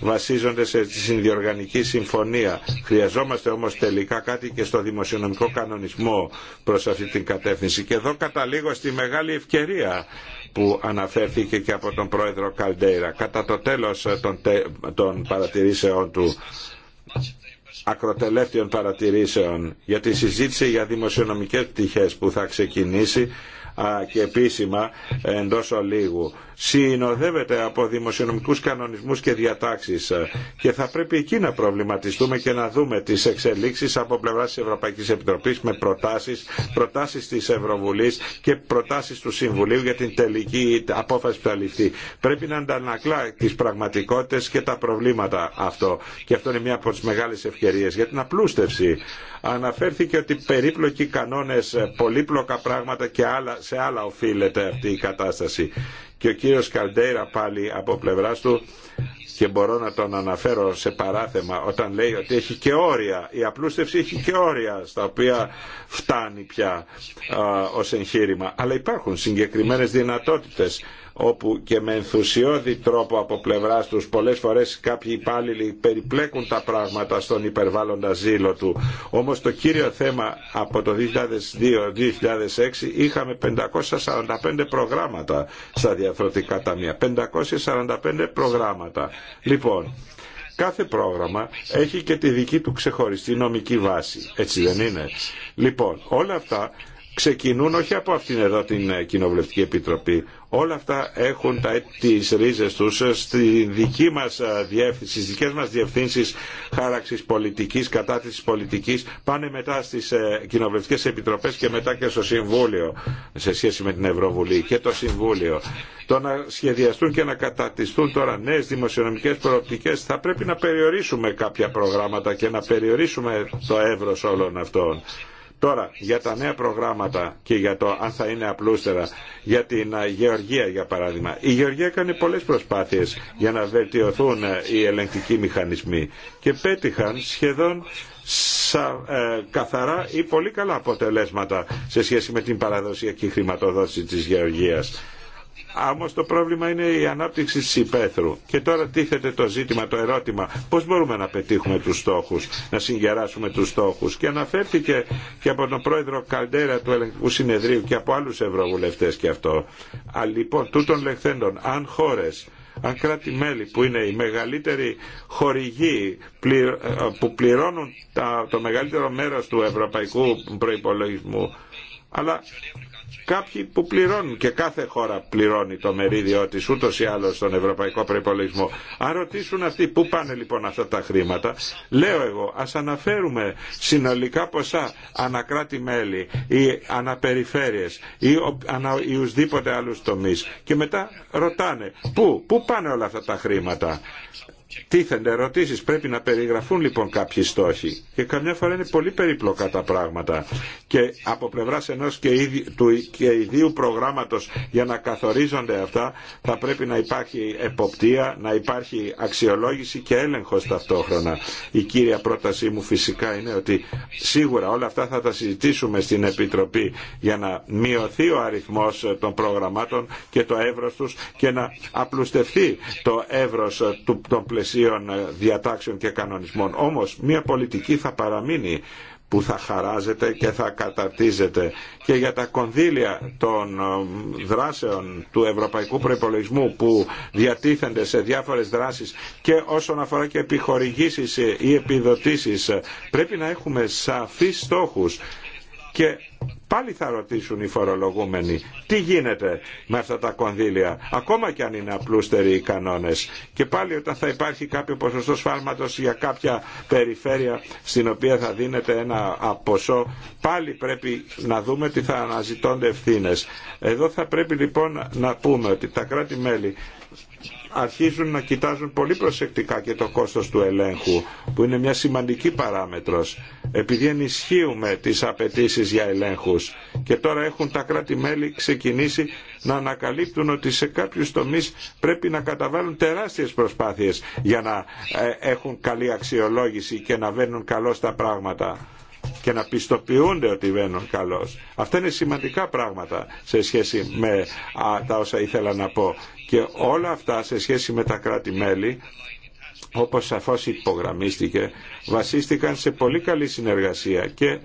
S5: βασίζονται σε συνδιοργανική συμφωνία. Χρειαζόμαστε όμως τελικά κάτι και στο δημοσιονομικό κανονισμό προς αυτή την κατεύθυνση. Και εδώ καταλήγω στη μεγάλη ευκαιρία που αναφέρθηκε και από τον πρόεδρο Καλντέιρα. Κατά το τέλος των, τε, παρατηρήσεών του ακροτελεύτιων παρατηρήσεων για τη συζήτηση για δημοσιονομικές πτυχές που θα ξεκινήσει και επίσημα εντός ολίγου. Συνοδεύεται από δημοσιονομικούς κανονισμούς και διατάξεις και θα πρέπει εκεί να προβληματιστούμε και να δούμε τις εξελίξεις από πλευρά της Ευρωπαϊκής Επιτροπής με προτάσεις, προτάσεις της Ευρωβουλής και προτάσεις του Συμβουλίου για την τελική απόφαση που θα ληφθεί. Πρέπει να αντανακλά τις πραγματικότητες και τα προβλήματα αυτό. Και αυτό είναι μια από τις μεγάλες ευκαιρίες για την απλούστευση. Αναφέρθηκε ότι περίπλοκοι κανόνες, πολύπλοκα πράγματα και άλλα σε άλλα οφείλεται αυτή η κατάσταση και ο κύριος Καλντέιρα πάλι από πλευράς του και μπορώ να τον αναφέρω σε παράθεμα όταν λέει ότι έχει και όρια η απλούστευση έχει και όρια στα οποία φτάνει πια α, ως εγχείρημα αλλά υπάρχουν συγκεκριμένες δυνατότητες όπου και με ενθουσιώδη τρόπο από πλευρά του πολλέ φορέ κάποιοι υπάλληλοι περιπλέκουν τα πράγματα στον υπερβάλλοντα ζήλο του. Όμως το κύριο θέμα από το 2002-2006 είχαμε 545 προγράμματα στα διαφορετικά ταμεία. 545 προγράμματα. Λοιπόν, κάθε πρόγραμμα έχει και τη δική του ξεχωριστή νομική βάση. Έτσι δεν είναι. Λοιπόν, όλα αυτά ξεκινούν όχι από αυτήν εδώ την ε, Κοινοβουλευτική Επιτροπή. Όλα αυτά έχουν τα, τις ρίζες τους ε, στη δική μας ε, διεύθυνση, στις δικές μας διευθύνσεις χάραξης πολιτικής, κατάθεσης πολιτικής, πάνε μετά στις Κοινοβουλευτικές Επιτροπές και μετά και στο Συμβούλιο σε σχέση με την Ευρωβουλή και το Συμβούλιο. Το να σχεδιαστούν και να κατατιστούν τώρα νέε δημοσιονομικές προοπτικές θα πρέπει να περιορίσουμε κάποια προγράμματα και να περιορίσουμε το εύρος όλων αυτών. Τώρα, για τα νέα προγράμματα και για το αν θα είναι απλούστερα, για την Γεωργία για παράδειγμα. Η Γεωργία έκανε πολλές προσπάθειες για να βελτιωθούν ε, οι ελεγκτικοί μηχανισμοί και πέτυχαν σχεδόν ε, καθαρά ή πολύ καλά αποτελέσματα σε σχέση με την παραδοσιακή χρηματοδότηση της Γεωργίας Όμω το πρόβλημα είναι η ανάπτυξη τη υπαίθρου. Και τώρα τίθεται το ζήτημα, το ερώτημα, πώ μπορούμε να πετύχουμε του στόχου, να συγκεράσουμε του στόχου. Και αναφέρθηκε και από τον πρόεδρο Καλντέρα του Ελεγκτικού Συνεδρίου και από άλλου ευρωβουλευτέ και αυτό. Α, λοιπόν, τούτων λεχθέντων, αν χώρε αν κράτη-μέλη που είναι οι μεγαλύτεροι χορηγοί ε, που πληρώνουν το μεγαλύτερο μέρο του ευρωπαϊκού προπολογισμού. αλλά κάποιοι που πληρώνουν και κάθε χώρα πληρώνει το μερίδιό τη ούτω ή άλλω στον ευρωπαϊκό προπολογισμό. Αν ρωτήσουν αυτοί πού πάνε λοιπόν αυτά τα χρήματα, λέω εγώ α αναφέρουμε συνολικά ποσά ανακράτη-μέλη ή αναπεριφέρειε ή ουσδήποτε άλλου τομεί και μετά ρωτάνε πού, πού πάνε όλα αυτά τα χρήματα τίθενται ερωτήσεις. Πρέπει να περιγραφούν λοιπόν κάποιοι στόχοι και καμιά φορά είναι πολύ περίπλοκα τα πράγματα και από πλευρά ενό και, και ιδίου προγράμματος για να καθορίζονται αυτά θα πρέπει να υπάρχει εποπτεία, να υπάρχει αξιολόγηση και έλεγχος ταυτόχρονα. Η κύρια πρότασή μου φυσικά είναι ότι σίγουρα όλα αυτά θα τα συζητήσουμε στην Επιτροπή για να μειωθεί ο αριθμός των προγραμμάτων και το εύρος τους και να απλουστευτεί το εύρο των πλαισίων ε, διατάξεων και κανονισμών. Όμως μια πολιτική θα παραμείνει που θα χαράζεται και θα καταρτίζεται. Και για τα κονδύλια των ε, δράσεων του ευρωπαϊκού προϋπολογισμού που διατίθενται σε διάφορες δράσεις και όσον αφορά και επιχορηγήσεις ή επιδοτήσεις ε, πρέπει να έχουμε σαφείς στόχους και πάλι θα ρωτήσουν οι φορολογούμενοι τι γίνεται με αυτά τα κονδύλια, ακόμα και αν είναι απλούστεροι οι κανόνες. Και πάλι όταν θα υπάρχει κάποιο ποσοστό σφάλματος για κάποια περιφέρεια στην οποία θα δίνεται ένα ποσό, πάλι πρέπει να δούμε τι θα αναζητώνται ευθύνε. Εδώ θα πρέπει λοιπόν να πούμε ότι τα κράτη-μέλη αρχίζουν να κοιτάζουν πολύ προσεκτικά και το κόστος του ελέγχου που είναι μια σημαντική παράμετρος επειδή ενισχύουμε τις απαιτήσεις για ελέγχους και τώρα έχουν τα κράτη-μέλη ξεκινήσει να ανακαλύπτουν ότι σε κάποιους τομείς πρέπει να καταβάλουν τεράστιες προσπάθειες για να ε, έχουν καλή αξιολόγηση και να βαίνουν καλό τα πράγματα και να πιστοποιούνται ότι βαίνουν καλώς. Αυτά είναι σημαντικά πράγματα σε σχέση με τα όσα ήθελα να πω. Και όλα αυτά σε σχέση με τα κράτη-μέλη όπως σαφώς υπογραμμίστηκε, βασίστηκαν σε πολύ καλή συνεργασία και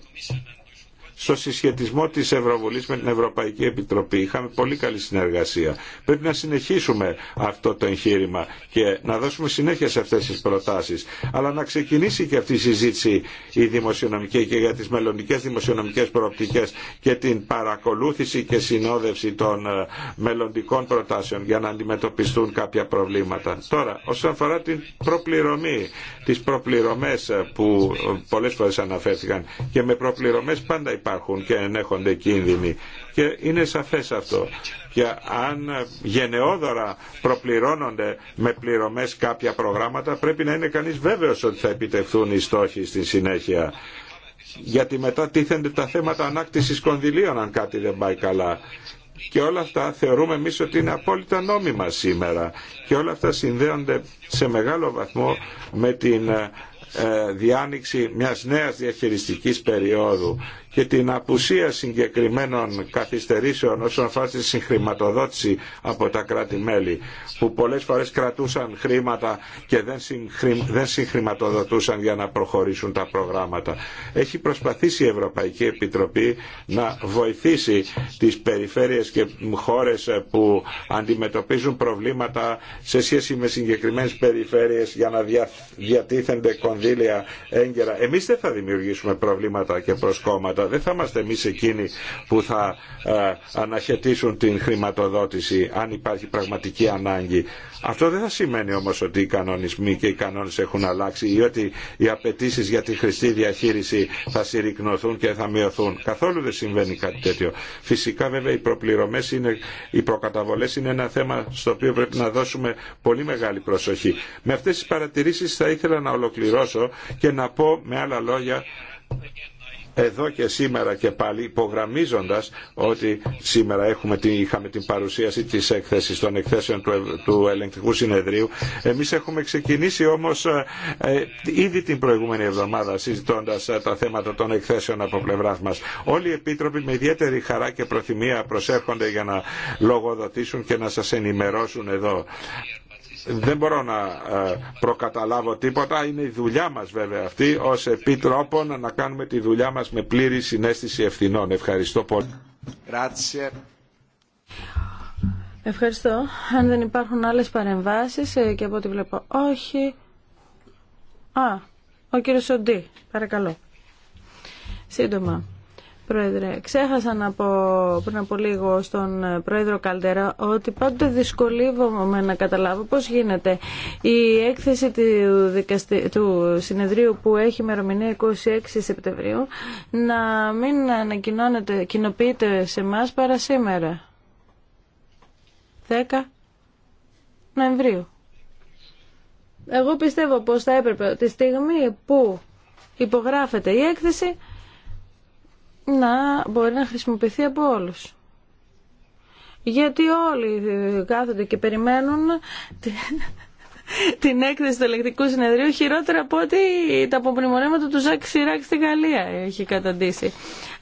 S5: στο συσχετισμό τη Ευρωβουλή με την Ευρωπαϊκή Επιτροπή. Είχαμε πολύ καλή συνεργασία. Πρέπει να συνεχίσουμε αυτό το εγχείρημα και να δώσουμε συνέχεια σε αυτέ τι προτάσει. Αλλά να ξεκινήσει και αυτή η συζήτηση η δημοσιονομική και για τι μελλοντικέ δημοσιονομικέ προοπτικέ και την παρακολούθηση και συνόδευση των ε, μελλοντικών προτάσεων για να αντιμετωπιστούν κάποια προβλήματα. Τώρα, όσον αφορά την προπληρωμή, τι προπληρωμέ ε, που ε, πολλέ φορέ αναφέρθηκαν και με προπληρωμέ πάντα υπάρχουν υπάρχουν και ενέχονται κίνδυνοι. Και είναι σαφές αυτό. Και αν γενναιόδωρα προπληρώνονται με πληρωμές κάποια προγράμματα, πρέπει να είναι κανείς βέβαιος ότι θα επιτευχθούν οι στόχοι στη συνέχεια. Γιατί μετά τίθενται τα θέματα ανάκτησης κονδυλίων αν κάτι δεν πάει καλά. Και όλα αυτά θεωρούμε εμεί ότι είναι απόλυτα νόμιμα σήμερα. Και όλα αυτά συνδέονται σε μεγάλο βαθμό με την ε, ε, διάνοιξη μιας νέας διαχειριστικής περίοδου και την απουσία συγκεκριμένων καθυστερήσεων όσον αφορά στη συγχρηματοδότηση από τα κράτη-μέλη που πολλές φορές κρατούσαν χρήματα και δεν, συγχρη... δεν συγχρηματοδοτούσαν για να προχωρήσουν τα προγράμματα. Έχει προσπαθήσει η Ευρωπαϊκή Επιτροπή να βοηθήσει τις περιφέρειες και χώρες που αντιμετωπίζουν προβλήματα σε σχέση με συγκεκριμένες περιφέρειες για να διατίθενται κονδύλια έγκαιρα. Εμείς δεν θα δημιουργήσουμε προβλήματα και προσκόμματα. Δεν θα είμαστε εμείς εκείνοι που θα ε, αναχαιτήσουν την χρηματοδότηση αν υπάρχει πραγματική ανάγκη. Αυτό δεν θα σημαίνει όμως ότι οι κανονισμοί και οι κανόνες έχουν αλλάξει ή ότι οι απαιτήσει για τη χρηστή διαχείριση θα συρρυκνωθούν και θα μειωθούν. Καθόλου δεν συμβαίνει κάτι τέτοιο. Φυσικά βέβαια οι προπληρωμές είναι, οι προκαταβολές είναι ένα θέμα στο οποίο πρέπει να δώσουμε πολύ μεγάλη προσοχή. Με αυτές τις παρατηρήσεις θα ήθελα να ολοκληρώσω και να πω με άλλα λόγια εδώ και σήμερα και πάλι υπογραμμίζοντας ότι σήμερα έχουμε την, είχαμε την παρουσίαση της έκθεσης των εκθέσεων του, του ελεγκτικού συνεδρίου εμείς έχουμε ξεκινήσει όμως ε, ε, ήδη την προηγούμενη εβδομάδα συζητώντας ε, τα θέματα των εκθέσεων από πλευρά μας όλοι οι επίτροποι με ιδιαίτερη χαρά και προθυμία προσέρχονται για να λογοδοτήσουν και να σας ενημερώσουν εδώ δεν μπορώ να ε, προκαταλάβω τίποτα. Είναι η δουλειά μας βέβαια αυτή ως επίτροπο να κάνουμε τη δουλειά μας με πλήρη συνέστηση ευθυνών. Ευχαριστώ πολύ.
S4: Ευχαριστώ. Αν δεν υπάρχουν άλλες παρεμβάσεις ε, και από ό,τι βλέπω όχι. Α, ο κύριος Σοντή, παρακαλώ. Σύντομα. Πρόεδρε, ξέχασα να πω πριν από λίγο στον Πρόεδρο Καλτέρα ότι πάντοτε δυσκολεύομαι να καταλάβω πώς γίνεται η έκθεση του, του συνεδρίου που έχει ημερομηνία 26 Σεπτεμβρίου να μην ανακοινώνεται, κοινοποιείται σε εμά παρά σήμερα. 10 Νοεμβρίου. Εγώ πιστεύω πως θα έπρεπε τη στιγμή που υπογράφεται η έκθεση να μπορεί να χρησιμοποιηθεί από όλους. Γιατί όλοι κάθονται και περιμένουν την έκθεση του ελεκτικού συνεδρίου χειρότερα από ότι τα απομνημονέματα του Ζακ Σιράκ στη Γαλλία έχει καταντήσει.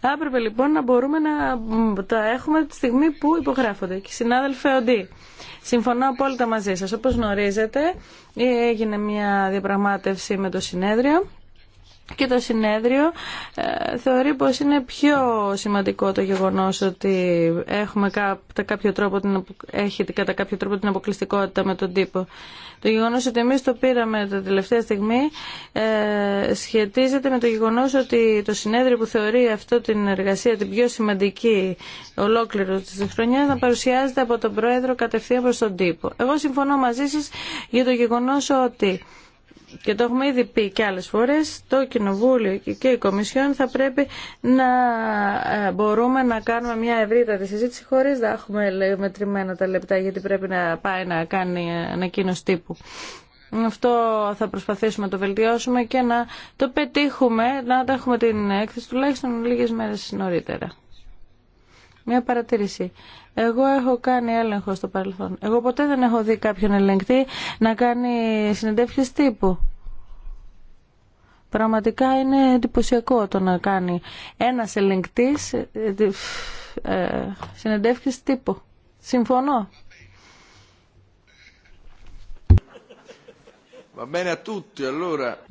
S4: Άπρεπε λοιπόν να μπορούμε να τα έχουμε τη στιγμή που υπογράφονται. Και συνάδελφε Οντί, συμφωνώ απόλυτα μαζί σας. Όπως γνωρίζετε έγινε μια διαπραγμάτευση με το συνέδριο και το συνέδριο ε, θεωρεί πως είναι πιο σημαντικό το γεγονός ότι έχουμε κατά κάποιο τρόπο την, έχει κατά κάποιο τρόπο την αποκλειστικότητα με τον τύπο. Το γεγονός ότι εμείς το πήραμε τα τελευταία στιγμή ε, σχετίζεται με το γεγονός ότι το συνέδριο που θεωρεί αυτό την εργασία την πιο σημαντική ολόκληρο της χρονιάς να παρουσιάζεται από τον Πρόεδρο κατευθείαν προς τον τύπο. Εγώ συμφωνώ μαζί σας για το γεγονός ότι και το έχουμε ήδη πει και άλλες φορές, το Κοινοβούλιο και η Κομισιόν θα πρέπει να ε, μπορούμε να κάνουμε μια ευρύτατη συζήτηση χωρίς να έχουμε μετρημένα τα λεπτά γιατί πρέπει να πάει να κάνει ανακοίνωση τύπου. Αυτό θα προσπαθήσουμε να το βελτιώσουμε και να το πετύχουμε, να τα έχουμε την έκθεση τουλάχιστον λίγες μέρες νωρίτερα. Μια παρατήρηση. Εγώ έχω κάνει έλεγχο στο παρελθόν. Εγώ ποτέ δεν έχω δει κάποιον ελεγκτή να κάνει συνεντεύξεις τύπου. Πραγματικά είναι εντυπωσιακό το να κάνει ένας ελεγκτής ε, ε, συνεντεύξεις τύπου. Συμφωνώ.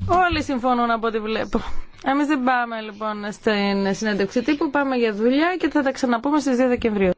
S4: Όλοι συμφωνούν από ό,τι βλέπω. Εμείς δεν πάμε λοιπόν στην συνέντευξη τύπου, πάμε για δουλειά και θα τα ξαναπούμε στις 2 Δεκεμβρίου.